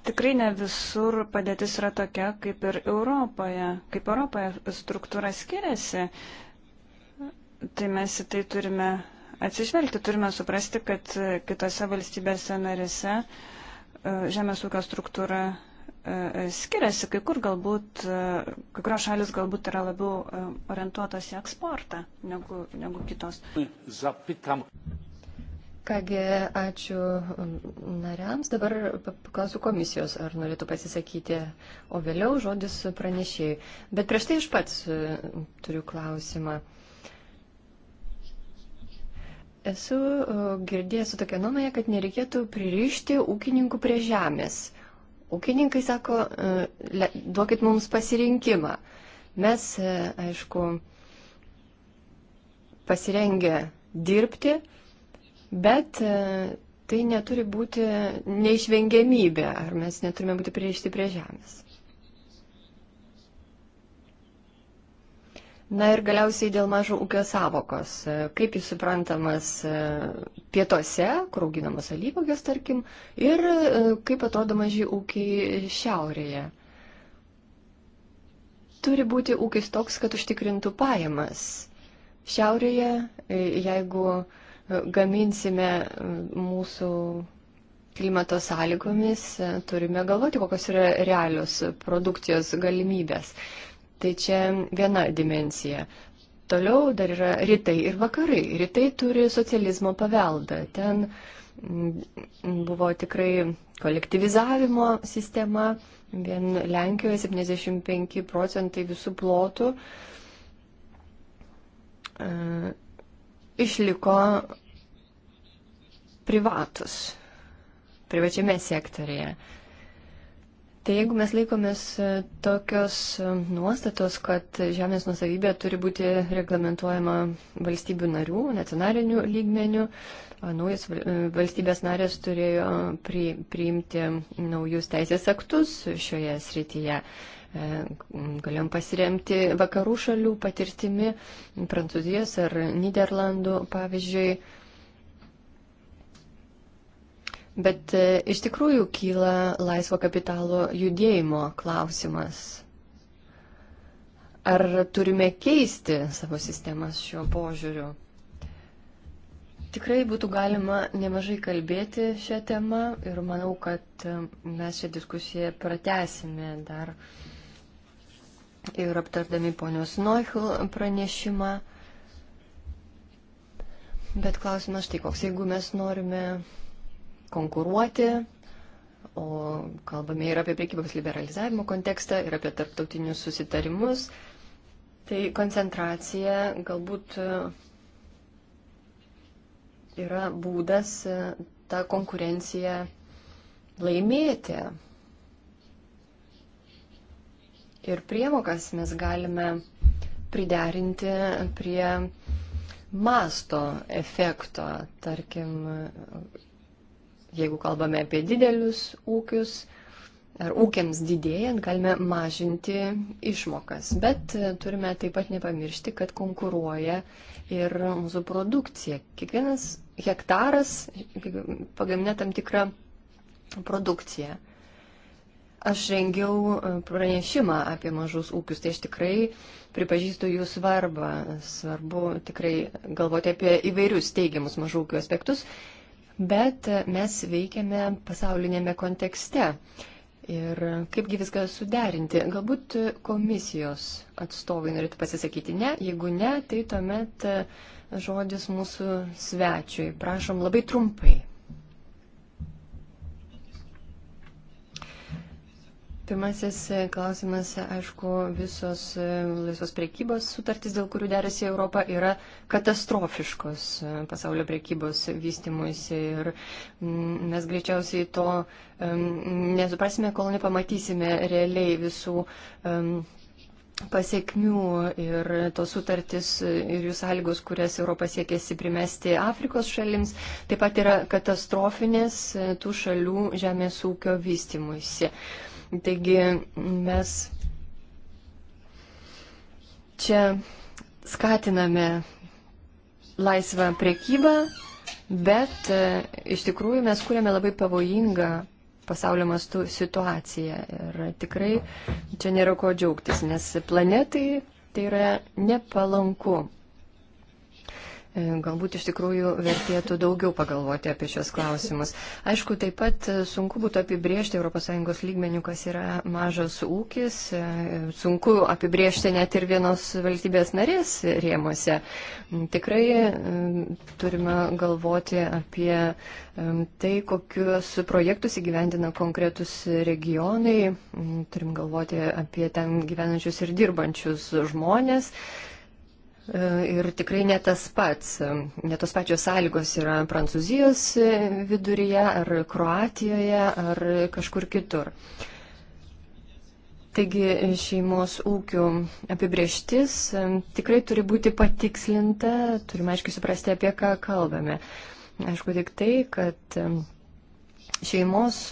Tikrai ne visur padėtis yra tokia, kaip ir Europoje. Kaip Europoje struktūra skiriasi, tai mes į tai turime atsižvelgti, turime suprasti, kad e, kitose valstybėse narėse e, žemės ūkio struktūra E, skiriasi, kai kur galbūt, e, kai kurios šalis galbūt yra labiau e, orientuotos į eksportą negu, negu kitos. Zapitam. Kągi, ačiū nariams. Dabar paklausiu komisijos, ar norėtų pasisakyti, o vėliau žodis pranešėjai. Bet prieš tai aš pats turiu klausimą. Esu girdėjęs tokią nuomonę, kad nereikėtų pririšti ūkininkų prie žemės. Ūkininkai sako, e, duokit mums pasirinkimą. Mes, e, aišku, pasirengę dirbti, bet e, tai neturi būti neišvengiamybė, ar mes neturime būti pririšti prie žemės. Na ir galiausiai dėl mažo ūkio savokos. Kaip jis suprantamas e, pietuose, kur auginamos alyvogės, tarkim, ir e, kaip atrodo maži ūkiai šiaurėje. Turi būti ūkis toks, kad užtikrintų pajamas. Šiaurėje, e, jeigu gaminsime mūsų klimato sąlygomis, turime galvoti, kokios yra realios produkcijos galimybės. Tai čia viena dimensija. Toliau dar yra rytai ir vakarai. Rytai turi socializmo paveldą. Ten mm, buvo tikrai kolektivizavimo sistema. Vien Lenkijoje 75 procentai visų plotų e, išliko privatus, privačiame sektorėje. Tai jeigu mes laikomės e, tokios e, nuostatos, kad žemės nusavybė turi būti reglamentuojama valstybių narių, nacionalinių lygmenių, naujas e, valstybės narės turėjo pri, priimti naujus teisės aktus šioje srityje. Galėjom pasiremti vakarų šalių patirtimi, Prancūzijos ar Niderlandų, pavyzdžiui Bet e, iš tikrųjų kyla laisvo kapitalo judėjimo klausimas. Ar turime keisti savo sistemas šiuo požiūriu? Tikrai būtų galima nemažai kalbėti šią temą ir manau, kad e, mes šią diskusiją pratesime dar ir aptardami ponios Noichel pranešimą. Bet klausimas štai koks, jeigu mes norime konkuruoti, o kalbame ir apie priekybos liberalizavimo kontekstą, ir apie tarptautinius susitarimus, tai koncentracija galbūt yra būdas e, tą konkurenciją laimėti. Ir priemokas mes galime priderinti prie masto efekto, tarkim, jeigu kalbame apie didelius ūkius, ar ūkiams didėjant galime mažinti išmokas. Bet e, turime taip pat nepamiršti, kad konkuruoja ir mūsų produkcija. Kiekvienas hektaras pagamina tam tikrą produkciją. Aš rengiau e, pranešimą apie mažus ūkius, tai aš tikrai pripažįstu jų svarbą. Svarbu tikrai galvoti apie įvairius teigiamus mažų ūkių aspektus bet mes veikiame pasaulinėme kontekste. Ir kaipgi viską suderinti? Galbūt komisijos atstovai norėtų pasisakyti ne, jeigu ne, tai tuomet žodis mūsų svečiui. Prašom labai trumpai. Pirmasis e, klausimas, e, aišku, visos e, laisvos priekybos sutartys, dėl kurių derasi Europą, yra katastrofiškos pasaulio priekybos vystimuisi. Ir mes greičiausiai to nesuprasime, kol nepamatysime realiai visų pasiekmių ir tos sutartys ir jų sąlygos, kurias Europą siekėsi primesti Afrikos šalims, taip pat yra katastrofinės tų šalių žemės ūkio vystimuisi. Um, Taigi mes čia skatiname laisvą priekybą, bet e, iš tikrųjų mes kūrėme labai pavojingą pasaulio mastų situaciją. Ir tikrai čia nėra ko džiaugtis, nes planetai tai yra nepalanku. E, galbūt iš tikrųjų vertėtų daugiau pagalvoti apie šios klausimus. Aišku, taip pat e, sunku būtų apibriežti ES lygmenių, kas yra mažas ūkis. E, sunku apibriežti net ir vienos valstybės narės rėmose. Mm, tikrai turime galvoti apie tai, kokius projektus įgyvendina konkretus regionai. Mm, turim galvoti apie ten gyvenančius ir dirbančius žmonės. E, ir tikrai ne tas pats, ne tos pačios sąlygos yra Prancūzijos e, viduryje ar Kroatijoje ar kažkur kitur. Taigi šeimos ūkių apibrieštis e, tikrai turi būti patikslinta, turime aiškiai suprasti, apie ką kalbame. Aišku tik tai, kad šeimos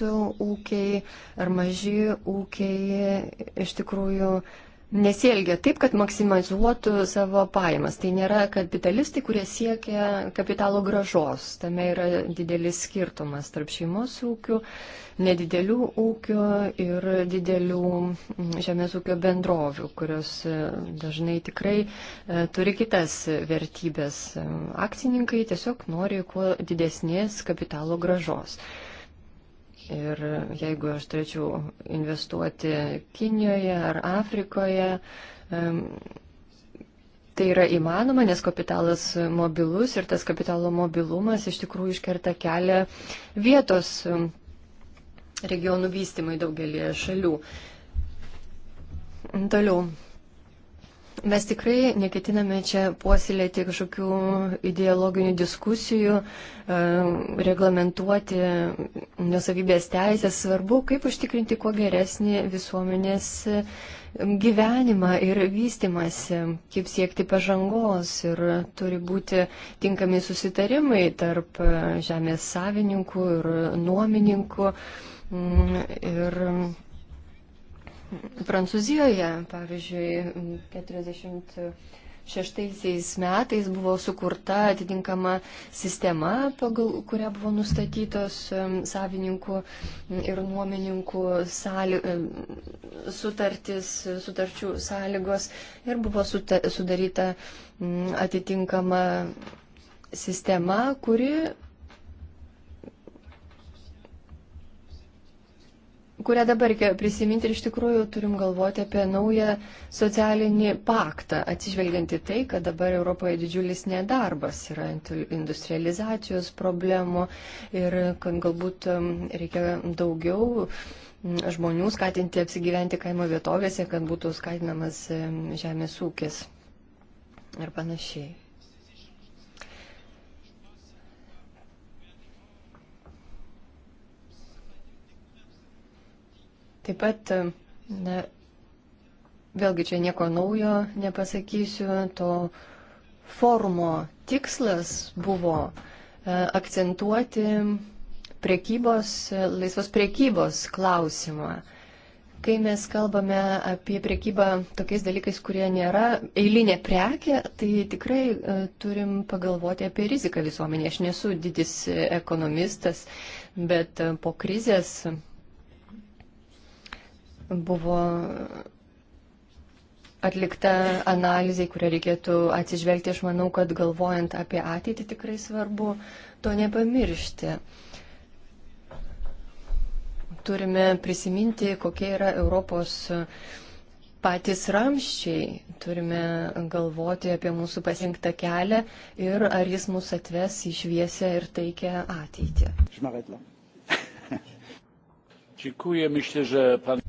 ūkiai ar maži ūkiai iš tikrųjų nesielgia taip, kad maksimizuotų savo pajamas. Tai nėra kapitalistai, kurie siekia kapitalo gražos. Tame yra didelis skirtumas tarp šeimos ūkių, nedidelių ūkių ir didelių mm, žemės ūkio bendrovių, kurios e, dažnai tikrai e, turi kitas vertybės. Akcininkai tiesiog nori kuo didesnės kapitalo gražos. Ir jeigu aš turėčiau investuoti Kinijoje ar Afrikoje, tai yra įmanoma, nes kapitalas mobilus ir tas kapitalo mobilumas iš tikrųjų iškerta kelią vietos regionų vystymui daugelie šalių. Toliau, Mes tikrai neketiname čia puoselėti kažkokių ideologinių diskusijų, e, reglamentuoti nusavybės teisės. Svarbu, kaip užtikrinti kuo geresnį visuomenės gyvenimą ir vystimasi, kaip siekti pažangos ir turi būti tinkami susitarimai tarp e, žemės savininkų ir nuomininkų. Mm, ir Prancūzijoje, pavyzdžiui, 46 metais buvo sukurta atitinkama sistema, pagal kurią buvo nustatytos savininkų ir nuomininkų sąly, sutartis, sutarčių sąlygos ir buvo sudaryta atitinkama sistema, kuri kurią dabar reikia prisiminti ir iš tikrųjų turim galvoti apie naują socialinį paktą, atsižvelgiant į tai, kad dabar Europoje didžiulis nedarbas yra industrializacijos problemų ir kad galbūt um, reikia daugiau mm, žmonių skatinti apsigyventi kaimo vietovėse, kad būtų skatinamas žemės ūkis ir panašiai. Taip pat, na, vėlgi čia nieko naujo nepasakysiu, to forumo tikslas buvo e, akcentuoti priekybos, e, laisvos priekybos klausimą. Kai mes kalbame apie priekybą tokiais dalykais, kurie nėra eilinė prekė, tai tikrai e, turim pagalvoti apie riziką visuomenėje. Aš nesu didis ekonomistas, bet po krizės buvo atlikta analizė, kurią reikėtų atsižvelgti. Aš manau, kad galvojant apie ateitį tikrai svarbu to nepamiršti. Turime prisiminti, kokie yra Europos patys ramščiai. Turime galvoti apie mūsų pasirinktą kelią ir ar jis mus atves į šviesę ir taikę ateitį. Dziękuję. Myślę, że pan.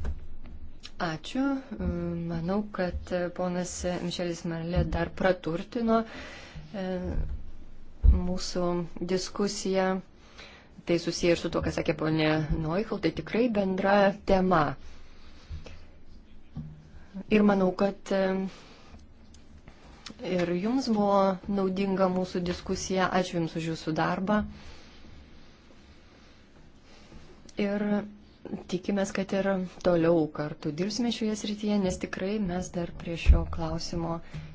Ačiū. Manau, kad ponas Mišelis Merlė dar praturtino e, mūsų diskusiją. Tai susiję ir su to, ką sakė ponė Noichal, tai tikrai bendra tema. Ir manau, kad e, ir jums buvo naudinga mūsų diskusija. Ačiū Jums už Jūsų darbą. Ir tikimės, kad ir toliau kartu dirbsime šioje srityje, nes tikrai mes dar prie šio klausimo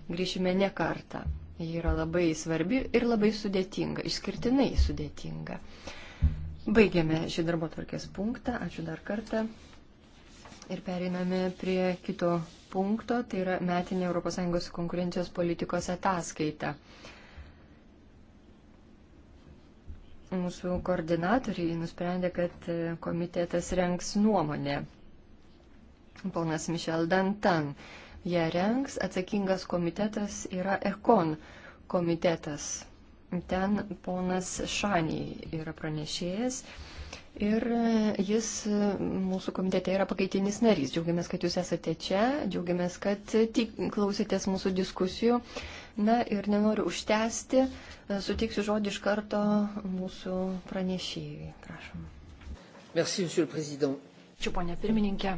grįšime ne kartą. Ji yra labai svarbi ir labai sudėtinga, išskirtinai sudėtinga. Baigiame šį darbo tvarkės punktą. Ačiū dar kartą. Ir periname prie kito punkto, tai yra metinė ES konkurencijos politikos ataskaita. mūsų koordinatoriai nusprendė, kad e, komitetas renks nuomonę. Ponas Mišel Dantan ją renks, atsakingas komitetas yra Ekon komitetas. Ten ponas Šaniai yra pranešėjas ir e, jis e, mūsų komitete yra pakaitinis narys. Džiaugiamės, kad jūs esate čia, džiaugiamės, kad tik klausėtės mūsų diskusijų. Na ir nenoriu užtęsti, e, sutiksiu žodį iš karto mūsų pranešėjai. Prašom. Merci, monsieur le président. Ačiū, ponė pirmininkė.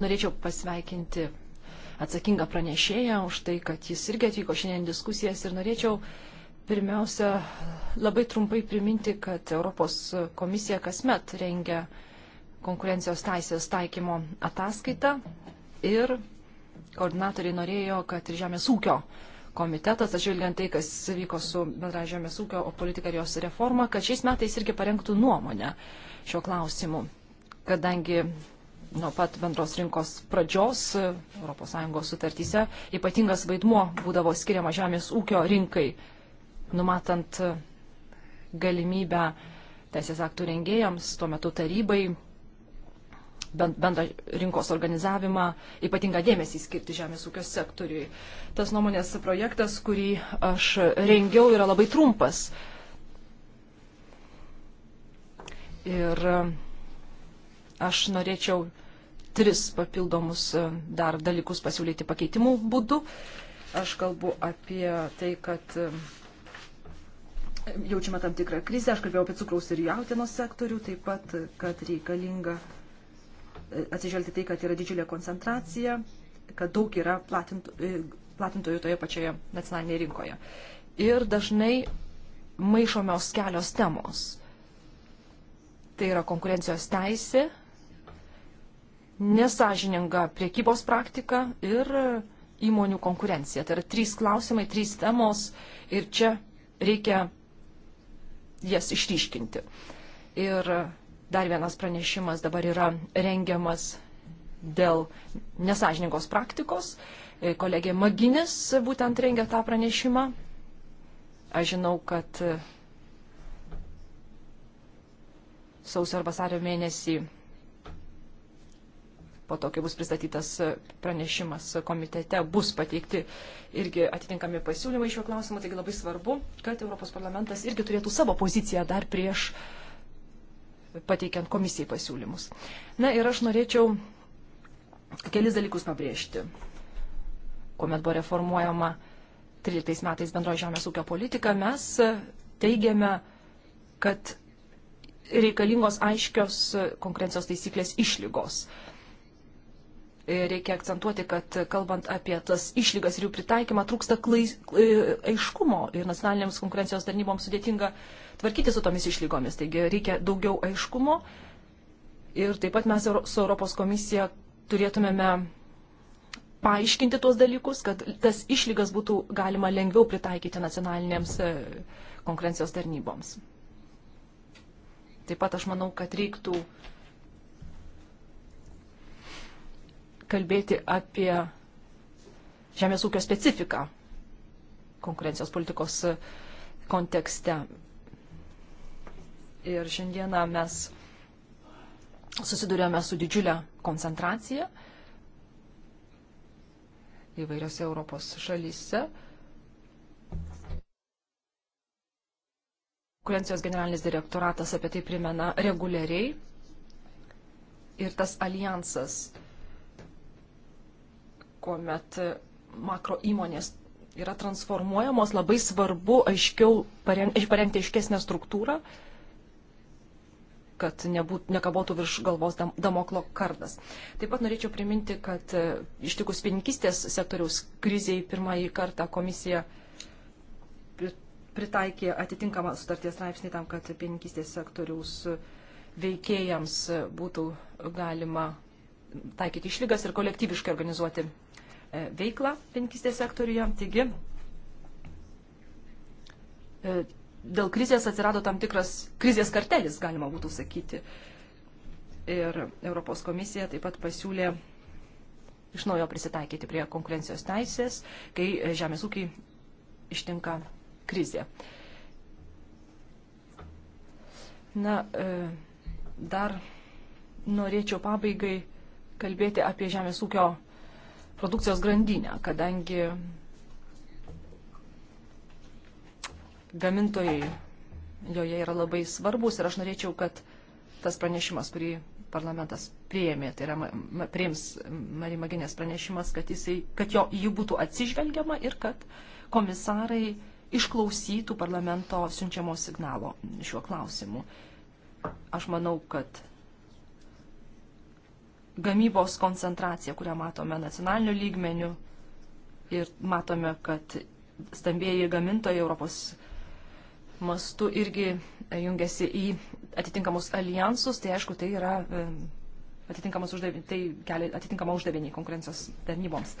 Norėčiau pasveikinti atsakingą pranešėją už tai, kad jis irgi atvyko šiandien diskusijas ir norėčiau pirmiausia labai trumpai priminti, kad Europos komisija kasmet rengia konkurencijos taisės taikymo ataskaitą ir koordinatoriai norėjo, kad ir Žemės ūkio komitetas, atsižvelgiant tai, kas vyko su bendra Žemės ūkio politika ir jos reforma, kad šiais metais irgi parengtų nuomonę šiuo klausimu, kadangi nuo pat bendros rinkos pradžios ES sutartyse ypatingas vaidmuo būdavo skiriama Žemės ūkio rinkai, numatant galimybę teisės aktų rengėjams, tuo metu tarybai bendrą rinkos organizavimą, ypatingą dėmesį skirti žemės ūkio sektoriui. Tas nuomonės projektas, kurį aš rengiau, yra labai trumpas. Ir e, aš norėčiau tris papildomus e, dar dalykus pasiūlyti pakeitimų būdu. Aš kalbu apie tai, kad e, jaučiame tam tikrą krizę, aš kalbėjau apie cukraus ir jautienos sektorių, taip pat, kad reikalinga atsižvelgti tai, kad yra didžiulė koncentracija, kad daug yra platint, e, platintojų toje pačioje nacionalinėje rinkoje. Ir dažnai maišomios kelios temos. Tai yra konkurencijos teisė, nesažininga priekybos praktika ir įmonių konkurencija. Tai yra trys klausimai, trys temos ir čia reikia jas išryškinti. Ir Dar vienas pranešimas dabar yra rengiamas dėl nesažiningos praktikos. E, kolegė Maginis būtent rengia tą pranešimą. Aš žinau, kad e, sausio ar vasario mėnesį po to, kai bus pristatytas pranešimas komitete, bus pateikti irgi atitinkami pasiūlymai šiuo klausimu. Taigi labai svarbu, kad Europos parlamentas irgi turėtų savo poziciją dar prieš uh, pateikiant komisijai pasiūlymus. Na ir aš norėčiau kelis dalykus pabrėžti. Kuomet buvo reformuojama 13 metais bendroji žemės ūkio politika, mes teigiame, kad reikalingos aiškios konkurencijos taisyklės išlygos. E, reikia akcentuoti, kad kalbant apie tas išlygas ir jų pritaikymą, trūksta klais, e, aiškumo ir nacionalinėms konkurencijos tarnyboms sudėtinga tvarkyti su tomis išlygomis. Taigi reikia daugiau aiškumo ir taip pat mes su Europos komisija turėtumėme paaiškinti tuos dalykus, kad tas išlygas būtų galima lengviau pritaikyti nacionalinėms e, konkurencijos tarnyboms. Taip pat aš manau, kad reiktų uh, kalbėti apie žemės ūkio specifiką konkurencijos politikos kontekste. Ir šiandieną mes susidurėme su didžiulė koncentracija įvairiose Europos šalyse. Konkurencijos generalinis direktoratas apie tai primena reguliariai. Ir tas alijansas kuomet makro įmonės yra transformuojamos, labai svarbu aiškiau parengti, parengti aiškesnę struktūrą, kad nebūt, nekabotų virš galvos damoklo kardas. Taip pat norėčiau priminti, kad e, ištikus pieninkistės sektoriaus kriziai pirmąjį kartą komisija pritaikė atitinkamą sutarties straipsnį tam, kad pieninkistės sektoriaus veikėjams būtų galima taikyti išlygas ir kolektyviškai organizuoti E, veiklą pinkistės sektoriuje. Taigi, e, dėl krizės atsirado tam tikras krizės kartelis, galima būtų sakyti. Ir Europos komisija taip pat pasiūlė iš naujo prisitaikyti prie konkurencijos teisės, kai žemės ūkiai ištinka krizė. Na, e, dar norėčiau pabaigai kalbėti apie žemės ūkio produkcijos grandinę, kadangi gamintojai joje yra labai svarbus ir aš norėčiau, kad tas pranešimas, kurį parlamentas priėmė, tai yra ma, priims Marimaginės pranešimas, kad, jisai, kad jo, jų būtų atsižvelgiama ir kad komisarai išklausytų parlamento siunčiamo signalo šiuo klausimu. Aš manau, kad gamybos koncentracija, kurią matome nacionaliniu lygmeniu ir matome, kad stambėjai gamintojai Europos mastu irgi jungiasi į atitinkamus alijansus, tai aišku, tai yra atitinkamas uždavinys, tai kelia atitinkamą uždavinį konkurencijos tarnyboms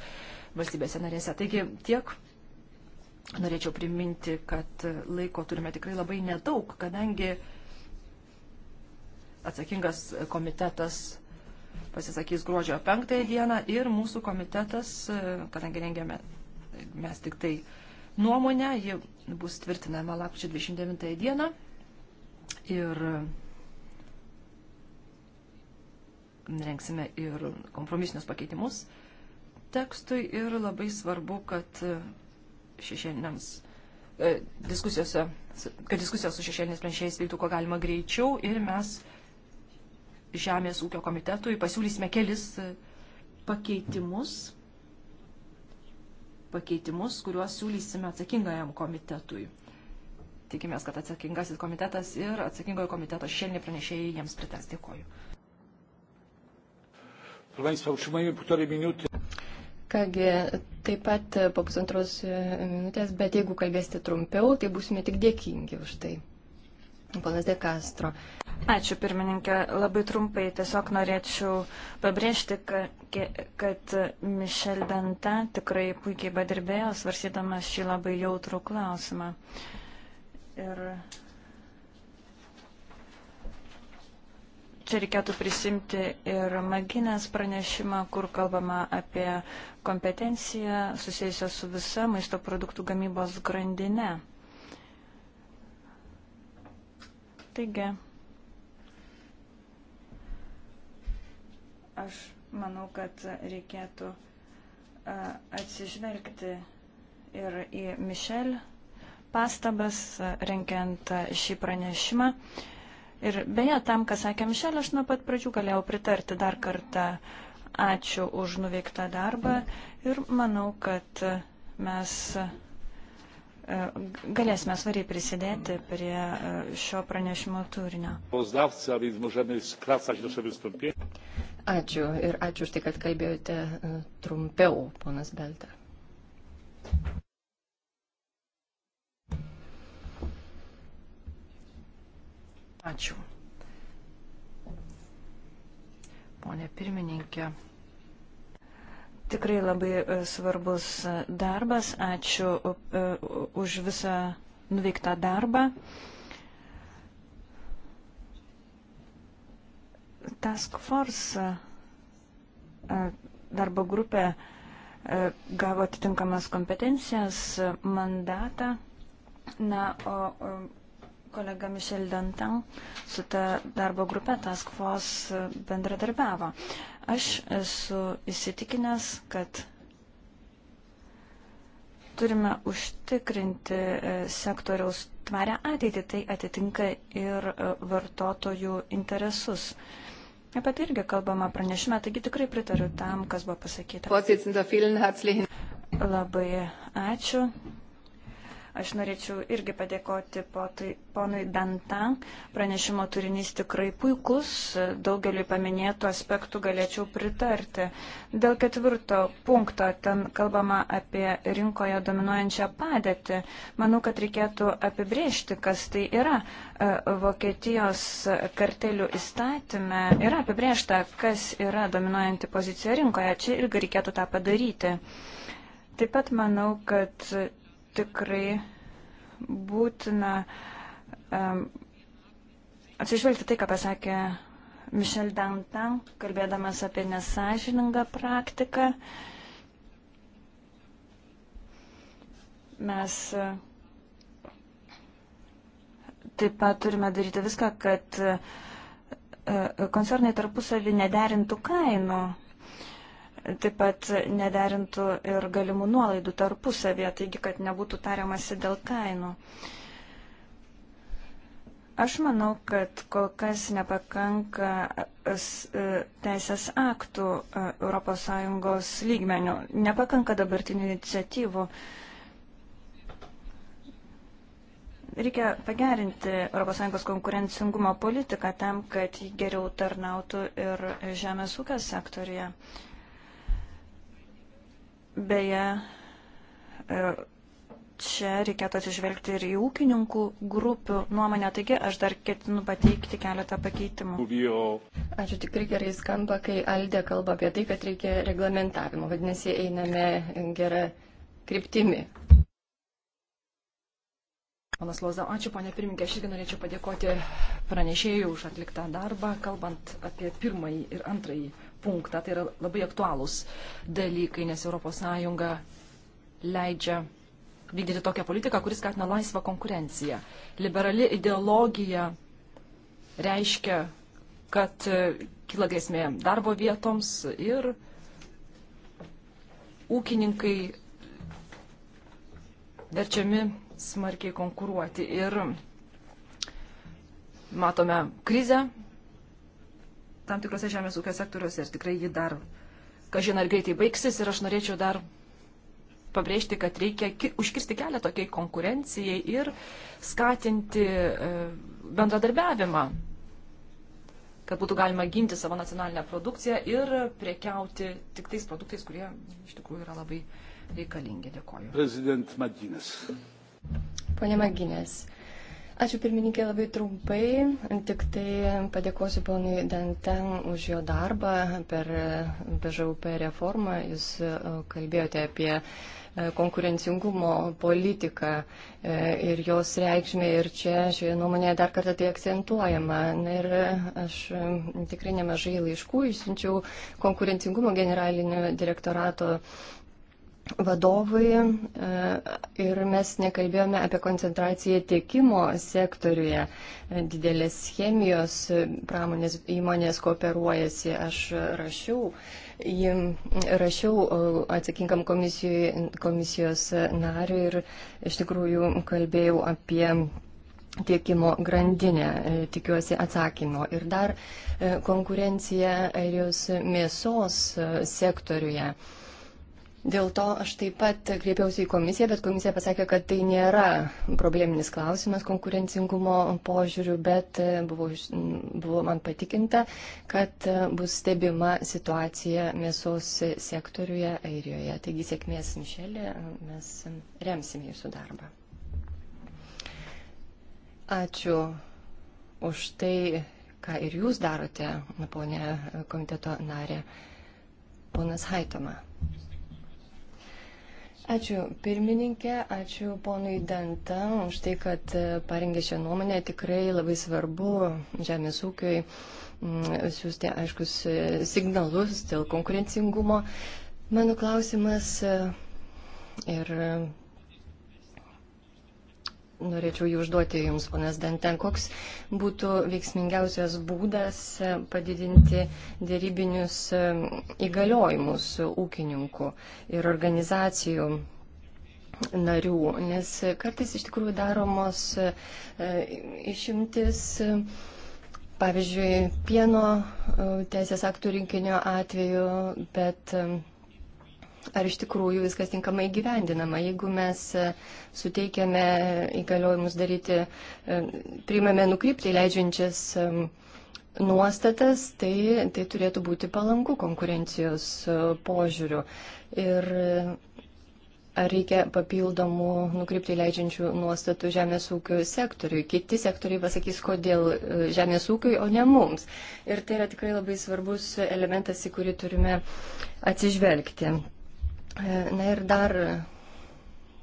valstybėse narėse. Taigi tiek norėčiau priminti, kad laiko turime tikrai labai nedaug, kadangi atsakingas komitetas pasisakys gruodžio 5 dieną ir mūsų komitetas, e, kadangi rengiame mes tik tai nuomonę, ji bus tvirtinama lapkričio 29 dieną. Ir e, rengsime ir kompromisinius pakeitimus tekstui ir labai svarbu, kad e, šešėliniams diskusijose, kad diskusijos su šešėliniais pranešėjais vyktų ko galima greičiau ir mes Žemės ūkio komitetui pasiūlysime kelis e, pakeitimus, pakeitimus, kuriuos siūlysime atsakingajam komitetui. Tikimės, kad atsakingasis komitetas ir atsakingojo komiteto šelniai pranešėjai jiems pritars. Dėkoju. Kągi, taip pat po pusantros minutės, bet jeigu kalbėsite trumpiau, tai būsime tik dėkingi už tai. Ponas De Castro. Ačiū, pirmininkė. Labai trumpai tiesiog norėčiau pabrėžti, kad, kad Mišel Danta tikrai puikiai padirbėjo, svarsydamas šį labai jautrų klausimą. Ir čia reikėtų prisimti ir maginės pranešimą, kur kalbama apie kompetenciją susijusią su visa maisto produktų gamybos grandinė. Taigi, aš manau, kad reikėtų atsižvelgti ir į Mišel pastabas, renkiant šį pranešimą. Ir beje, tam, ką sakė Mišel, aš nuo pat pradžių galėjau pritarti dar kartą. Ačiū už nuveiktą darbą ir manau, kad mes E, galėsime svariai prisidėti prie e, šio pranešimo turinio. Ačiū ir ačiū už tai, kad kalbėjote e, trumpiau, ponas Belta. Ačiū. Pone pirmininkė. Tikrai labai e, svarbus darbas. Ačiū e, už visą nuveiktą darbą. Task Force e, darbo grupė gavo atitinkamas kompetencijas, mandatą. Na, o kolega Mišel Dantan su ta darbo grupė Task Force bendradarbiavo. Aš esu įsitikinęs, kad turime užtikrinti e, sektoriaus tvarę ateitį, tai atitinka ir e, vartotojų interesus. Apie tai irgi kalbama pranešime, taigi tikrai pritariu tam, kas buvo pasakyta. Labai ačiū. Aš norėčiau irgi padėkoti ponui Dantan. Pranešimo turinys tikrai puikus. Daugeliu paminėtų aspektų galėčiau pritarti. Dėl ketvirto punkto ten kalbama apie rinkoje dominuojančią padėtį. Manau, kad reikėtų apibriežti, kas tai yra. E, Vokietijos kartelių įstatymė yra apibriešta, kas yra dominuojanti pozicija rinkoje. Čia irgi reikėtų tą padaryti. Taip pat manau, kad tikrai būtina um, atsižvelgti tai, ką pasakė Mišel Dantan, kalbėdamas apie nesažiningą praktiką. Mes e, taip pat turime daryti viską, kad e, e, koncernai tarpusavį nederintų kainų taip pat nederintų ir galimų nuolaidų tarpusavėje, taigi kad nebūtų tariamasi dėl kainų. Aš manau, kad kol kas nepakanka e, teisės aktų ES lygmenių, nepakanka dabartinių iniciatyvų. reikia pagerinti ES konkurencingumo politiką tam, kad jį geriau tarnautų ir žemės ūkio sektorija. Beje, e, čia reikėtų atsižvelgti ir į ūkininkų grupių nuomonę, taigi aš dar ketinu pateikti keletą pakeitimų. Ačiū, tikrai gerai skamba, kai Aldė kalba apie tai, kad reikia reglamentavimo, vadinasi, einame gerą kryptimį. Panas Loza, ačiū, ponė pirmininkė, aš irgi norėčiau padėkoti pranešėjų už atliktą darbą, kalbant apie pirmąjį ir antrąjį punktą. Tai yra labai aktualūs dalykai, nes ES leidžia vykdyti tokią politiką, kuris skatina laisvą konkurenciją. Liberali ideologija reiškia, kad kyla grėsmė darbo vietoms ir ūkininkai verčiami smarkiai konkuruoti. Ir matome krizę tam tikrose žemės ūkio sektoriuose ir tikrai ji dar, kažin ar greitai baigsis ir aš norėčiau dar pabrėžti, kad reikia užkirsti kelią tokiai konkurencijai ir skatinti e, bendradarbiavimą, kad būtų galima ginti savo nacionalinę produkciją ir prekiauti tik tais produktais, kurie iš tikrųjų yra labai reikalingi. Dėkoju. Prezident Madinės. Pone Maginės, Ačiū pirmininkė labai trumpai, tik tai padėkosiu ponui Danten už jo darbą per BŽUP reformą. Jūs e, kalbėjote apie e, konkurencingumo politiką e, ir jos reikšmė ir čia šioje nuomonėje dar kartą tai akcentuojama. Na ir aš tikrai nemažai laiškų išsiunčiau konkurencingumo generalinio direktorato vadovai e, ir mes nekalbėjome apie koncentraciją tiekimo sektoriuje. E, didelės chemijos e, pramonės įmonės kooperuojasi. Aš rašiau, rašiau atsakingam komisijos nariui ir iš tikrųjų kalbėjau apie tiekimo grandinę, tikiuosi atsakymo. Ir dar konkurencija airijos mėsos sektoriuje. Dėl to aš taip pat kreipiausi į komisiją, bet komisija pasakė, kad tai nėra probleminis klausimas konkurencingumo požiūriu, bet e, buvo, buvo man patikinta, kad e, bus stebima situacija mėsos sektoriuje Airijoje. Taigi sėkmės, Mišelė, mes remsim jūsų darbą. Ačiū už tai, ką ir jūs darote, ponė komiteto narė, ponas Haitoma. Ačiū pirmininkė, ačiū ponui Danta už tai, kad e, parengė šią nuomonę. Tikrai labai svarbu žemės ūkiui mm, siūsti aiškus e, signalus dėl konkurencingumo. Mano klausimas e, ir Norėčiau jų užduoti Jums, ponas Danten, koks būtų veiksmingiausias būdas padidinti dėrybinius įgaliojimus ūkininkų ir organizacijų narių, nes kartais iš tikrųjų daromos e, išimtis. Pavyzdžiui, pieno e, teisės aktų rinkinio atveju, bet e, ar iš tikrųjų viskas tinkamai gyvendinama. Jeigu mes e, suteikėme įgaliojimus daryti, e, priimame nukrypti leidžiančias nuostatas, tai, tai turėtų būti palanku konkurencijos e, požiūriu. Ir ar reikia papildomų nukrypti leidžiančių nuostatų žemės ūkio sektoriui. Kiti sektoriai pasakys, kodėl žemės ūkiui, o ne mums. Ir tai yra tikrai labai svarbus elementas, į kurį turime atsižvelgti. Na ir dar,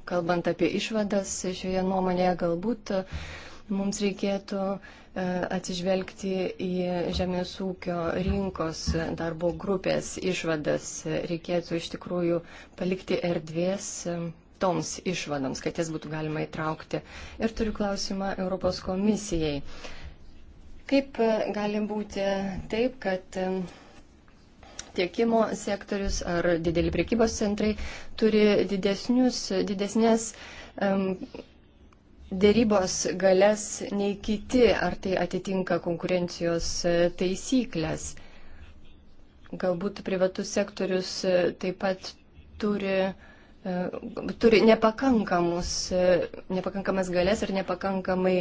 kalbant apie išvadas, šioje nuomonėje galbūt e, mums reikėtų e, atsižvelgti į žemės ūkio rinkos darbo grupės išvadas. Reikėtų iš tikrųjų palikti erdvės e, toms išvadoms, kad jas būtų galima įtraukti. Ir turiu klausimą Europos komisijai. Kaip gali būti taip, kad tiekimo sektorius ar dideli prekybos centrai turi didesnius, didesnės um, dėrybos galės nei kiti, ar tai atitinka konkurencijos e, taisyklės. Galbūt privatus sektorius e, taip pat turi e, turi nepakankamus, nepakankamas galės ir nepakankamai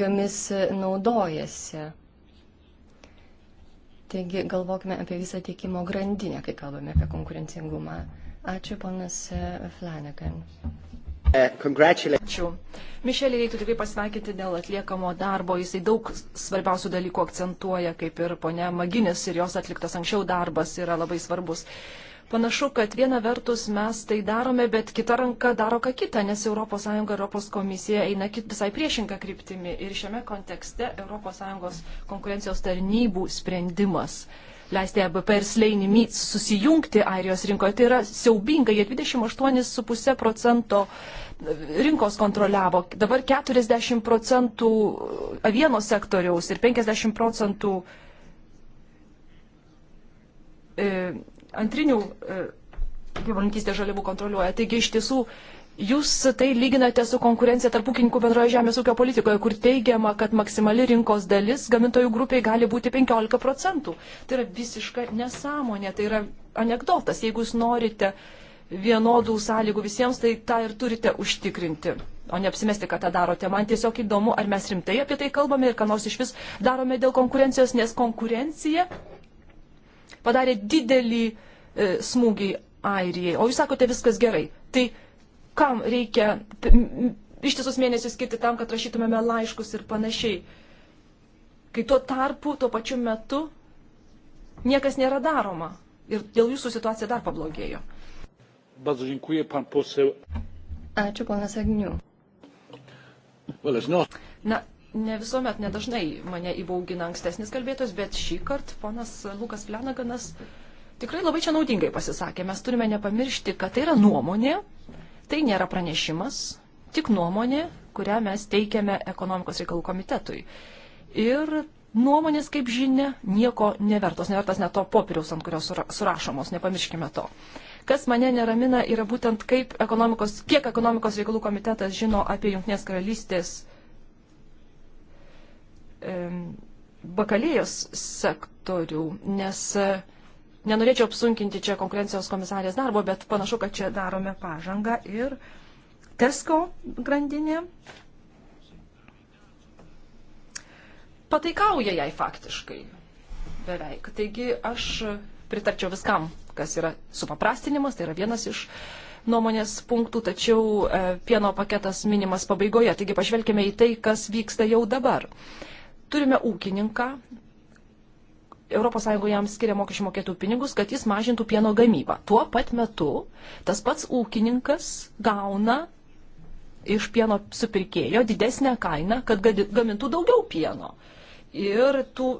jomis naudojasi. Taigi galvokime apie visą tiekimo grandinę, kai kalbame apie konkurencingumą. Ačiū, ponas e, Flanagan. E, Ačiū. Mišelį reiktų tikrai pasveikinti dėl atliekamo darbo. Jisai daug svarbiausių dalykų akcentuoja, kaip ir ponia Maginis ir jos atliktas anksčiau darbas yra labai svarbus. Panašu, kad viena vertus mes tai darome, bet kita ranka daro ką kitą, nes ES ir ES komisija eina visai priešingą kryptimį. Ir šiame kontekste ES konkurencijos tarnybų sprendimas leisti ABP ir Sleini Myts susijungti Airijos rinkoje. Tai yra siaubinga, jie 28,5 procento rinkos kontroliavo, dabar 40 procentų avienos sektoriaus ir 50 procentų e, antrinių e, gyvulininkystės žaliavų kontroliuoja. Taigi iš tiesų Jūs tai lyginate su konkurencija tarp ūkininkų bendroje žemės ūkio politikoje, kur teigiama, kad maksimali rinkos dalis gamintojų grupiai gali būti 15 procentų. Tai yra visiška nesąmonė, tai yra anegdotas. Jeigu jūs norite vienodų sąlygų visiems, tai tą ir turite užtikrinti, o ne apsimesti, kad tą darote. Man tiesiog įdomu, ar mes rimtai apie tai kalbame ir ką nors iš vis darome dėl konkurencijos, nes konkurencija padarė didelį e, smūgį Airijai, o jūs sakote viskas gerai. Tai kam reikia ištisus mėnesius skirti tam, kad rašytumėme laiškus ir panašiai. Kai tuo tarpu, tuo pačiu metu niekas nėra daroma. Ir dėl jūsų situacija dar pablogėjo. Ačiū, ponas Agniu. Na, ne visuomet, nedažnai mane įbaugina ankstesnis kalbėtojas, bet šį kartą ponas Lukas Lenaganas tikrai labai čia naudingai pasisakė. Mes turime nepamiršti, kad tai yra nuomonė, tai nėra pranešimas, tik nuomonė, kurią mes teikiame ekonomikos reikalų komitetui. Ir nuomonės, kaip žinia, nieko nevertos, nevertas net to popieriaus, ant kurio surašomos, nepamirškime to. Kas mane neramina yra būtent kaip ekonomikos, kiek ekonomikos reikalų komitetas žino apie Junktinės karalystės bakalėjos sektorių, nes e, nenorėčiau apsunkinti čia konkurencijos komisarės darbo, bet panašu, kad čia darome pažangą ir Tesco grandinė pataikauja jai faktiškai beveik. Taigi aš pritarčiau viskam, kas yra supaprastinimas, tai yra vienas iš nuomonės punktų, tačiau e, pieno paketas minimas pabaigoje. Taigi pažvelkime į tai, kas vyksta jau dabar turime ūkininką, ES jam skiria mokesčių mokėtų pinigus, kad jis mažintų pieno gamybą. Tuo pat metu tas pats ūkininkas gauna iš pieno supirkėjo didesnę kainą, kad gamintų daugiau pieno. Ir, tų,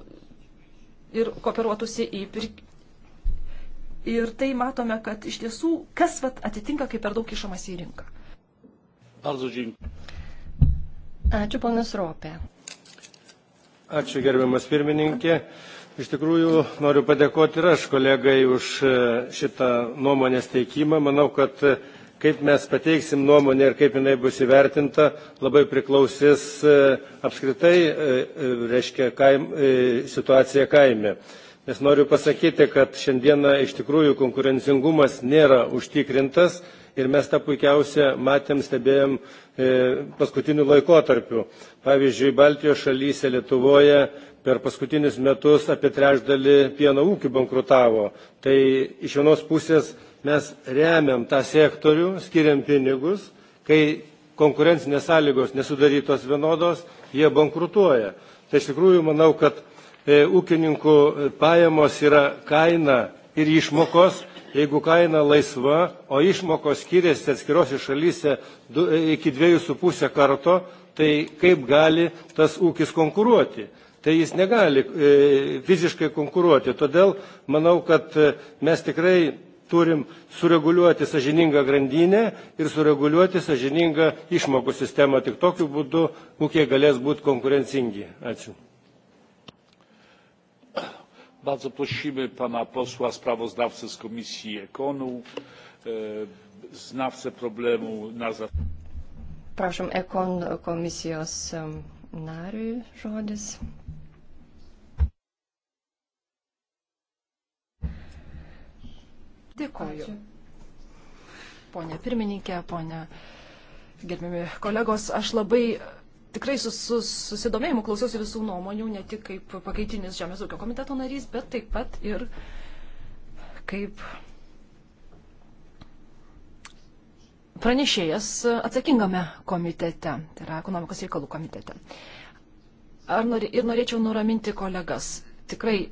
ir kooperuotųsi į pirk... Ir tai matome, kad iš tiesų, kas vat, atitinka, kai per daug kišamas į rinką. Ačiū, ponas Ropė. Ačiū gerbiamas pirmininkė. Iš tikrųjų, noriu padėkoti ir aš kolegai už e, šitą nuomonės teikimą. Manau, kad e, kaip mes pateiksim nuomonę ir kaip jinai bus įvertinta, labai priklausys e, apskritai, reiškia, kaim, situacija kaime. Nes noriu pasakyti, kad šiandieną iš tikrųjų konkurencingumas nėra užtikrintas ir mes tą puikiausia matėm, stebėjom E, paskutiniu laikotarpiu. Pavyzdžiui, Baltijos šalyse Lietuvoje per paskutinius metus apie trečdalį pieno ūkių bankrutavo. Tai iš vienos pusės mes remiam tą sektorių, skiriam pinigus, kai konkurencinės sąlygos nesudarytos vienodos, jie bankrutuoja. Tai iš tikrųjų manau, kad e, ūkininkų pajamos yra kaina ir išmokos jeigu kaina laisva, o išmokos skiriasi atskirose šalyse e, iki 2,5 karto, tai kaip gali tas ūkis konkuruoti? Tai jis negali e, fiziškai konkuruoti. Todėl manau, kad e, mes tikrai turim sureguliuoti sažiningą grandinę ir sureguliuoti sažiningą išmokų sistemą. Tik tokiu būdu ūkiai galės būti konkurencingi. Ačiū bardzo prosimy pana posła sprawozdawcę z komisji ekonu e, znawcę problemų nazą. Prašom, ekon komisijos nariui žodis. Dėkoju. Ačiū. Pone pirmininkė, pone gerbiami kolegos, aš labai tikrai su, su, susidomėjimu klausiausi visų nuomonių, ne tik kaip pakaitinis Žemės ūkio komiteto narys, bet taip pat ir kaip pranešėjas atsakingame komitete, tai yra ekonomikos reikalų komitete. Ar norė, ir norėčiau nuraminti kolegas. Tikrai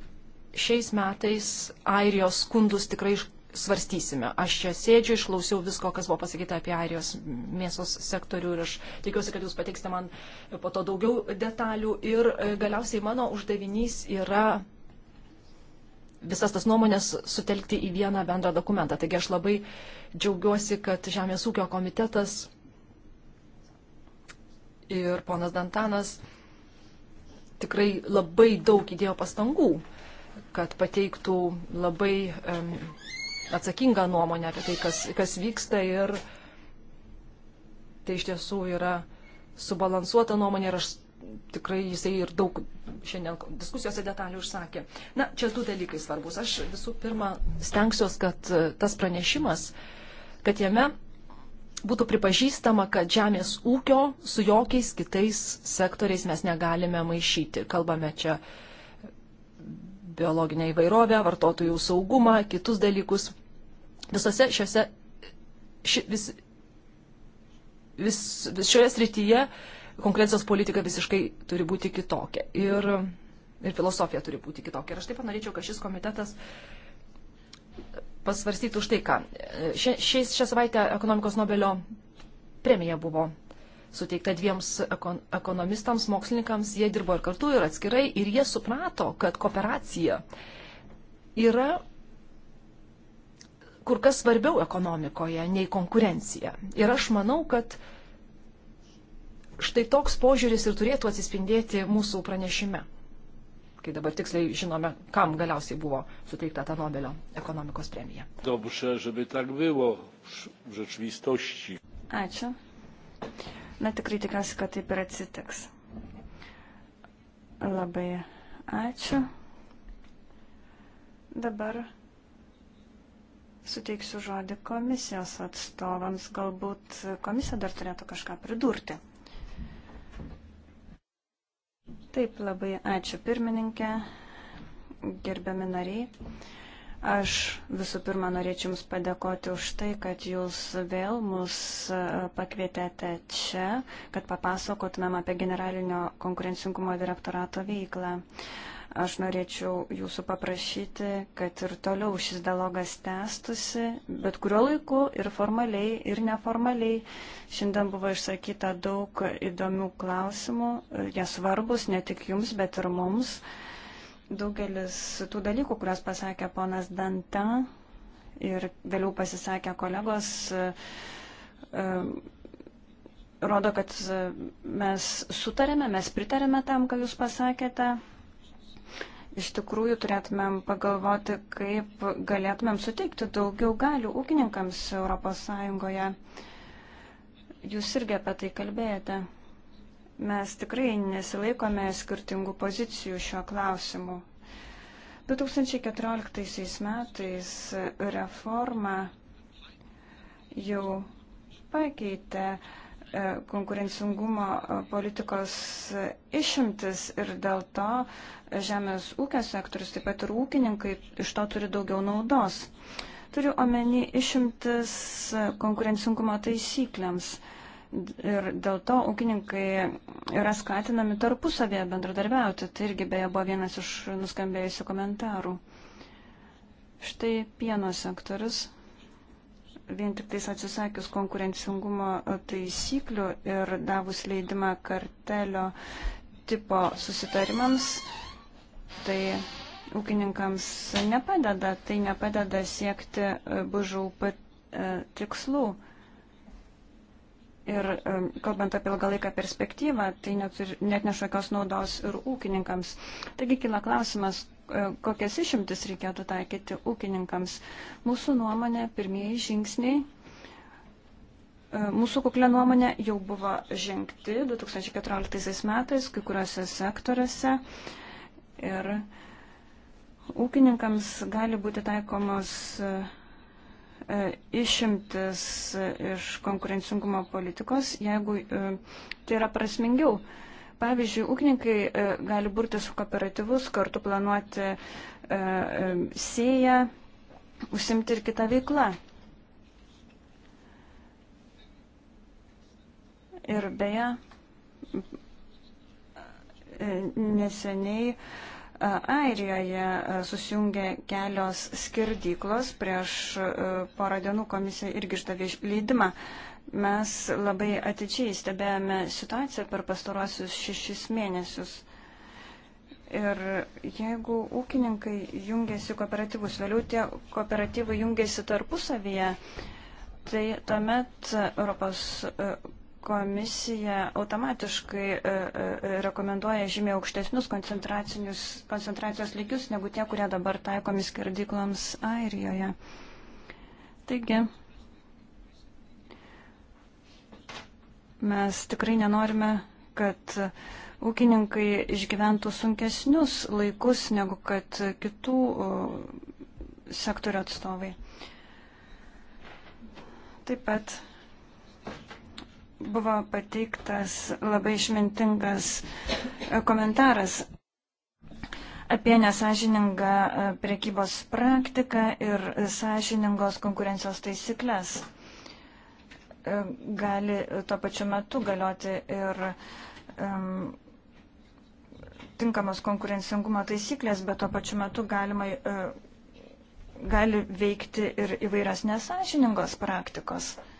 šiais metais Airijos skundus tikrai svarstysime. Aš čia sėdžiu, išklausiau visko, kas buvo pasakyta apie airijos mėsos sektorių ir aš tikiuosi, kad jūs pateiksite man po to daugiau detalių. Ir e, galiausiai mano uždavinys yra visas tas nuomonės sutelkti į vieną bendrą dokumentą. Taigi aš labai džiaugiuosi, kad Žemės ūkio komitetas ir ponas Dantanas tikrai labai daug įdėjo pastangų, kad pateiktų labai um, atsakingą nuomonę apie tai, kas, kas vyksta ir tai iš tiesų yra subalansuota nuomonė ir aš tikrai jisai ir daug šiandien diskusijose detalių užsakė. Na, čia du dalykai svarbus. Aš visų pirma stengsiuos, kad e, tas pranešimas, kad jame būtų pripažįstama, kad žemės ūkio su jokiais kitais sektoriais mes negalime maišyti. Kalbame čia biologinę įvairovę, vartotojų saugumą, kitus dalykus. Visose šiose, ši, vis, vis, vis šioje srityje konkurencijos politika visiškai turi būti kitokia ir, ir filosofija turi būti kitokia. Ir aš taip pat norėčiau, kad šis komitetas pasvarstytų štai ką. Šią savaitę ekonomikos Nobelio premija buvo suteikta dviems ekon ekonomistams, mokslininkams, jie dirbo ir kartu, ir atskirai, ir jie suprato, kad kooperacija yra kur kas svarbiau ekonomikoje nei konkurencija. Ir aš manau, kad štai toks požiūris ir turėtų atsispindėti mūsų pranešime, kai dabar tiksliai žinome, kam galiausiai buvo suteikta ta Nobelio ekonomikos premija. Dobrze, żeby tak było w rzeczywistości. Ačiū. Na tikrai tikiuosi, kad taip ir atsitiks. Labai ačiū. Dabar suteiksiu žodį komisijos atstovams. Galbūt komisija dar turėtų kažką pridurti. Taip, labai ačiū pirmininkė, gerbiami nariai. Aš visų pirma norėčiau Jums padėkoti už tai, kad Jūs vėl mus e, pakvietėte čia, kad papasakotumėm apie generalinio konkurencingumo direktorato veiklą. Aš norėčiau Jūsų paprašyti, kad ir toliau šis dialogas tęstusi, bet kuriuo laiku ir formaliai, ir neformaliai. Šiandien buvo išsakyta daug įdomių klausimų, e, jie svarbus ne tik Jums, bet ir mums. Uh, Daugelis tų dalykų, kuriuos pasakė ponas Danta ir vėliau pasisakė kolegos, e, e, rodo, kad mes sutarėme, mes pritarėme tam, ką jūs pasakėte iš tikrųjų turėtumėm pagalvoti, kaip galėtumėm suteikti daugiau galių ūkininkams ES. Jūs irgi apie tai kalbėjote. Mes tikrai nesilaikome skirtingų pozicijų šiuo klausimu. 2014 metais reforma jau pakeitė e, konkurencingumo e, politikos e, išimtis ir dėl to žemės ūkio sektorius, taip pat ir ūkininkai iš to turi daugiau naudos. Turiu omeny išimtis konkurencingumo taisyklėms ir dėl to ūkininkai yra skatinami tarpusavėje bendradarbiauti. Tai irgi beje buvo vienas iš nuskambėjusių komentarų. Štai pieno sektorius, vien tik tais atsisakius konkurencingumo taisyklių ir davus leidimą kartelio tipo susitarimams, tai ūkininkams nepadeda, tai nepadeda siekti bužų e, tikslų. Ir kalbant apie ilgalaiką perspektyvą, tai neturi, net nešokios naudos ir ūkininkams. Taigi kila klausimas, e, kokias išimtis reikėtų taikyti ūkininkams. Mūsų nuomonė, pirmieji žingsniai, e, mūsų kuklė nuomonė jau buvo žengti 2014 metais kai kuriuose sektoriuose. Ir ūkininkams gali būti taikomos e, E, išimtis iš konkurencingumo politikos, jeigu e, tai yra prasmingiau. Pavyzdžiui, ūkininkai e, gali burti su kooperatyvus, kartu planuoti sėją, užsimti ir kitą veiklą. Ir beje, neseniai uh, Airijoje susijungė kelios skirdyklos, prieš porą dienų komisija irgi išdavė leidimą. Mes labai atidžiai stebėjome situaciją per pastaruosius šešis mėnesius. Ir jeigu ūkininkai jungiasi kooperatyvus, vėliau tie kooperatyvai jungiasi tarpusavyje, tai tuomet Europos komisija automatiškai e, e, rekomenduoja žymiai aukštesnius koncentracijos lygius negu tie, kurie dabar taikomi skerdyklams Airijoje. Taigi, mes tikrai nenorime, kad ūkininkai išgyventų sunkesnius laikus negu kad kitų sektorių atstovai. Taip pat buvo pateiktas labai išmintingas e, komentaras apie nesažiningą e, prekybos praktiką ir sažiningos konkurencijos taisyklės. E, gali tuo pačiu metu galioti ir um, tinkamos konkurencingumo taisyklės, bet tuo pačiu metu galima, uh, gali veikti ir įvairios nesažiningos praktikos. Uh,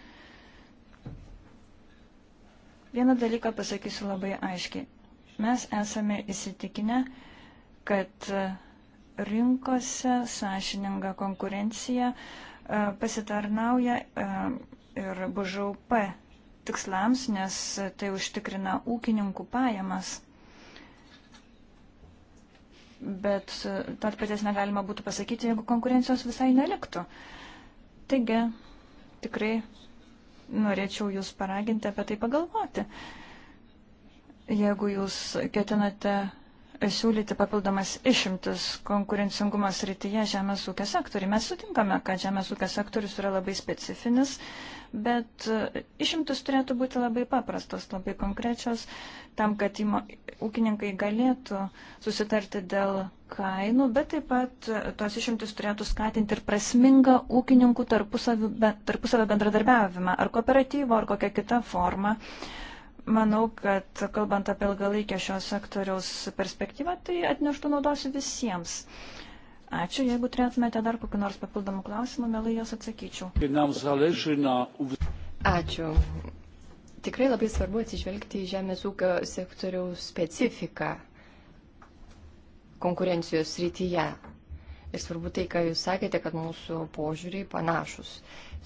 Vieną dalyką pasakysiu labai aiškiai. Mes esame įsitikinę, kad e, rinkose sąžininga konkurencija e, pasitarnauja e, ir BŽUP tikslams, nes tai užtikrina ūkininkų pajamas. Bet to paties negalima būtų pasakyti, jeigu konkurencijos visai neliktų. Taigi, tikrai norėčiau Jūs paraginti apie tai pagalvoti. Jeigu Jūs ketinate siūlyti papildomas išimtis konkurencingumas rytyje žemės ūkio sektoriui. Mes sutinkame, kad žemės ūkio sektorius yra labai specifinis, bet e, išimtis turėtų būti labai paprastos, labai konkrečios, tam, kad įmo, ūkininkai galėtų susitarti dėl kainų, bet taip pat e, tos išimtis turėtų skatinti ir prasmingą ūkininkų tarpusavio, tarpusavio bendradarbiavimą, ar kooperatyvo, ar kokią kitą formą. Uh, Manau, kad kalbant apie ilgalaikę šio sektoriaus perspektyvą, tai atneštų naudos visiems. Ačiū, jeigu turėtumėte dar kokį nors papildomų klausimų, mielai jos atsakyčiau. Ačiū. Tikrai labai svarbu atsižvelgti į žemės ūkio sektoriaus specifiką konkurencijos srityje. Ir svarbu tai, ką jūs sakėte, kad mūsų požiūriai panašus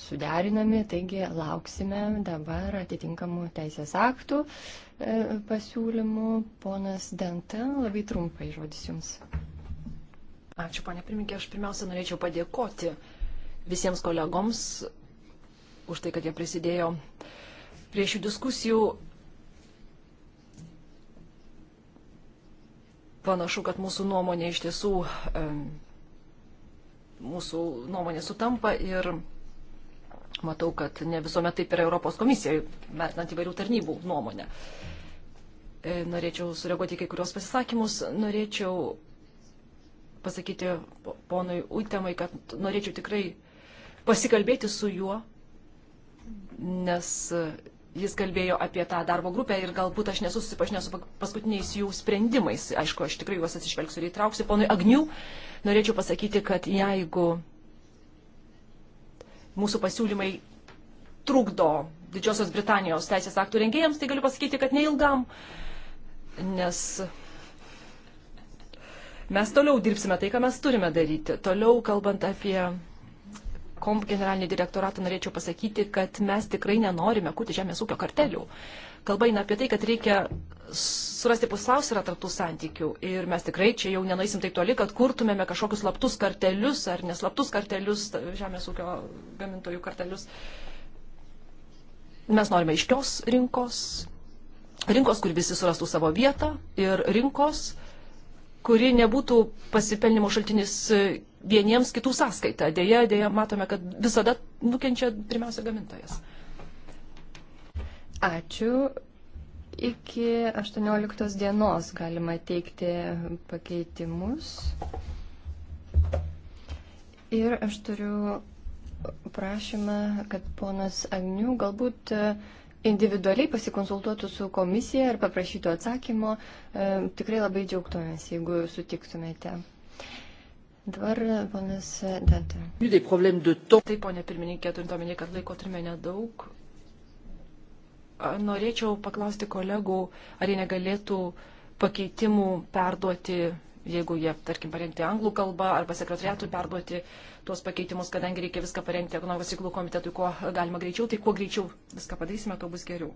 suderinami, taigi lauksime dabar atitinkamų teisės aktų e, pasiūlymų. Ponas Denta, labai trumpai žodis jums. Ačiū, ponė pirmininkė, aš pirmiausia norėčiau padėkoti visiems kolegoms už tai, kad jie prisidėjo prie šių diskusijų. Panašu, kad mūsų nuomonė iš tiesų um, mūsų nuomonė sutampa ir matau, kad ne visuomet taip yra Europos komisijoje, vertinant įvairių tarnybų nuomonę. E, norėčiau sureaguoti kai kurios pasisakymus. Norėčiau pasakyti ponui Ultemai, kad norėčiau tikrai pasikalbėti su juo, nes jis kalbėjo apie tą darbo grupę ir galbūt aš nesu susipažinęs su paskutiniais jų sprendimais. Aišku, aš tikrai juos atsižvelgsiu ir įtrauksiu. Ponui Agnių norėčiau pasakyti, kad jeigu mūsų pasiūlymai trukdo Didžiosios Britanijos teisės aktų rengėjams, tai galiu pasakyti, kad neilgam, nes mes toliau dirbsime tai, ką mes turime daryti. Toliau kalbant apie kom generalinį direktoratą norėčiau pasakyti, kad mes tikrai nenorime kurti žemės ūkio kartelių. Kalba eina apie tai, kad reikia surasti pusiausvyrą tarptų santykių ir mes tikrai čia jau nenaisim taip toli, kad kurtumėme kažkokius slaptus kartelius ar neslaptus kartelius, žemės ūkio gamintojų kartelius. Mes norime iškios rinkos, rinkos, kur visi surastų savo vietą ir rinkos, kuri nebūtų pasipelnimo šaltinis vieniems kitų sąskaitą. Deja, deja, matome, kad visada nukenčia pirmiausia gamintojas. Ačiū. Iki 18 dienos galima teikti pakeitimus. Ir aš turiu prašymą, kad ponas Agnių galbūt individualiai pasikonsultuotų su komisija ir paprašytų atsakymo. Tikrai labai džiaugtumės, jeigu sutiktumėte. Dabar ponas Dantė. Taip, ponė pirmininkė, turint omenyje, kad laiko turime nedaug. Norėčiau paklausti kolegų, ar jie negalėtų pakeitimų perduoti, jeigu jie, tarkim, parengti anglų kalbą, arba sekretariatui perduoti tuos pakeitimus, kadangi reikia viską parengti ekonomikos įklų komitetui, kuo galima greičiau, tai kuo greičiau viską padarysime, tuo bus geriau.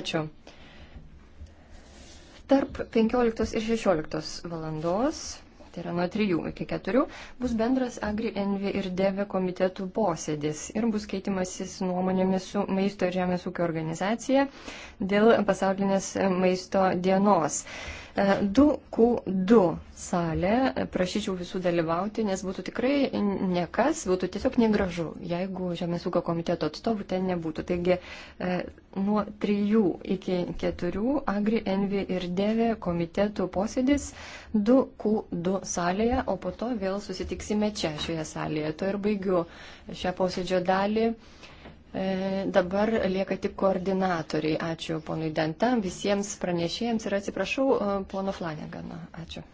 Ačiū. Tarp 15 ir 16 valandos, tai yra nuo 3 iki 4, bus bendras Agri Envi ir Deve komitetų posėdis ir bus keitimasis nuomonėmis su Maisto ir Žemės ūkio organizacija dėl pasaulinės maisto dienos. 2Q2 salė, prašyčiau visų dalyvauti, nes būtų tikrai nekas, būtų tiesiog negražu, jeigu Žemės ūkio komiteto atstovų ten nebūtų. Taigi e, nuo 3 iki 4 Agri, Envi ir Deve komitetų posėdis 2Q2 salėje, o po to vėl susitiksime čia šioje salėje. To ir baigiu šią posėdžio dalį. E, dabar lieka tik koordinatoriai. Ačiū ponui Dentam, visiems pranešėjams ir atsiprašau e, pono Flanegano. Ačiū.